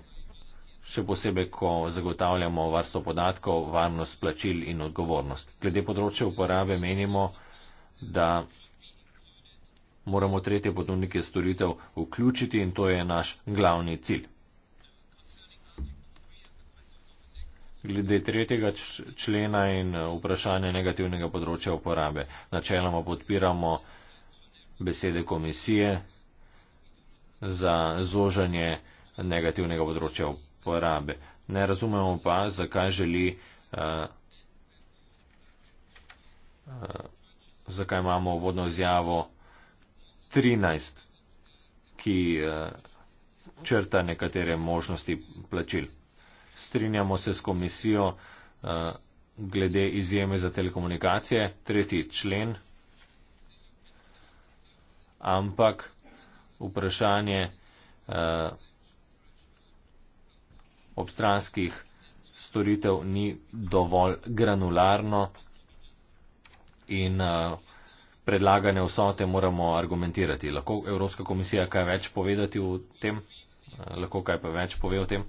Še posebej, ko zagotavljamo varstvo podatkov, varnost plačil in odgovornost. Glede področja uporabe menimo, da moramo tretje ponudnike storitev vključiti in to je naš glavni cilj. Glede tretjega člena in eh, vprašanja negativnega področja uporabe. Načeloma podpiramo besede komisije za zožanje negativnega področja uporabe. Ne razumemo pa, zakaj želi, uh, uh, zakaj imamo vodno izjavo 13, ki eh, črta nekatere možnosti plačil. Strinjamo se s komisijo eh, glede izjeme za telekomunikacije, tretji člen, ampak vprašanje eh, obstranskih storitev ni dovolj granularno in uh, predlagane vsote moramo argumentirati. Lahko Evropska komisija kaj več povedati o tem? Eh, lahko kaj pa več pove o tem?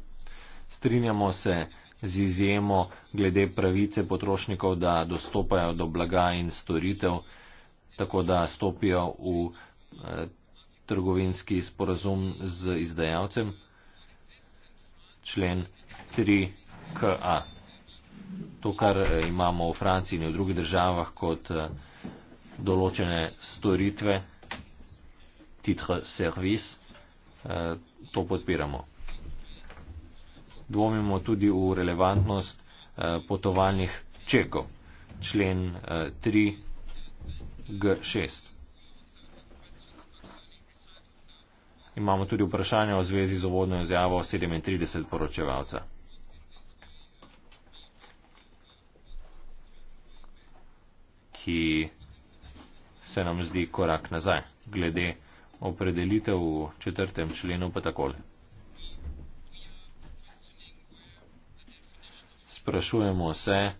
Strinjamo se z izjemo glede pravice potrošnikov, da dostopajo do blaga in storitev, tako da stopijo v eh, trgovinski sporazum z izdajalcem. Člen 3KA. To, kar eh, imamo v Franciji in v drugih državah kot določene storitve, titre servis, eh, to podpiramo. Dvomimo tudi v relevantnost eh, potovalnih čekov, člen 3G6. Eh, Imamo tudi vprašanje o zvezi z uvodno izjavo 37 poročevalca. ki se nam zdi korak nazaj. Glede opredelitev v četrtem členu pa takole. Sprašujemo se,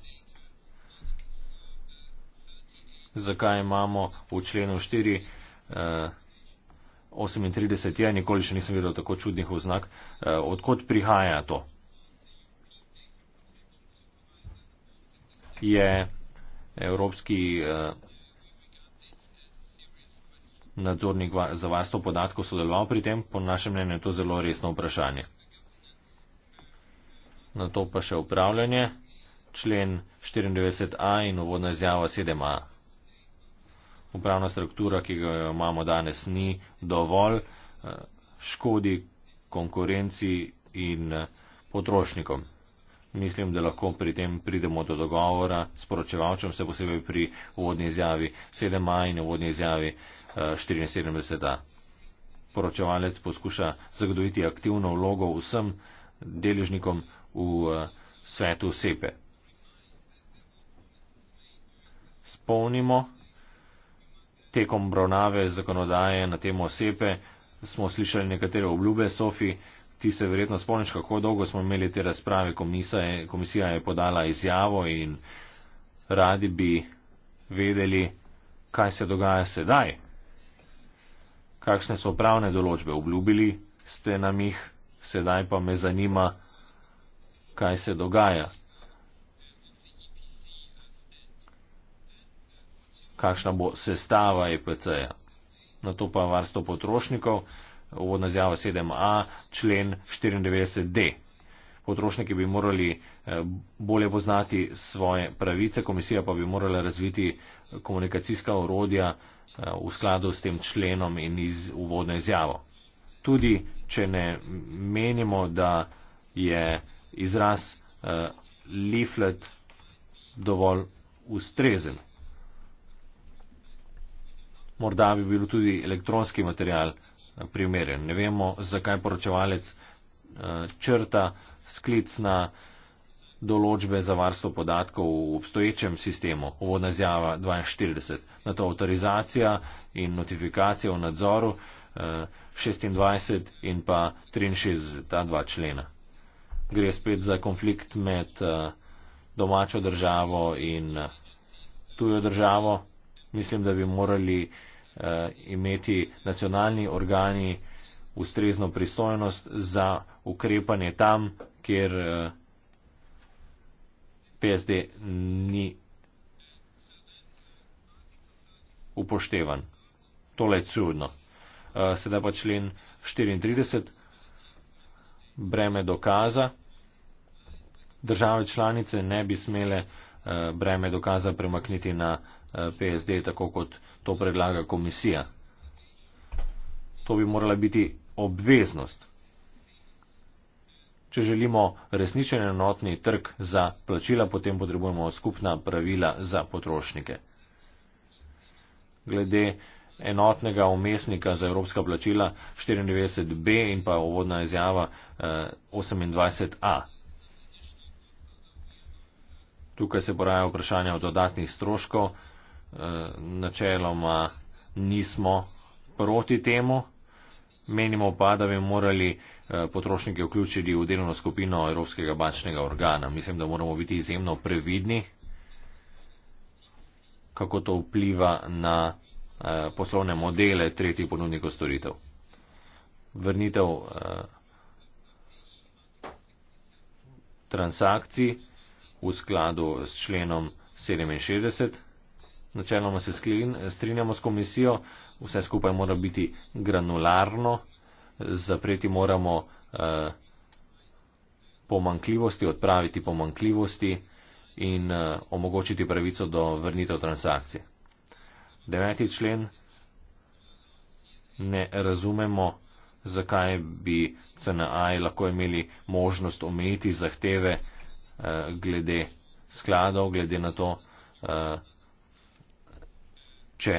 zakaj imamo v členu 4 eh, 38, ja nikoli še nisem videl tako čudnih oznak, eh, odkot prihaja to. Je Evropski eh, nadzornik za varstvo podatkov sodeloval pri tem, po našem mnenju je to zelo resno vprašanje. Na to pa še upravljanje, člen 94a in uvodna izjava 7a. Upravna struktura, ki jo imamo danes, ni dovolj eh, škodi konkurenci in eh, potrošnikom mislim, da lahko pri tem pridemo do dogovora s poročevalčem, se posebej pri uvodni izjavi 7. maj in uvodni izjavi 74. Eh, Poročevalec poskuša zagotoviti aktivno vlogo vsem deležnikom v eh, svetu sepe. Spomnimo, tekom obravnave zakonodaje na temo sepe smo slišali nekatere obljube Sofi, Ti se verjetno spomniš, kako dolgo smo imeli te razprave, komisija je, komisija je podala izjavo in radi bi vedeli, kaj se dogaja sedaj. Kakšne so pravne določbe? Obljubili ste nam jih, sedaj pa me zanima, kaj se dogaja. Kakšna bo sestava EPC-ja? Na to pa varstvo potrošnikov uvodna zjava 7a, člen 94d. Potrošniki bi morali eh, bolje poznati svoje pravice, komisija pa bi morala razviti eh, komunikacijska orodja eh, v skladu s tem členom in iz uvodne izjavo. Tudi, če ne menimo, da je izraz leaflet dovolj ustrezen. Morda bi bil tudi elektronski material primeren. Ne vemo, zakaj poročevalec eh, črta sklic na določbe za varstvo podatkov v obstoječem sistemu, uvodna zjava 42. Na to avtorizacija in notifikacija v nadzoru 26 eh, in pa 63, ta dva člena. Gre spet za konflikt med eh, domačo državo in tujo državo. Mislim, da bi morali eh, imeti nacionalni organi ustrezno pristojnost za ukrepanje tam, kjer eh, PSD ni upoštevan. Tole je cudno. Eh, sedaj pa člen 34. Breme dokaza. Države članice ne bi smele eh, breme dokaza premakniti na PSD, tako kot to predlaga komisija. To bi morala biti obveznost, če želimo resničen enotni trg za plačila, potem potrebujemo skupna pravila za potrošnike. Glede enotnega omesnika za evropska plačila 94b in pa uvodna izjava 28a. Eh, Tukaj se porajajo vprašanja o dodatnih stroškov načeloma nismo proti temu. Menimo pa, da bi morali eh, potrošnike vključiti v delovno skupino Evropskega bančnega organa. Mislim, da moramo biti izjemno previdni, kako to vpliva na eh, poslovne modele tretjih ponudnikov storitev. Vrnitev eh, transakcij v skladu s členom 67 Načeloma se strinjamo s komisijo, vse skupaj mora biti granularno, zapreti moramo eh, pomankljivosti, odpraviti pomankljivosti in eh, omogočiti pravico do vrnitev transakcij. Deveti člen. Ne razumemo, zakaj bi CNA-ji lahko imeli možnost omejiti zahteve eh, glede skladov, glede na to, če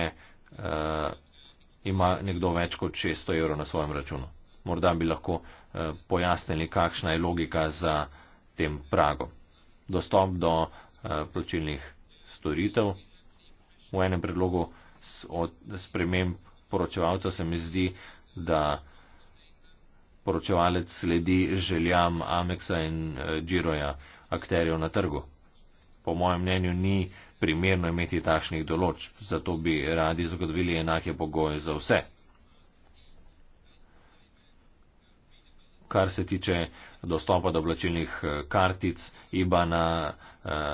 uh, ima nekdo več kot 600 evrov na svojem računu. Morda bi lahko uh, pojasnili, kakšna je logika za tem pragom. Dostop do uh, plačilnih storitev. V enem predlogu od sprememb poročevalca se mi zdi, da poročevalec sledi željam Amexa in Džiroja, akterjev na trgu. Po mojem mnenju ni uh, primerno imeti takšnih določb, zato bi radi zagotovili enake pogoje za vse. Kar se tiče dostopa do plačilnih eh, kartic, IBANA, eh,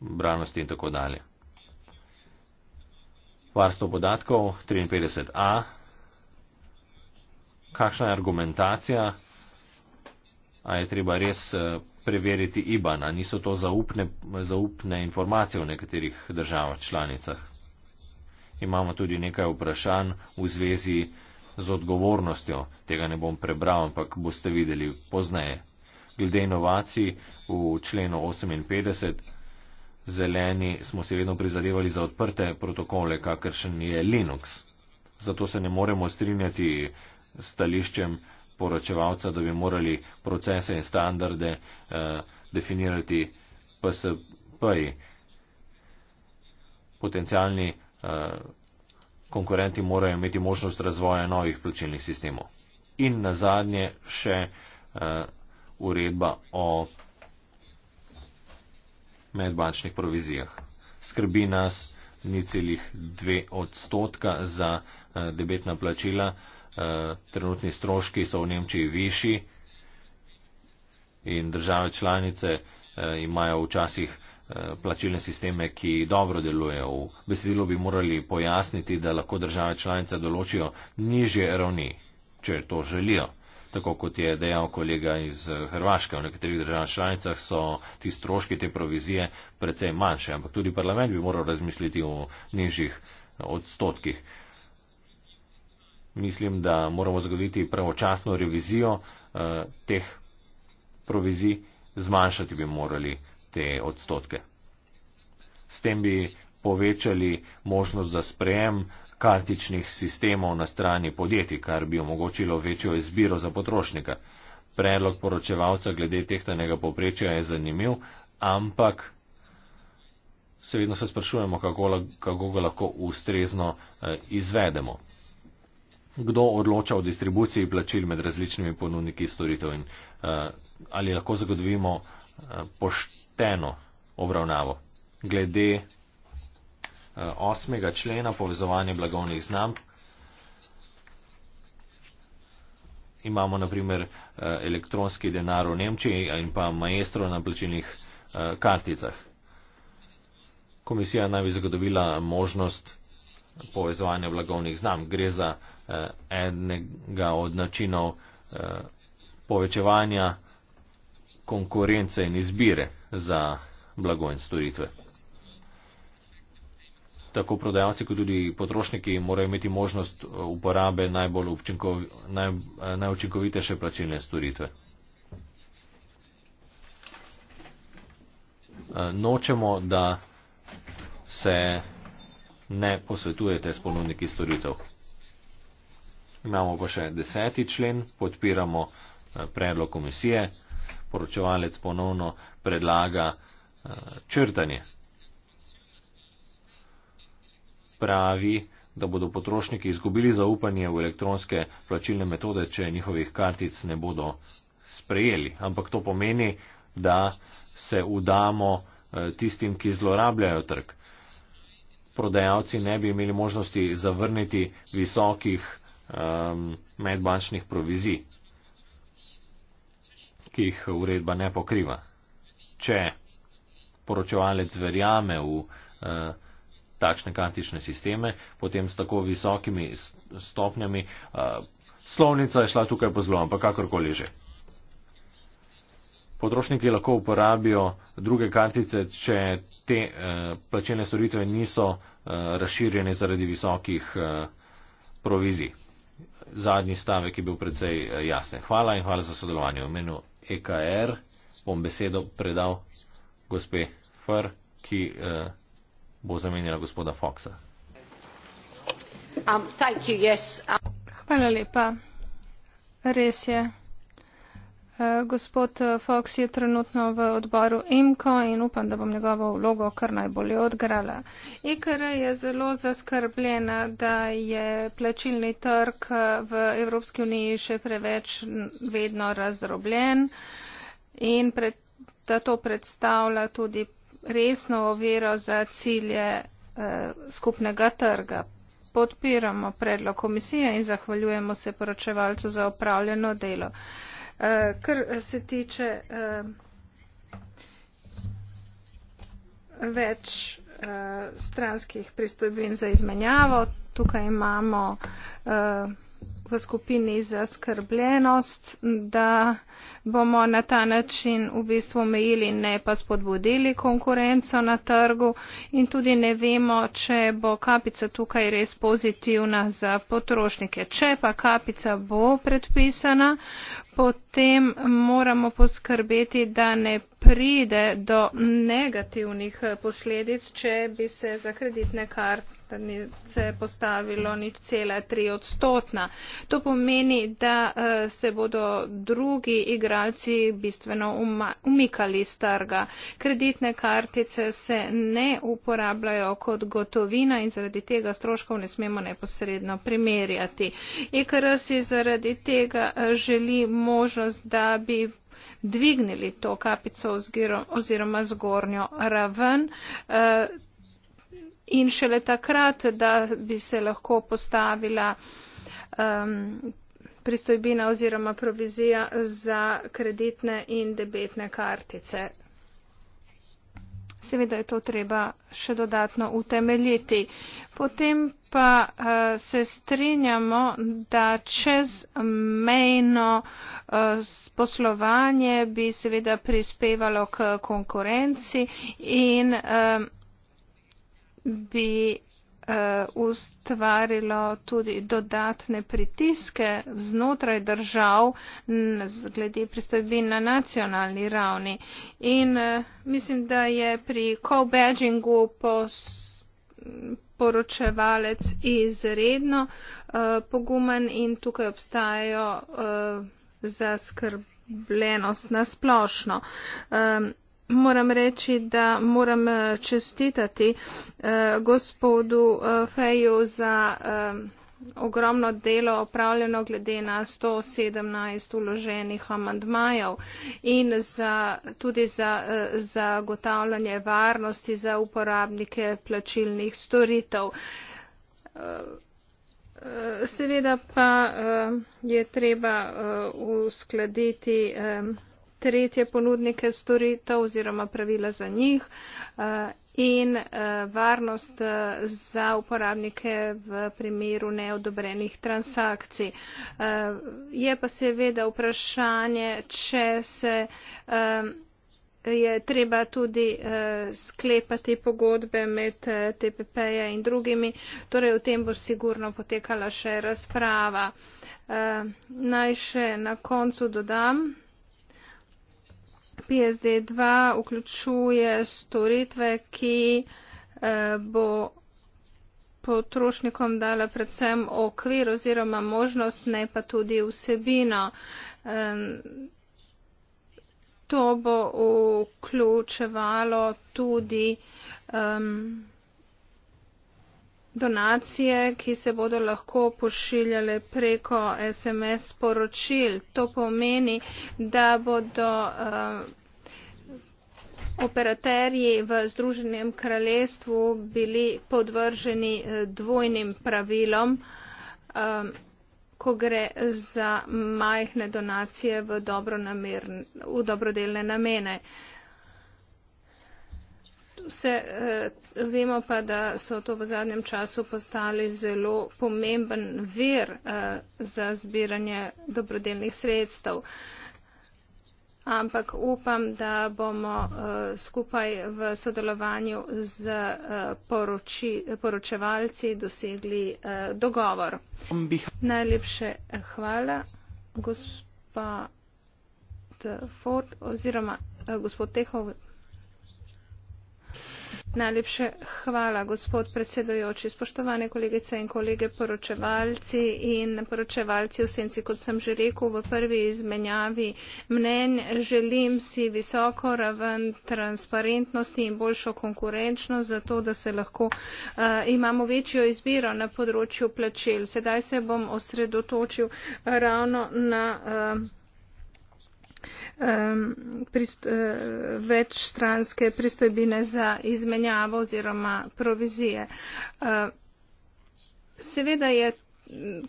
branosti in tako dalje. Varstvo podatkov 53a. Kakšna je argumentacija? A je treba res eh, preveriti IBAN, a niso to zaupne, zaupne informacije v nekaterih državah članicah. Imamo tudi nekaj vprašanj v zvezi z odgovornostjo, tega ne bom prebral, ampak boste videli pozneje. Glede inovacij v členu 58, zeleni smo se vedno prizadevali za odprte protokole, kakršen je Linux. Zato se ne moremo strinjati s stališčem poročevalca, da bi morali procese in standarde eh, definirati PSP-ji. Potencialni eh, konkurenti morajo imeti možnost razvoja novih plačilnih sistemov. In na zadnje še eh, uredba o medbančnih provizijah. Skrbi nas ni celih dve odstotka za eh, debetna plačila. Eh, Eh, trenutni stroški so v Nemčiji višji in države članice eh, imajo včasih eh, plačilne sisteme, ki dobro delujejo. V besedilu bi morali pojasniti, da lahko države članice določijo nižje ravni, če to želijo. Tako kot je dejal kolega iz Hrvaške, v nekaterih državah članicah so ti stroški, te provizije precej manjše, ampak tudi parlament bi moral razmisliti o nižjih odstotkih. Uh, mislim, da moramo zagoditi pravočasno revizijo eh, teh provizij, zmanjšati bi morali te odstotke. S tem bi povečali možnost za sprejem kartičnih sistemov na strani podjetij, kar bi omogočilo večjo izbiro za potrošnika. Predlog poročevalca glede tehtanega poprečja je zanimiv, ampak se vedno se sprašujemo, kako, kako ga lahko ustrezno eh, izvedemo kdo odloča o distribuciji plačil med različnimi ponudniki storitev in uh, ali lahko zagotovimo uh, pošteno obravnavo. Glede uh, osmega člena povezovanja blagovnih znamk imamo naprimer uh, elektronski denar v Nemčiji in pa maestro na plačilnih uh, karticah. Komisija naj bi zagotovila možnost povezovanja blagovnih znam. Gre za eh, enega od načinov eh, povečevanja konkurence in izbire za blago in storitve. Tako prodajalci kot tudi potrošniki morajo imeti možnost eh, uporabe najbolj eh, najučinkovitejše naj plačilne storitve. Eh, nočemo, da se ne posvetujete s ponudniki storitev. Imamo pa še deseti člen, podpiramo eh, predlog komisije. Poročevalec ponovno predlaga eh, črtanje. Pravi, da bodo potrošniki izgubili zaupanje v elektronske plačilne metode, če njihovih kartic ne bodo sprejeli. Ampak to pomeni, da se udamo eh, tistim, ki zlorabljajo trg prodajalci ne bi imeli možnosti zavrniti visokih um, medbančnih provizij, ki jih uredba ne pokriva. Če poročevalec verjame v uh, takšne kartične sisteme, potem s tako visokimi stopnjami. Uh, slovnica je šla tukaj po zlo, ampak kakorkoli že potrošniki lahko uporabijo druge kartice, če te eh, plačene storitve niso eh, razširjene zaradi visokih eh, provizij. Zadnji stavek je bil precej jasen. Hvala in hvala za sodelovanje. V imenu EKR bom besedo predal gospe Fr, ki bo zamenjala gospoda Foxa. Um, thank you, yes. Um... Hvala lepa. Res je. Eh, gospod eh, Fox je trenutno v odboru IMCO in upam, da bom njegovo vlogo kar najbolje odgrala. IKR je zelo zaskrbljena, da je plačilni trg eh, v Evropski uniji še preveč vedno razdrobljen in pred, da to predstavlja tudi resno oviro za cilje eh, skupnega trga. Podpiramo predlog komisije in zahvaljujemo se poročevalcu za upravljeno delo. Eh, kar se tiče eh, več eh, stranskih pristojbin za izmenjavo tukaj imamo v skupini zaskrbljenost, da bomo na ta način v bistvu omejili in ne pa spodbudili konkurenco na trgu in tudi ne vemo, če bo kapica tukaj res pozitivna za potrošnike. Če pa kapica bo predpisana, potem moramo poskrbeti, da ne pride do negativnih posledic, če bi se za kreditne karte vrtnice postavilo nič cela tri odstotna. To pomeni, da eh, se bodo drugi igralci bistveno umikali iz trga. Kreditne kartice se ne uporabljajo kot gotovina in zaradi tega stroškov ne smemo neposredno primerjati. IKR si zaradi tega eh, želi možnost, da bi dvignili to kapico oziroma zgornjo raven. Uh, in šele takrat, da bi se lahko postavila um, pristojbina oziroma provizija za kreditne in debetne kartice. Seveda je to treba še dodatno utemeljiti. Potem pa uh, se strinjamo, da čez mejno uh, poslovanje bi seveda prispevalo k konkurenci in uh, bi uh, ustvarilo tudi dodatne pritiske znotraj držav glede pristojbin na nacionalni ravni. In uh, mislim, da je pri co-badgingu pos poročevalec izredno uh, pogumen in tukaj obstajajo uh, zaskrbljenost na splošno. Um, moram reči, da moram eh, čestitati eh, gospodu eh, Feju za eh, ogromno delo opravljeno glede na 117 uloženih amandmajev in za, tudi za eh, zagotavljanje varnosti za uporabnike plačilnih storitev. Eh, eh Seveda pa eh, je treba uskladiti tretje ponudnike storitev oziroma pravila za njih eh, in eh, varnost eh, za uporabnike v primeru neodobrenih transakcij. Je pa seveda vprašanje, če se je treba tudi sklepati pogodbe med TPP-ja in drugimi, torej o tem bo sigurno potekala še razprava. Naj še na koncu dodam, PSD2 vključuje storitve, ki eh, bo potrošnikom dala predvsem okvir oziroma možnost, ne pa tudi vsebino. To bo vključevalo tudi donacije, ki se bodo lahko pošiljale preko SMS sporočil. To pomeni, da bodo eh, operaterji v združenem kraljestvu bili podvrženi eh, dvojnim pravilom eh, ko gre za majhne donacije v, v dobrodelne namene. Vse, eh, vemo pa, da so to v zadnjem času postali zelo pomemben vir eh, za zbiranje dobrodelnih sredstev. Eh, ampak upam, da bomo uh, skupaj v sodelovanju z uh, poroči, poročevalci dosegli uh, dogovor. Najlepše hvala, gospod Ford oziroma uh, gospod Tehov. Najlepše hvala, gospod predsedujoči. Spoštovane kolegice in kolege, poročevalci in poročevalci v senci, kot sem že rekel, v prvi izmenjavi mnenj želim si visoko raven transparentnosti in boljšo konkurenčnost, zato da se lahko uh, imamo večjo izbiro na področju plačil. Sedaj se bom osredotočil ravno na. Uh, um, prist, uh, večstranske pristojbine za izmenjavo oziroma provizije. Uh, seveda je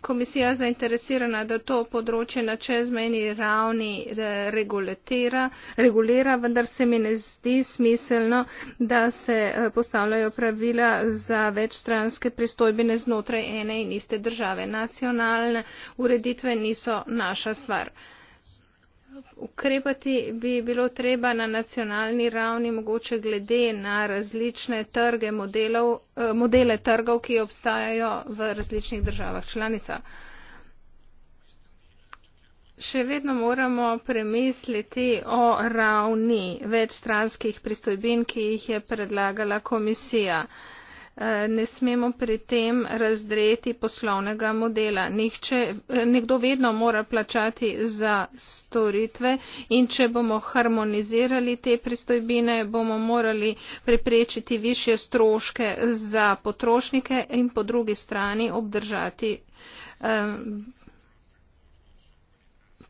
komisija zainteresirana, da to področje na čezmeni ravni eh, regulira, vendar se mi ne zdi smiselno, da se postavljajo pravila za večstranske pristojbine znotraj ene in iste države. Nacionalne ureditve niso naša stvar. Uh, Ukrepati bi bilo treba na nacionalni ravni, mogoče glede na različne trge modelov, eh, modele trgov, ki obstajajo v različnih državah članica. Še vedno moramo premisliti o ravni večstranskih pristojbin, ki jih je predlagala komisija. Eh, ne smemo pri tem razdreti poslovnega modela. Nihče, eh, nekdo vedno mora plačati za storitve in če bomo harmonizirali te pristojbine, bomo morali preprečiti više stroške za potrošnike in po drugi strani obdržati um,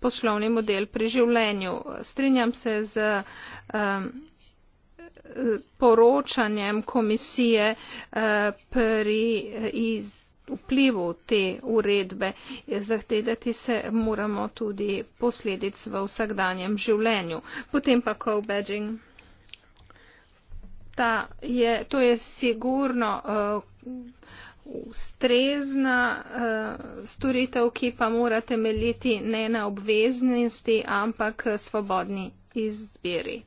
poslovni model pri življenju. Strinjam se z. Um, poročanjem komisije eh, pri iz, vplivu te uredbe. Zahtevati se moramo tudi posledic v vsakdanjem življenju. Potem pa ko Beijing. Ta je, to je sigurno eh, ustrezna eh, storitev, ki pa mora temeljiti ne na obveznosti, ampak svobodni izbiri.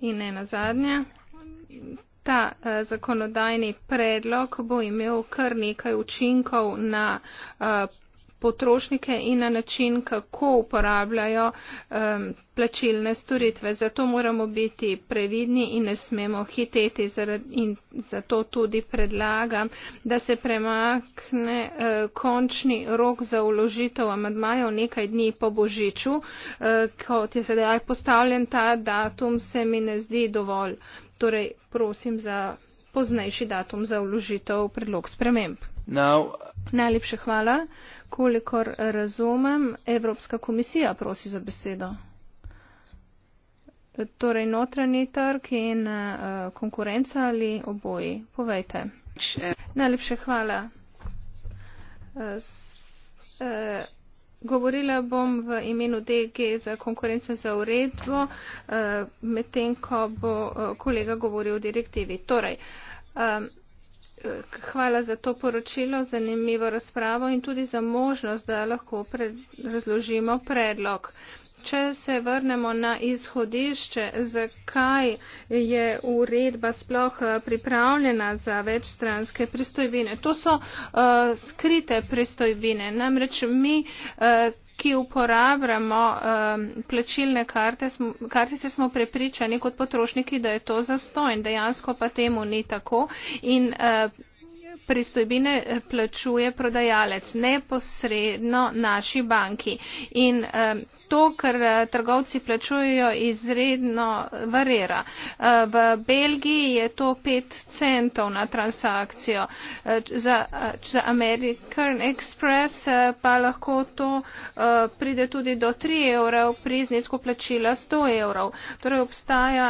In ne nazadnje, ta uh, zakonodajni predlog bo imel kar nekaj učinkov na uh, potrošnike in na način, kako uporabljajo um, plačilne storitve. Zato moramo biti previdni in ne smemo hiteti. Zarad, in zato tudi predlagam, da se premakne uh, končni rok za uložitev amadmajev nekaj dni po božiču, uh, kot je sedaj postavljen ta datum, se mi ne zdi dovolj. Torej, prosim za poznejši datum za uložitev predlog sprememb. Now, Najlepša hvala. Kolikor razumem, Evropska komisija prosi za besedo. Torej, notranji trg in uh, konkurenca ali oboji. Povejte. Najlepša hvala. Eh, s, uh, govorila bom v imenu DG za konkurenco za uredbo, uh, medtem ko bo uh, kolega govoril o direktivi. Torej, um, hvala za to poročilo, zanimivo razpravo in tudi za možnost, da lahko pred, razložimo predlog. Če se vrnemo na izhodišče, zakaj je uredba sploh eh, pripravljena za večstranske pristojbine. To so uh, skrite pristojbine. Namreč mi uh, ki uporabljamo um, plačilne karte, smo, kartice, smo prepričani kot potrošniki, da je to zastoj in dejansko pa temu ni tako. In, uh, pristojbine eh, plačuje prodajalec neposredno naši banki. In, um, to, kar eh, trgovci plačujejo, izredno eh, varira. Eh, v Belgiji je to 5 centov na transakcijo, za, za American Express pa lahko to pride tudi do 3 evrov pri znesku plačila 100 evrov. Torej obstaja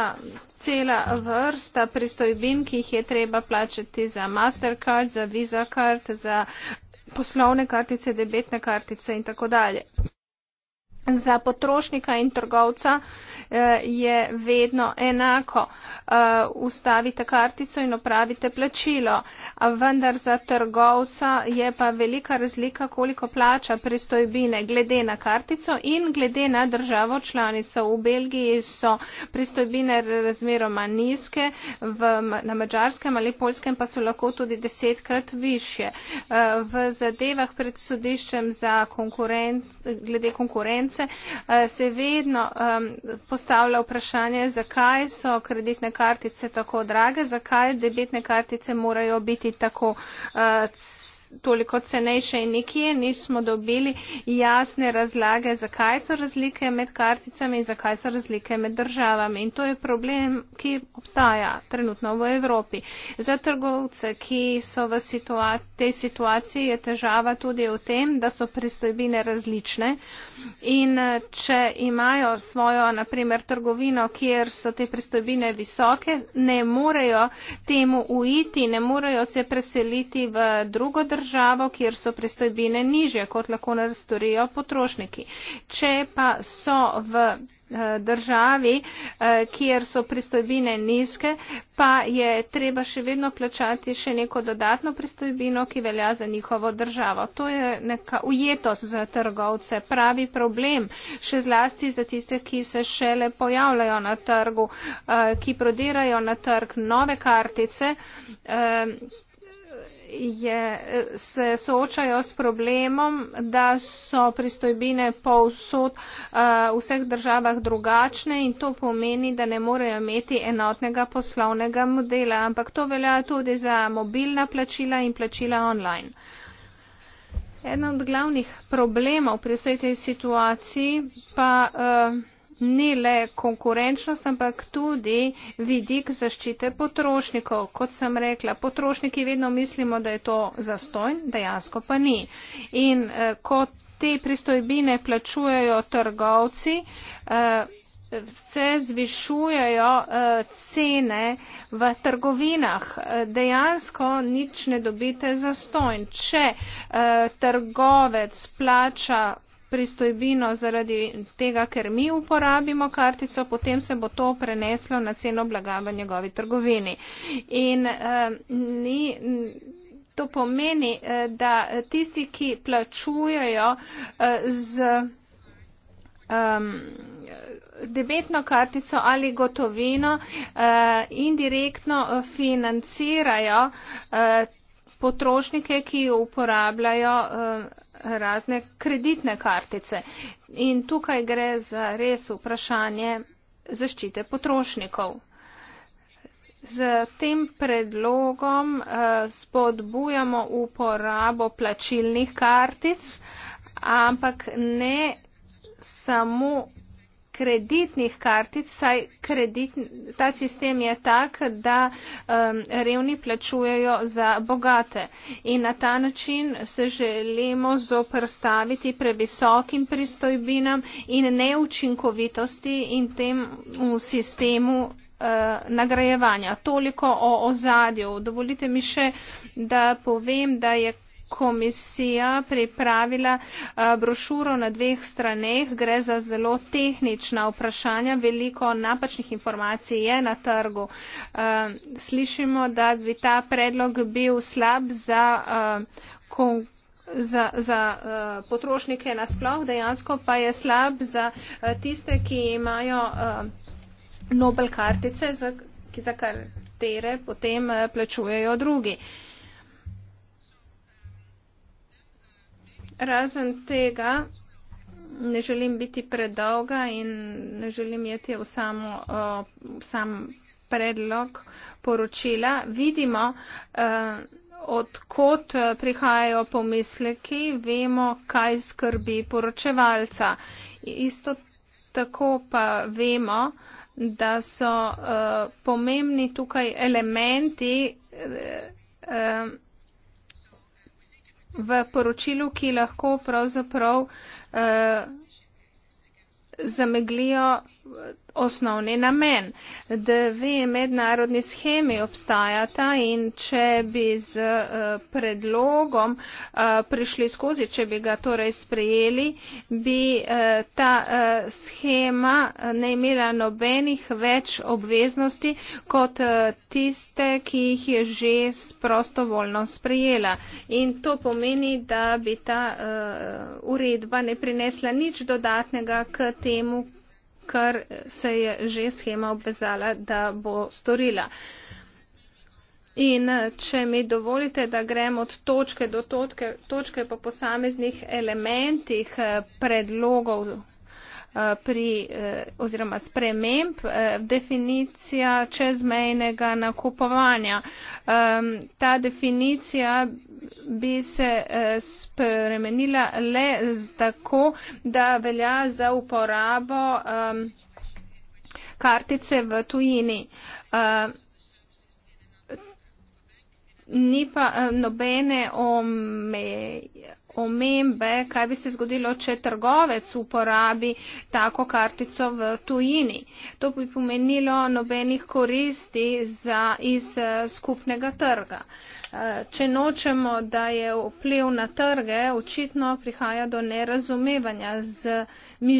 cela vrsta pristojbin, ki jih je treba plačati za Mastercard, za Visa kart, za poslovne kartice, debetne kartice in tako dalje za potrošnika in trgovca. Eh, je vedno enako. Eh, ustavite kartico in opravite plačilo, vendar za trgovca je pa velika razlika, koliko plača pristojbine glede na kartico in glede na državo članico. V Belgiji so pristojbine razmeroma nizke, v, na mačarskem ali polskem pa so lahko tudi desetkrat više. Eh, v zadevah pred sodiščem konkurenc, glede konkurence se vedno um, postavlja vprašanje, zakaj so kreditne kartice tako drage, zakaj debetne kartice morajo biti tako uh, toliko cenejše in nikje nismo dobili jasne razlage, zakaj so razlike med karticami in zakaj so razlike med državami. In to je problem, ki obstaja trenutno v Evropi. Za trgovce, ki so v situa tej situaciji, je težava tudi v tem, da so pristojbine različne. In če imajo svojo, naprimer, trgovino, kjer so te pristojbine visoke, ne morejo temu uiti, ne morejo se preseliti v drugo državo državo, kjer so pristojbine nižje, kot lahko narastorijo potrošniki. Če pa so v eh, državi, eh, kjer so pristojbine nizke, pa je treba še vedno plačati še neko dodatno pristojbino, ki velja za njihovo državo. To je neka ujetost za trgovce, pravi problem, še zlasti za tiste, ki se šele pojavljajo na trgu, eh, ki prodirajo na trg nove kartice je, se soočajo s problemom, da so pristojbine povsod eh, v vseh državah drugačne in to pomeni, da ne morejo imeti enotnega poslovnega modela, ampak to velja tudi za mobilna plačila in plačila online. Eden od glavnih problemov pri vsej tej situaciji pa uh, ni le konkurenčnost, ampak tudi vidik zaščite potrošnikov. Kot sem rekla, potrošniki vedno mislimo, da je to zastojn, dejansko pa ni. In eh, kot te pristojbine plačujejo trgovci, eh, se zvišujejo eh, cene v trgovinah. Eh, dejansko nič ne dobite zastojn. Če eh, trgovec plača pristojbino zaradi tega, ker mi uporabimo kartico, potem se bo to preneslo na ceno blaga v njegovi trgovini. In, uh, ni, to pomeni, uh, da tisti, ki plačujejo uh, z um, debetno kartico ali gotovino, uh, indirektno financirajo uh, potrošnike, ki uporabljajo eh, razne kreditne kartice. In tukaj gre za res vprašanje zaščite potrošnikov. Z tem predlogom eh, spodbujamo uporabo plačilnih kartic, ampak ne samo kreditnih kartic, saj kredit, ta sistem je tak, da um, revni plačujejo za bogate. In na ta način se želimo zoprstaviti previsokim pristojbinam in neučinkovitosti in tem v sistemu uh, nagrajevanja. Toliko o ozadju. Dovolite mi še, da povem, da je komisija pripravila eh, brošuro na dveh straneh. Gre za zelo tehnična vprašanja. Veliko napačnih informacij je na trgu. Eh, slišimo, da bi ta predlog bil slab za eh, konkurenčnost. Za, za uh, potrošnike nasploh dejansko pa je slab za uh, tiste, ki imajo uh, Nobel kartice, za, za katere potem uh, plačujejo drugi. Uh, razen tega, ne želim biti predolga in ne želim jeti v samo, uh, sam predlog poročila, vidimo, uh, e, odkot prihajajo pomisleki, vemo, kaj skrbi poročevalca. Isto tako pa vemo, da so uh, pomembni tukaj elementi, uh, uh, v poročilu, ki lahko pravzaprav uh, zameglijo osnovni namen, da dve mednarodni schemi obstajata in če bi z eh, predlogom eh, prišli skozi, če bi ga torej sprejeli, bi eh, ta schema ne imela nobenih več obveznosti kot tiste, ki jih je že prostovoljno sprejela. In to pomeni, da bi ta uredba ne prinesla nič dodatnega k temu, kar se je že schema obvezala, da bo storila. In če mi dovolite, da grem od točke do točke, točke po posameznih elementih eh, predlogov eh, pri eh, oziroma sprememb definicija čezmejnega nakupovanja. Ta definicija bi se eh, spremenila le tako, da velja za uporabo um, kartice v tujini. Uh, ni pa eh, nobene ome, omembe, kaj bi se zgodilo, če trgovec uporabi tako kartico v tujini. To bi pomenilo nobenih koristi za, iz skupnega trga. Uh, če nočemo, da je vpliv na trge, očitno prihaja do nerazumevanja. Z, mi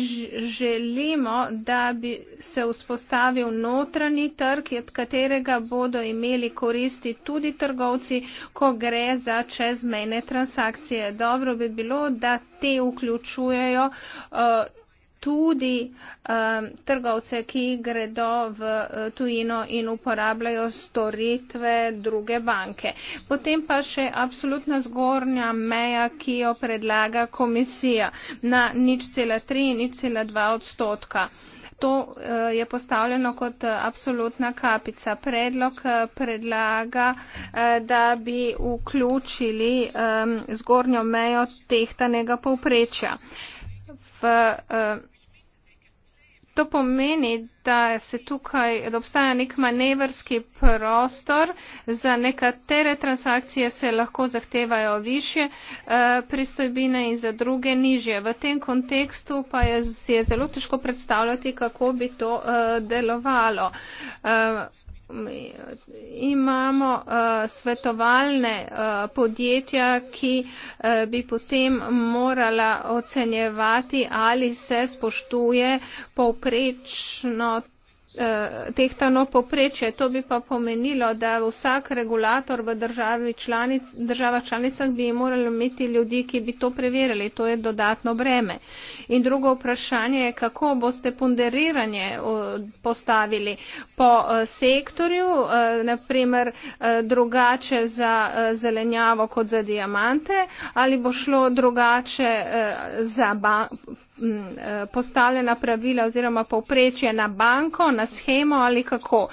želimo, da bi se vzpostavil notranji trg, od katerega bodo imeli koristi tudi trgovci, ko gre za čezmejne transakcije. Dobro bi bilo, da te vključujejo. Uh, tudi um, trgovce, ki gredo v eh, tujino in uporabljajo storitve druge banke. Potem pa še absolutna zgornja meja, ki jo predlaga komisija na nič cela tri in nič cela dva odstotka. To eh, je postavljeno kot eh, absolutna kapica. Predlog predlaga, da bi vključili ehm, zgornjo mejo tehtanega povprečja. V, To pomeni, da se tukaj da obstaja nek manevrski prostor, za nekatere transakcije se lahko zahtevajo više eh, pristojbine in za druge nižje. V tem kontekstu pa je, je zelo težko predstavljati, kako bi to eh, delovalo. Eh, imamo uh, svetovalne uh, podjetja, ki uh, bi potem morala ocenjevati, ali se spoštuje povprečno Eh, tehtano poprečje. To bi pa pomenilo, da vsak regulator v članic, državah članicah bi morali imeti ljudi, ki bi to preverili. To je dodatno breme. In drugo vprašanje je, kako boste ponderiranje eh, postavili po eh, sektorju, naprimer drugače za zelenjavo kot za diamante, ali bo šlo drugače za Eh, postavljena pravila oziroma povprečje na banko, na schemo ali kako.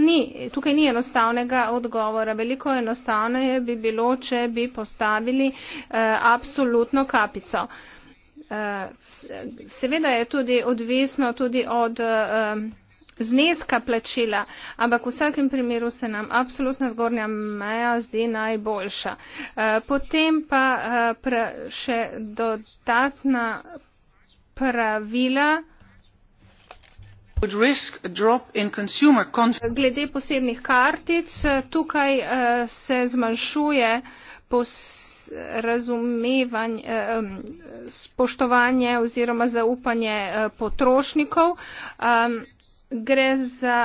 Ni, tukaj ni enostavnega odgovora. Veliko enostavneje bi bilo, če bi postavili eh, absolutno kapico. Eh, seveda je tudi odvisno tudi od eh, zneska plačila, ampak v vsakem primeru se nam absolutna zgornja meja zdi najboljša. Eh, potem pa eh, pra, še dodatna pravila glede posebnih kartic tukaj eh, se zmanjšuje razumevanje, eh, spoštovanje oziroma zaupanje eh, potrošnikov. Gre za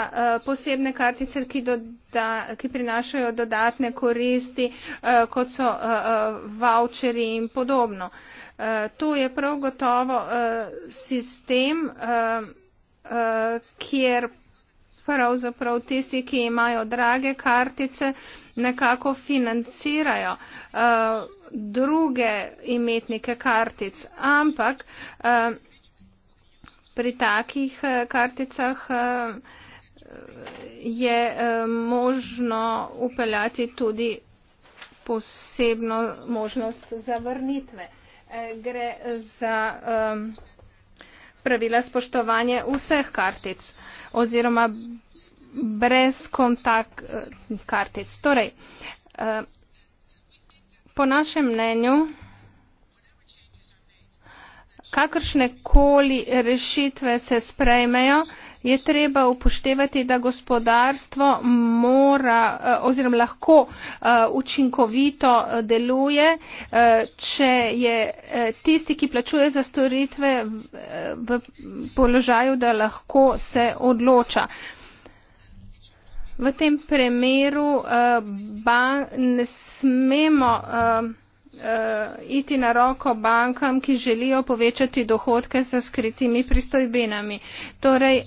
posebne kartice, ki, doda, ki prinašajo dodatne koristi, kot so vaučeri in podobno. Eh, to je prav gotovo uh, sistem, uh, uh, kjer pravzaprav tisti, ki imajo drage kartice, nekako financirajo uh, druge imetnike kartic. Ampak uh, pri takih uh, karticah uh, je uh, možno upeljati tudi posebno možnost zavrnitve gre za um, pravila spoštovanja vseh kartic oziroma brez kontakt eh, kartic. Torej, eh, po našem mnenju, kakršne koli rešitve se sprejmejo, je treba upoštevati, da gospodarstvo mora eh, oziroma lahko eh, učinkovito eh, deluje, če je tisti, ki plačuje za storitve v položaju, da lahko se odloča. V tem primeru ba, ne smemo. Uh, uh, iti na roko bankam, ki želijo povečati dohodke za skritimi pristojbinami. Torej, uh,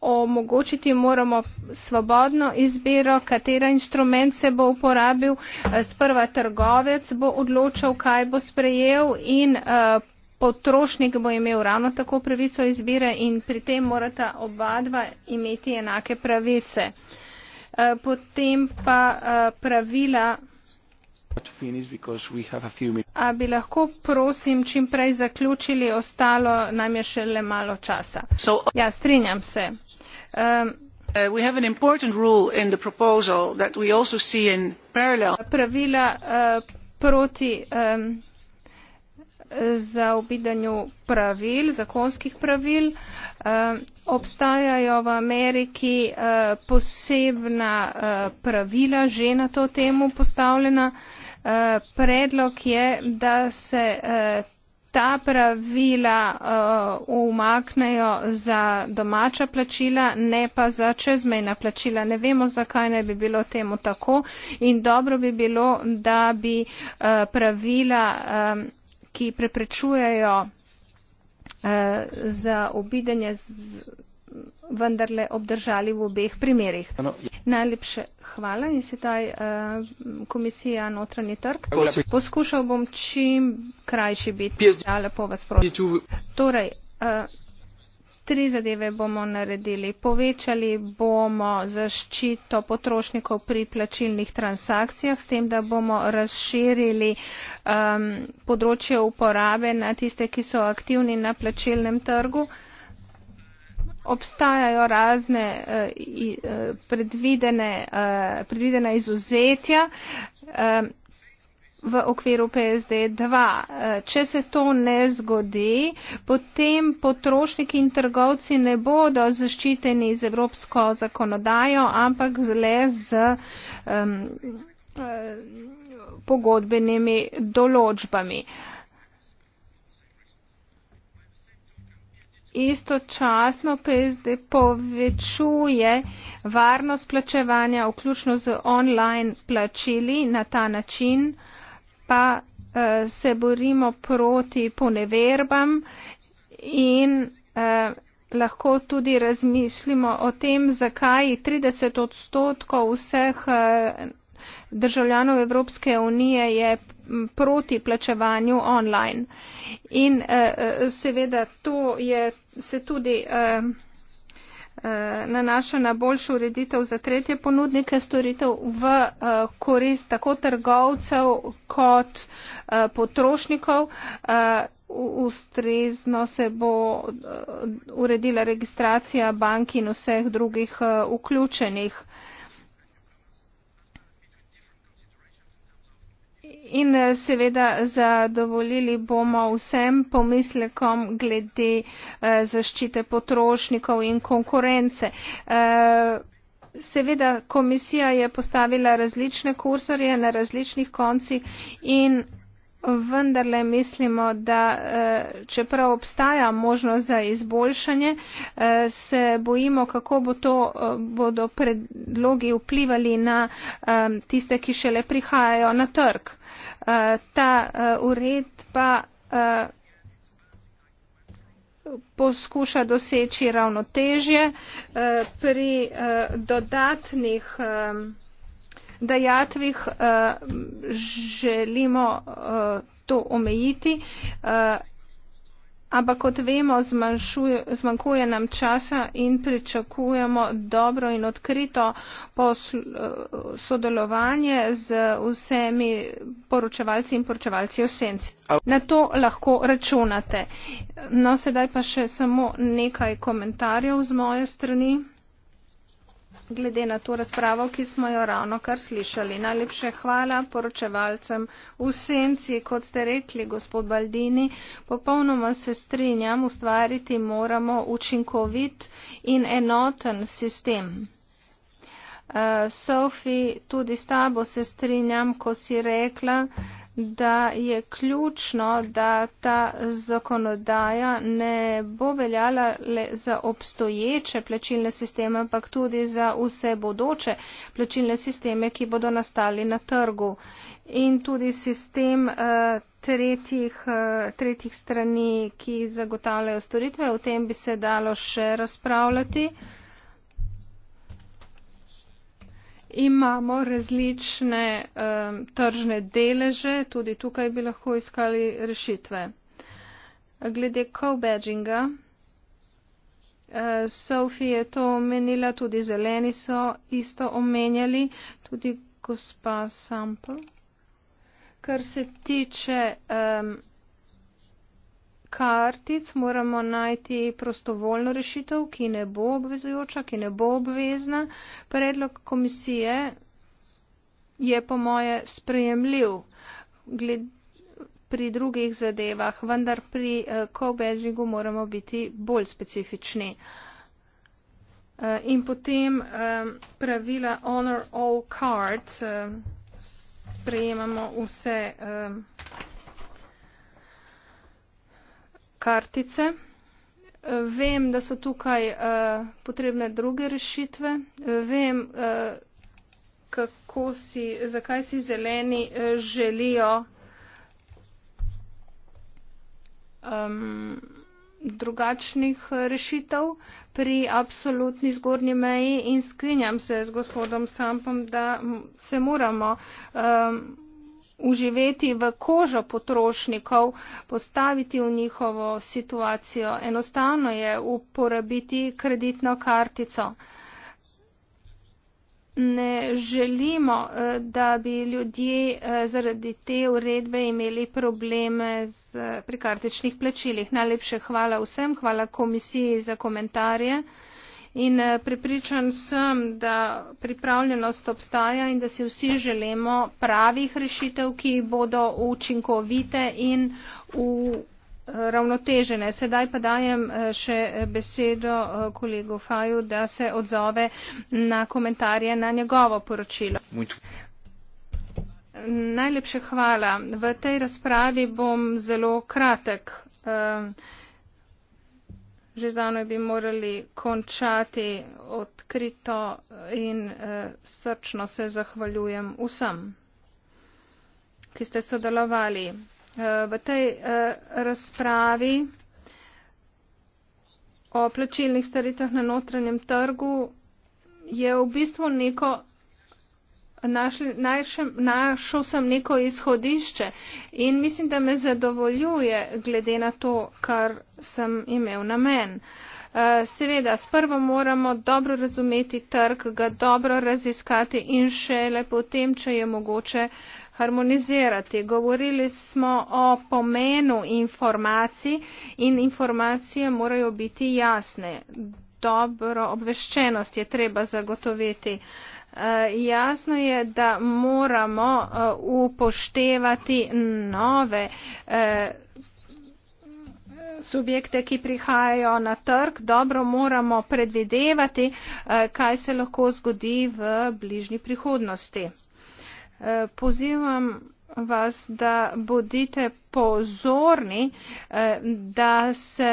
omogočiti moramo svobodno izbiro, katera instrument se bo uporabil. Uh, sprva trgovec bo odločal, kaj bo sprejel in. Uh, Potrošnik bo imel ravno tako pravico izbire in pri tem morata oba dva imeti enake pravice. Potem pa pravila. A bi lahko, prosim, čim prej zaključili, ostalo nam je še le malo časa. So, ja, strinjam se. Um, Pravila eh, proti zaobidanju pravil, zakonskih pravil, obstajajo v Ameriki eh, posebna eh, pravila, že na to temo postavljena. Uh, predlog je, da se eh, ta pravila eh, umaknejo za domača plačila, ne pa za čezmejna plačila. Ne vemo, zakaj ne bi bilo temu tako in dobro bi bilo, da bi eh, pravila, ki preprečujejo za obidenje vendarle obdržali v obeh primerjih. Najlepše hvala in sedaj uh, komisija notranji trg. Poskušal bom čim krajši biti. Ja, lepo vas prosim. Torej, uh, tri zadeve bomo naredili. Povečali bomo zaščito potrošnikov pri plačilnih transakcijah, s tem, da bomo razširili um, področje uporabe na tiste, ki so aktivni na plačilnem trgu. Uh, obstajajo razne uh, i, uh, predvidene, uh, predvidena izuzetja uh, v okviru PSD2. Uh, če se to ne zgodi, potem potrošniki in trgovci ne bodo zaščiteni z evropsko zakonodajo, ampak le z. Um, uh, pogodbenimi določbami. Uh, istočasno pa zdaj povečuje varnost plačevanja, vključno z online plačili na ta način, pa uh, se borimo proti poneverbam in uh, lahko tudi razmislimo o tem, zakaj 30 odstotkov vseh uh, državljanov Evropske unije je proti plačevanju online. In eh, eh seveda to je, se tudi eh, eh, nanaša na boljšo ureditev za tretje ponudnike storitev v eh, korist tako trgovcev kot eh, potrošnikov. Eh, ustrezno se bo eh, uredila registracija bank in vseh drugih eh, vključenih. Eh, In eh, seveda zadovoljili bomo vsem pomislekom glede eh, zaščite potrošnikov in konkurence. Eh, seveda komisija je postavila različne kursorje na različnih koncih in vendarle mislimo, da eh, čeprav obstaja možnost za izboljšanje, eh, se bojimo, kako bo to, eh, bodo predlogi vplivali na tiste, ki šele prihajajo na trg. Ta uredba poskuša doseči ravnotežje pri dodatnih dajatvih eh, želimo eh, to omejiti, eh, ampak kot vemo, zmanjšuje, zmanjkuje nam časa in pričakujemo dobro in odkrito posl, sodelovanje z vsemi poročevalci in poročevalci v senci. Na to lahko računate. No, sedaj pa še samo nekaj komentarjev z moje strani glede na to razpravo, ki smo jo ravno kar slišali. Najlepše hvala poročevalcem v senci, kot ste rekli, gospod Baldini. Popolnoma se strinjam, ustvariti moramo učinkovit in enoten sistem. Uh, eh, Sofi, tudi s tabo se strinjam, ko si rekla, uh, da je ključno, da ta zakonodaja ne bo veljala le za obstoječe plačilne sisteme, ampak tudi za vse bodoče plačilne sisteme, ki bodo nastali na trgu. In tudi sistem eh, tretjih, eh, tretjih strani, ki zagotavljajo storitve, o tem bi se dalo še razpravljati. imamo različne um, tržne deleže, tudi tukaj bi lahko iskali rešitve. Glede co-badginga, uh, Sophie je to omenila, tudi zeleni so isto omenjali, tudi gospa Sample. Kar se tiče. Um, kartic moramo najti prostovoljno rešitev, ki ne bo obvezujoča, ki ne bo obvezna. Predlog komisije je po moje sprejemljiv gled, pri drugih zadevah, vendar pri uh, co-badgingu moramo biti bolj specifični. Uh, in potem um, pravila honor all cards. Um, Prejemamo vse. Um, kartice. Vem, da so tukaj eh, potrebne druge rešitve. Vem, eh, kako si, zakaj si zeleni eh, želijo um, drugačnih rešitev pri absolutni zgornji meji in skrinjam se z gospodom Sampom, da se moramo. Um, uživeti v kožo potrošnikov, postaviti v njihovo situacijo. Enostavno je uporabiti kreditno kartico. Ne želimo, eh, da bi ljudje eh, zaradi te uredbe imeli probleme z, eh, pri kartičnih plačilih. Najlepše hvala vsem, hvala komisiji za komentarje. In eh, pripričan sem, da pripravljenost obstaja in da si vsi želimo pravih rešitev, ki bodo učinkovite in uravnotežene. Eh, Sedaj pa dajem eh, še besedo kolegu Faju, da se odzove na komentarje na njegovo poročilo. Najlepše hvala. V tej razpravi bom zelo kratek. Uh, že zdavno bi morali končati odkrito in uh, srčno se zahvaljujem vsem, ki ste sodelovali uh, v tej uh, razpravi o plačilnih storitev na notranjem trgu. Je v bistvu neko našli, našem, našel sem neko izhodišče in mislim, da me zadovoljuje glede na to, kar sem imel na men. Eh, seveda, sprvo moramo dobro razumeti trg, ga dobro raziskati in šele potem, če je mogoče harmonizirati. Govorili smo o pomenu informacij in informacije morajo biti jasne. Dobro obveščenost je treba zagotoviti. Uh, Eh, jasno je, da moramo eh, upoštevati nove eh, subjekte, ki prihajajo na trg, dobro moramo predvidevati, kaj se lahko zgodi v bližnji prihodnosti. Pozivam vas, da bodite pozorni, da se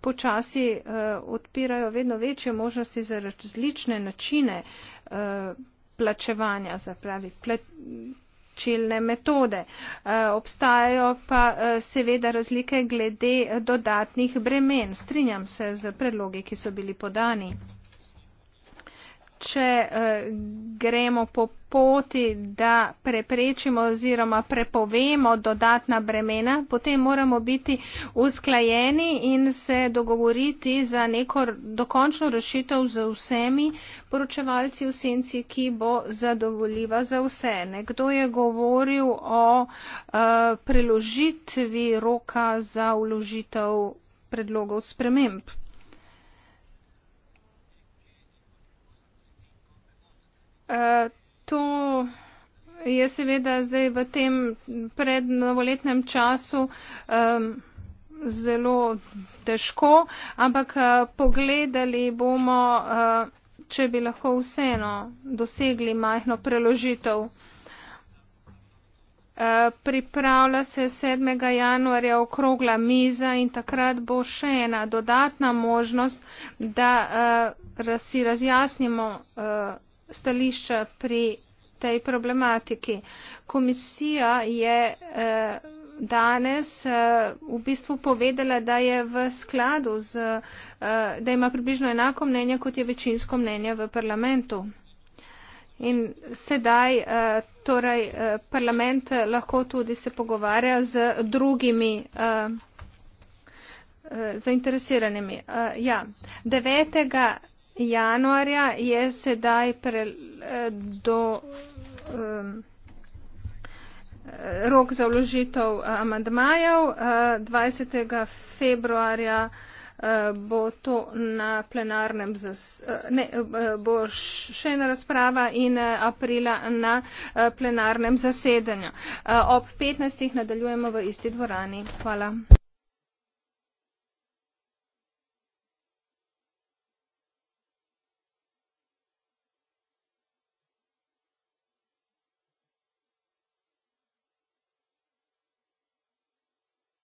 počasi odpirajo vedno večje možnosti za različne načine Eh, plačevanja, zapravi plačilne metode. Eh, obstajajo pa eh, seveda razlike glede dodatnih bremen. Strinjam se z predlogi, ki so bili podani če eh, gremo po poti, da preprečimo oziroma prepovemo dodatna bremena, potem moramo biti usklajeni in se dogovoriti za neko dokončno rešitev z vsemi poročevalci v senci, ki bo zadovoljiva za vse. Nekdo je govoril o uh, preložitvi roka za uložitev predlogov sprememb. to je seveda zdaj v tem prednovoletnem času um, zelo težko, ampak uh, pogledali bomo, uh, če bi lahko vseeno dosegli majhno preložitev. Eh, pripravlja se 7. januarja okrogla miza in takrat bo še ena dodatna možnost, da uh, si razjasnimo uh, stališča pri tej problematiki. Komisija je eh, danes eh, v bistvu povedala, da je v skladu z, eh, da ima približno enako mnenje, kot je večinsko mnenje v parlamentu. In sedaj torej, parlament lahko tudi se pogovarja z drugimi zainteresiranimi. Ja, 9 januarja je sedaj pre, eh, do um, rok za vložitev eh, amandmajev. 20. februarja bo to na plenarnem, zas, ne, bo še ena razprava in aprila na plenarnem zasedanju. Ob 15. nadaljujemo v isti dvorani. Hvala.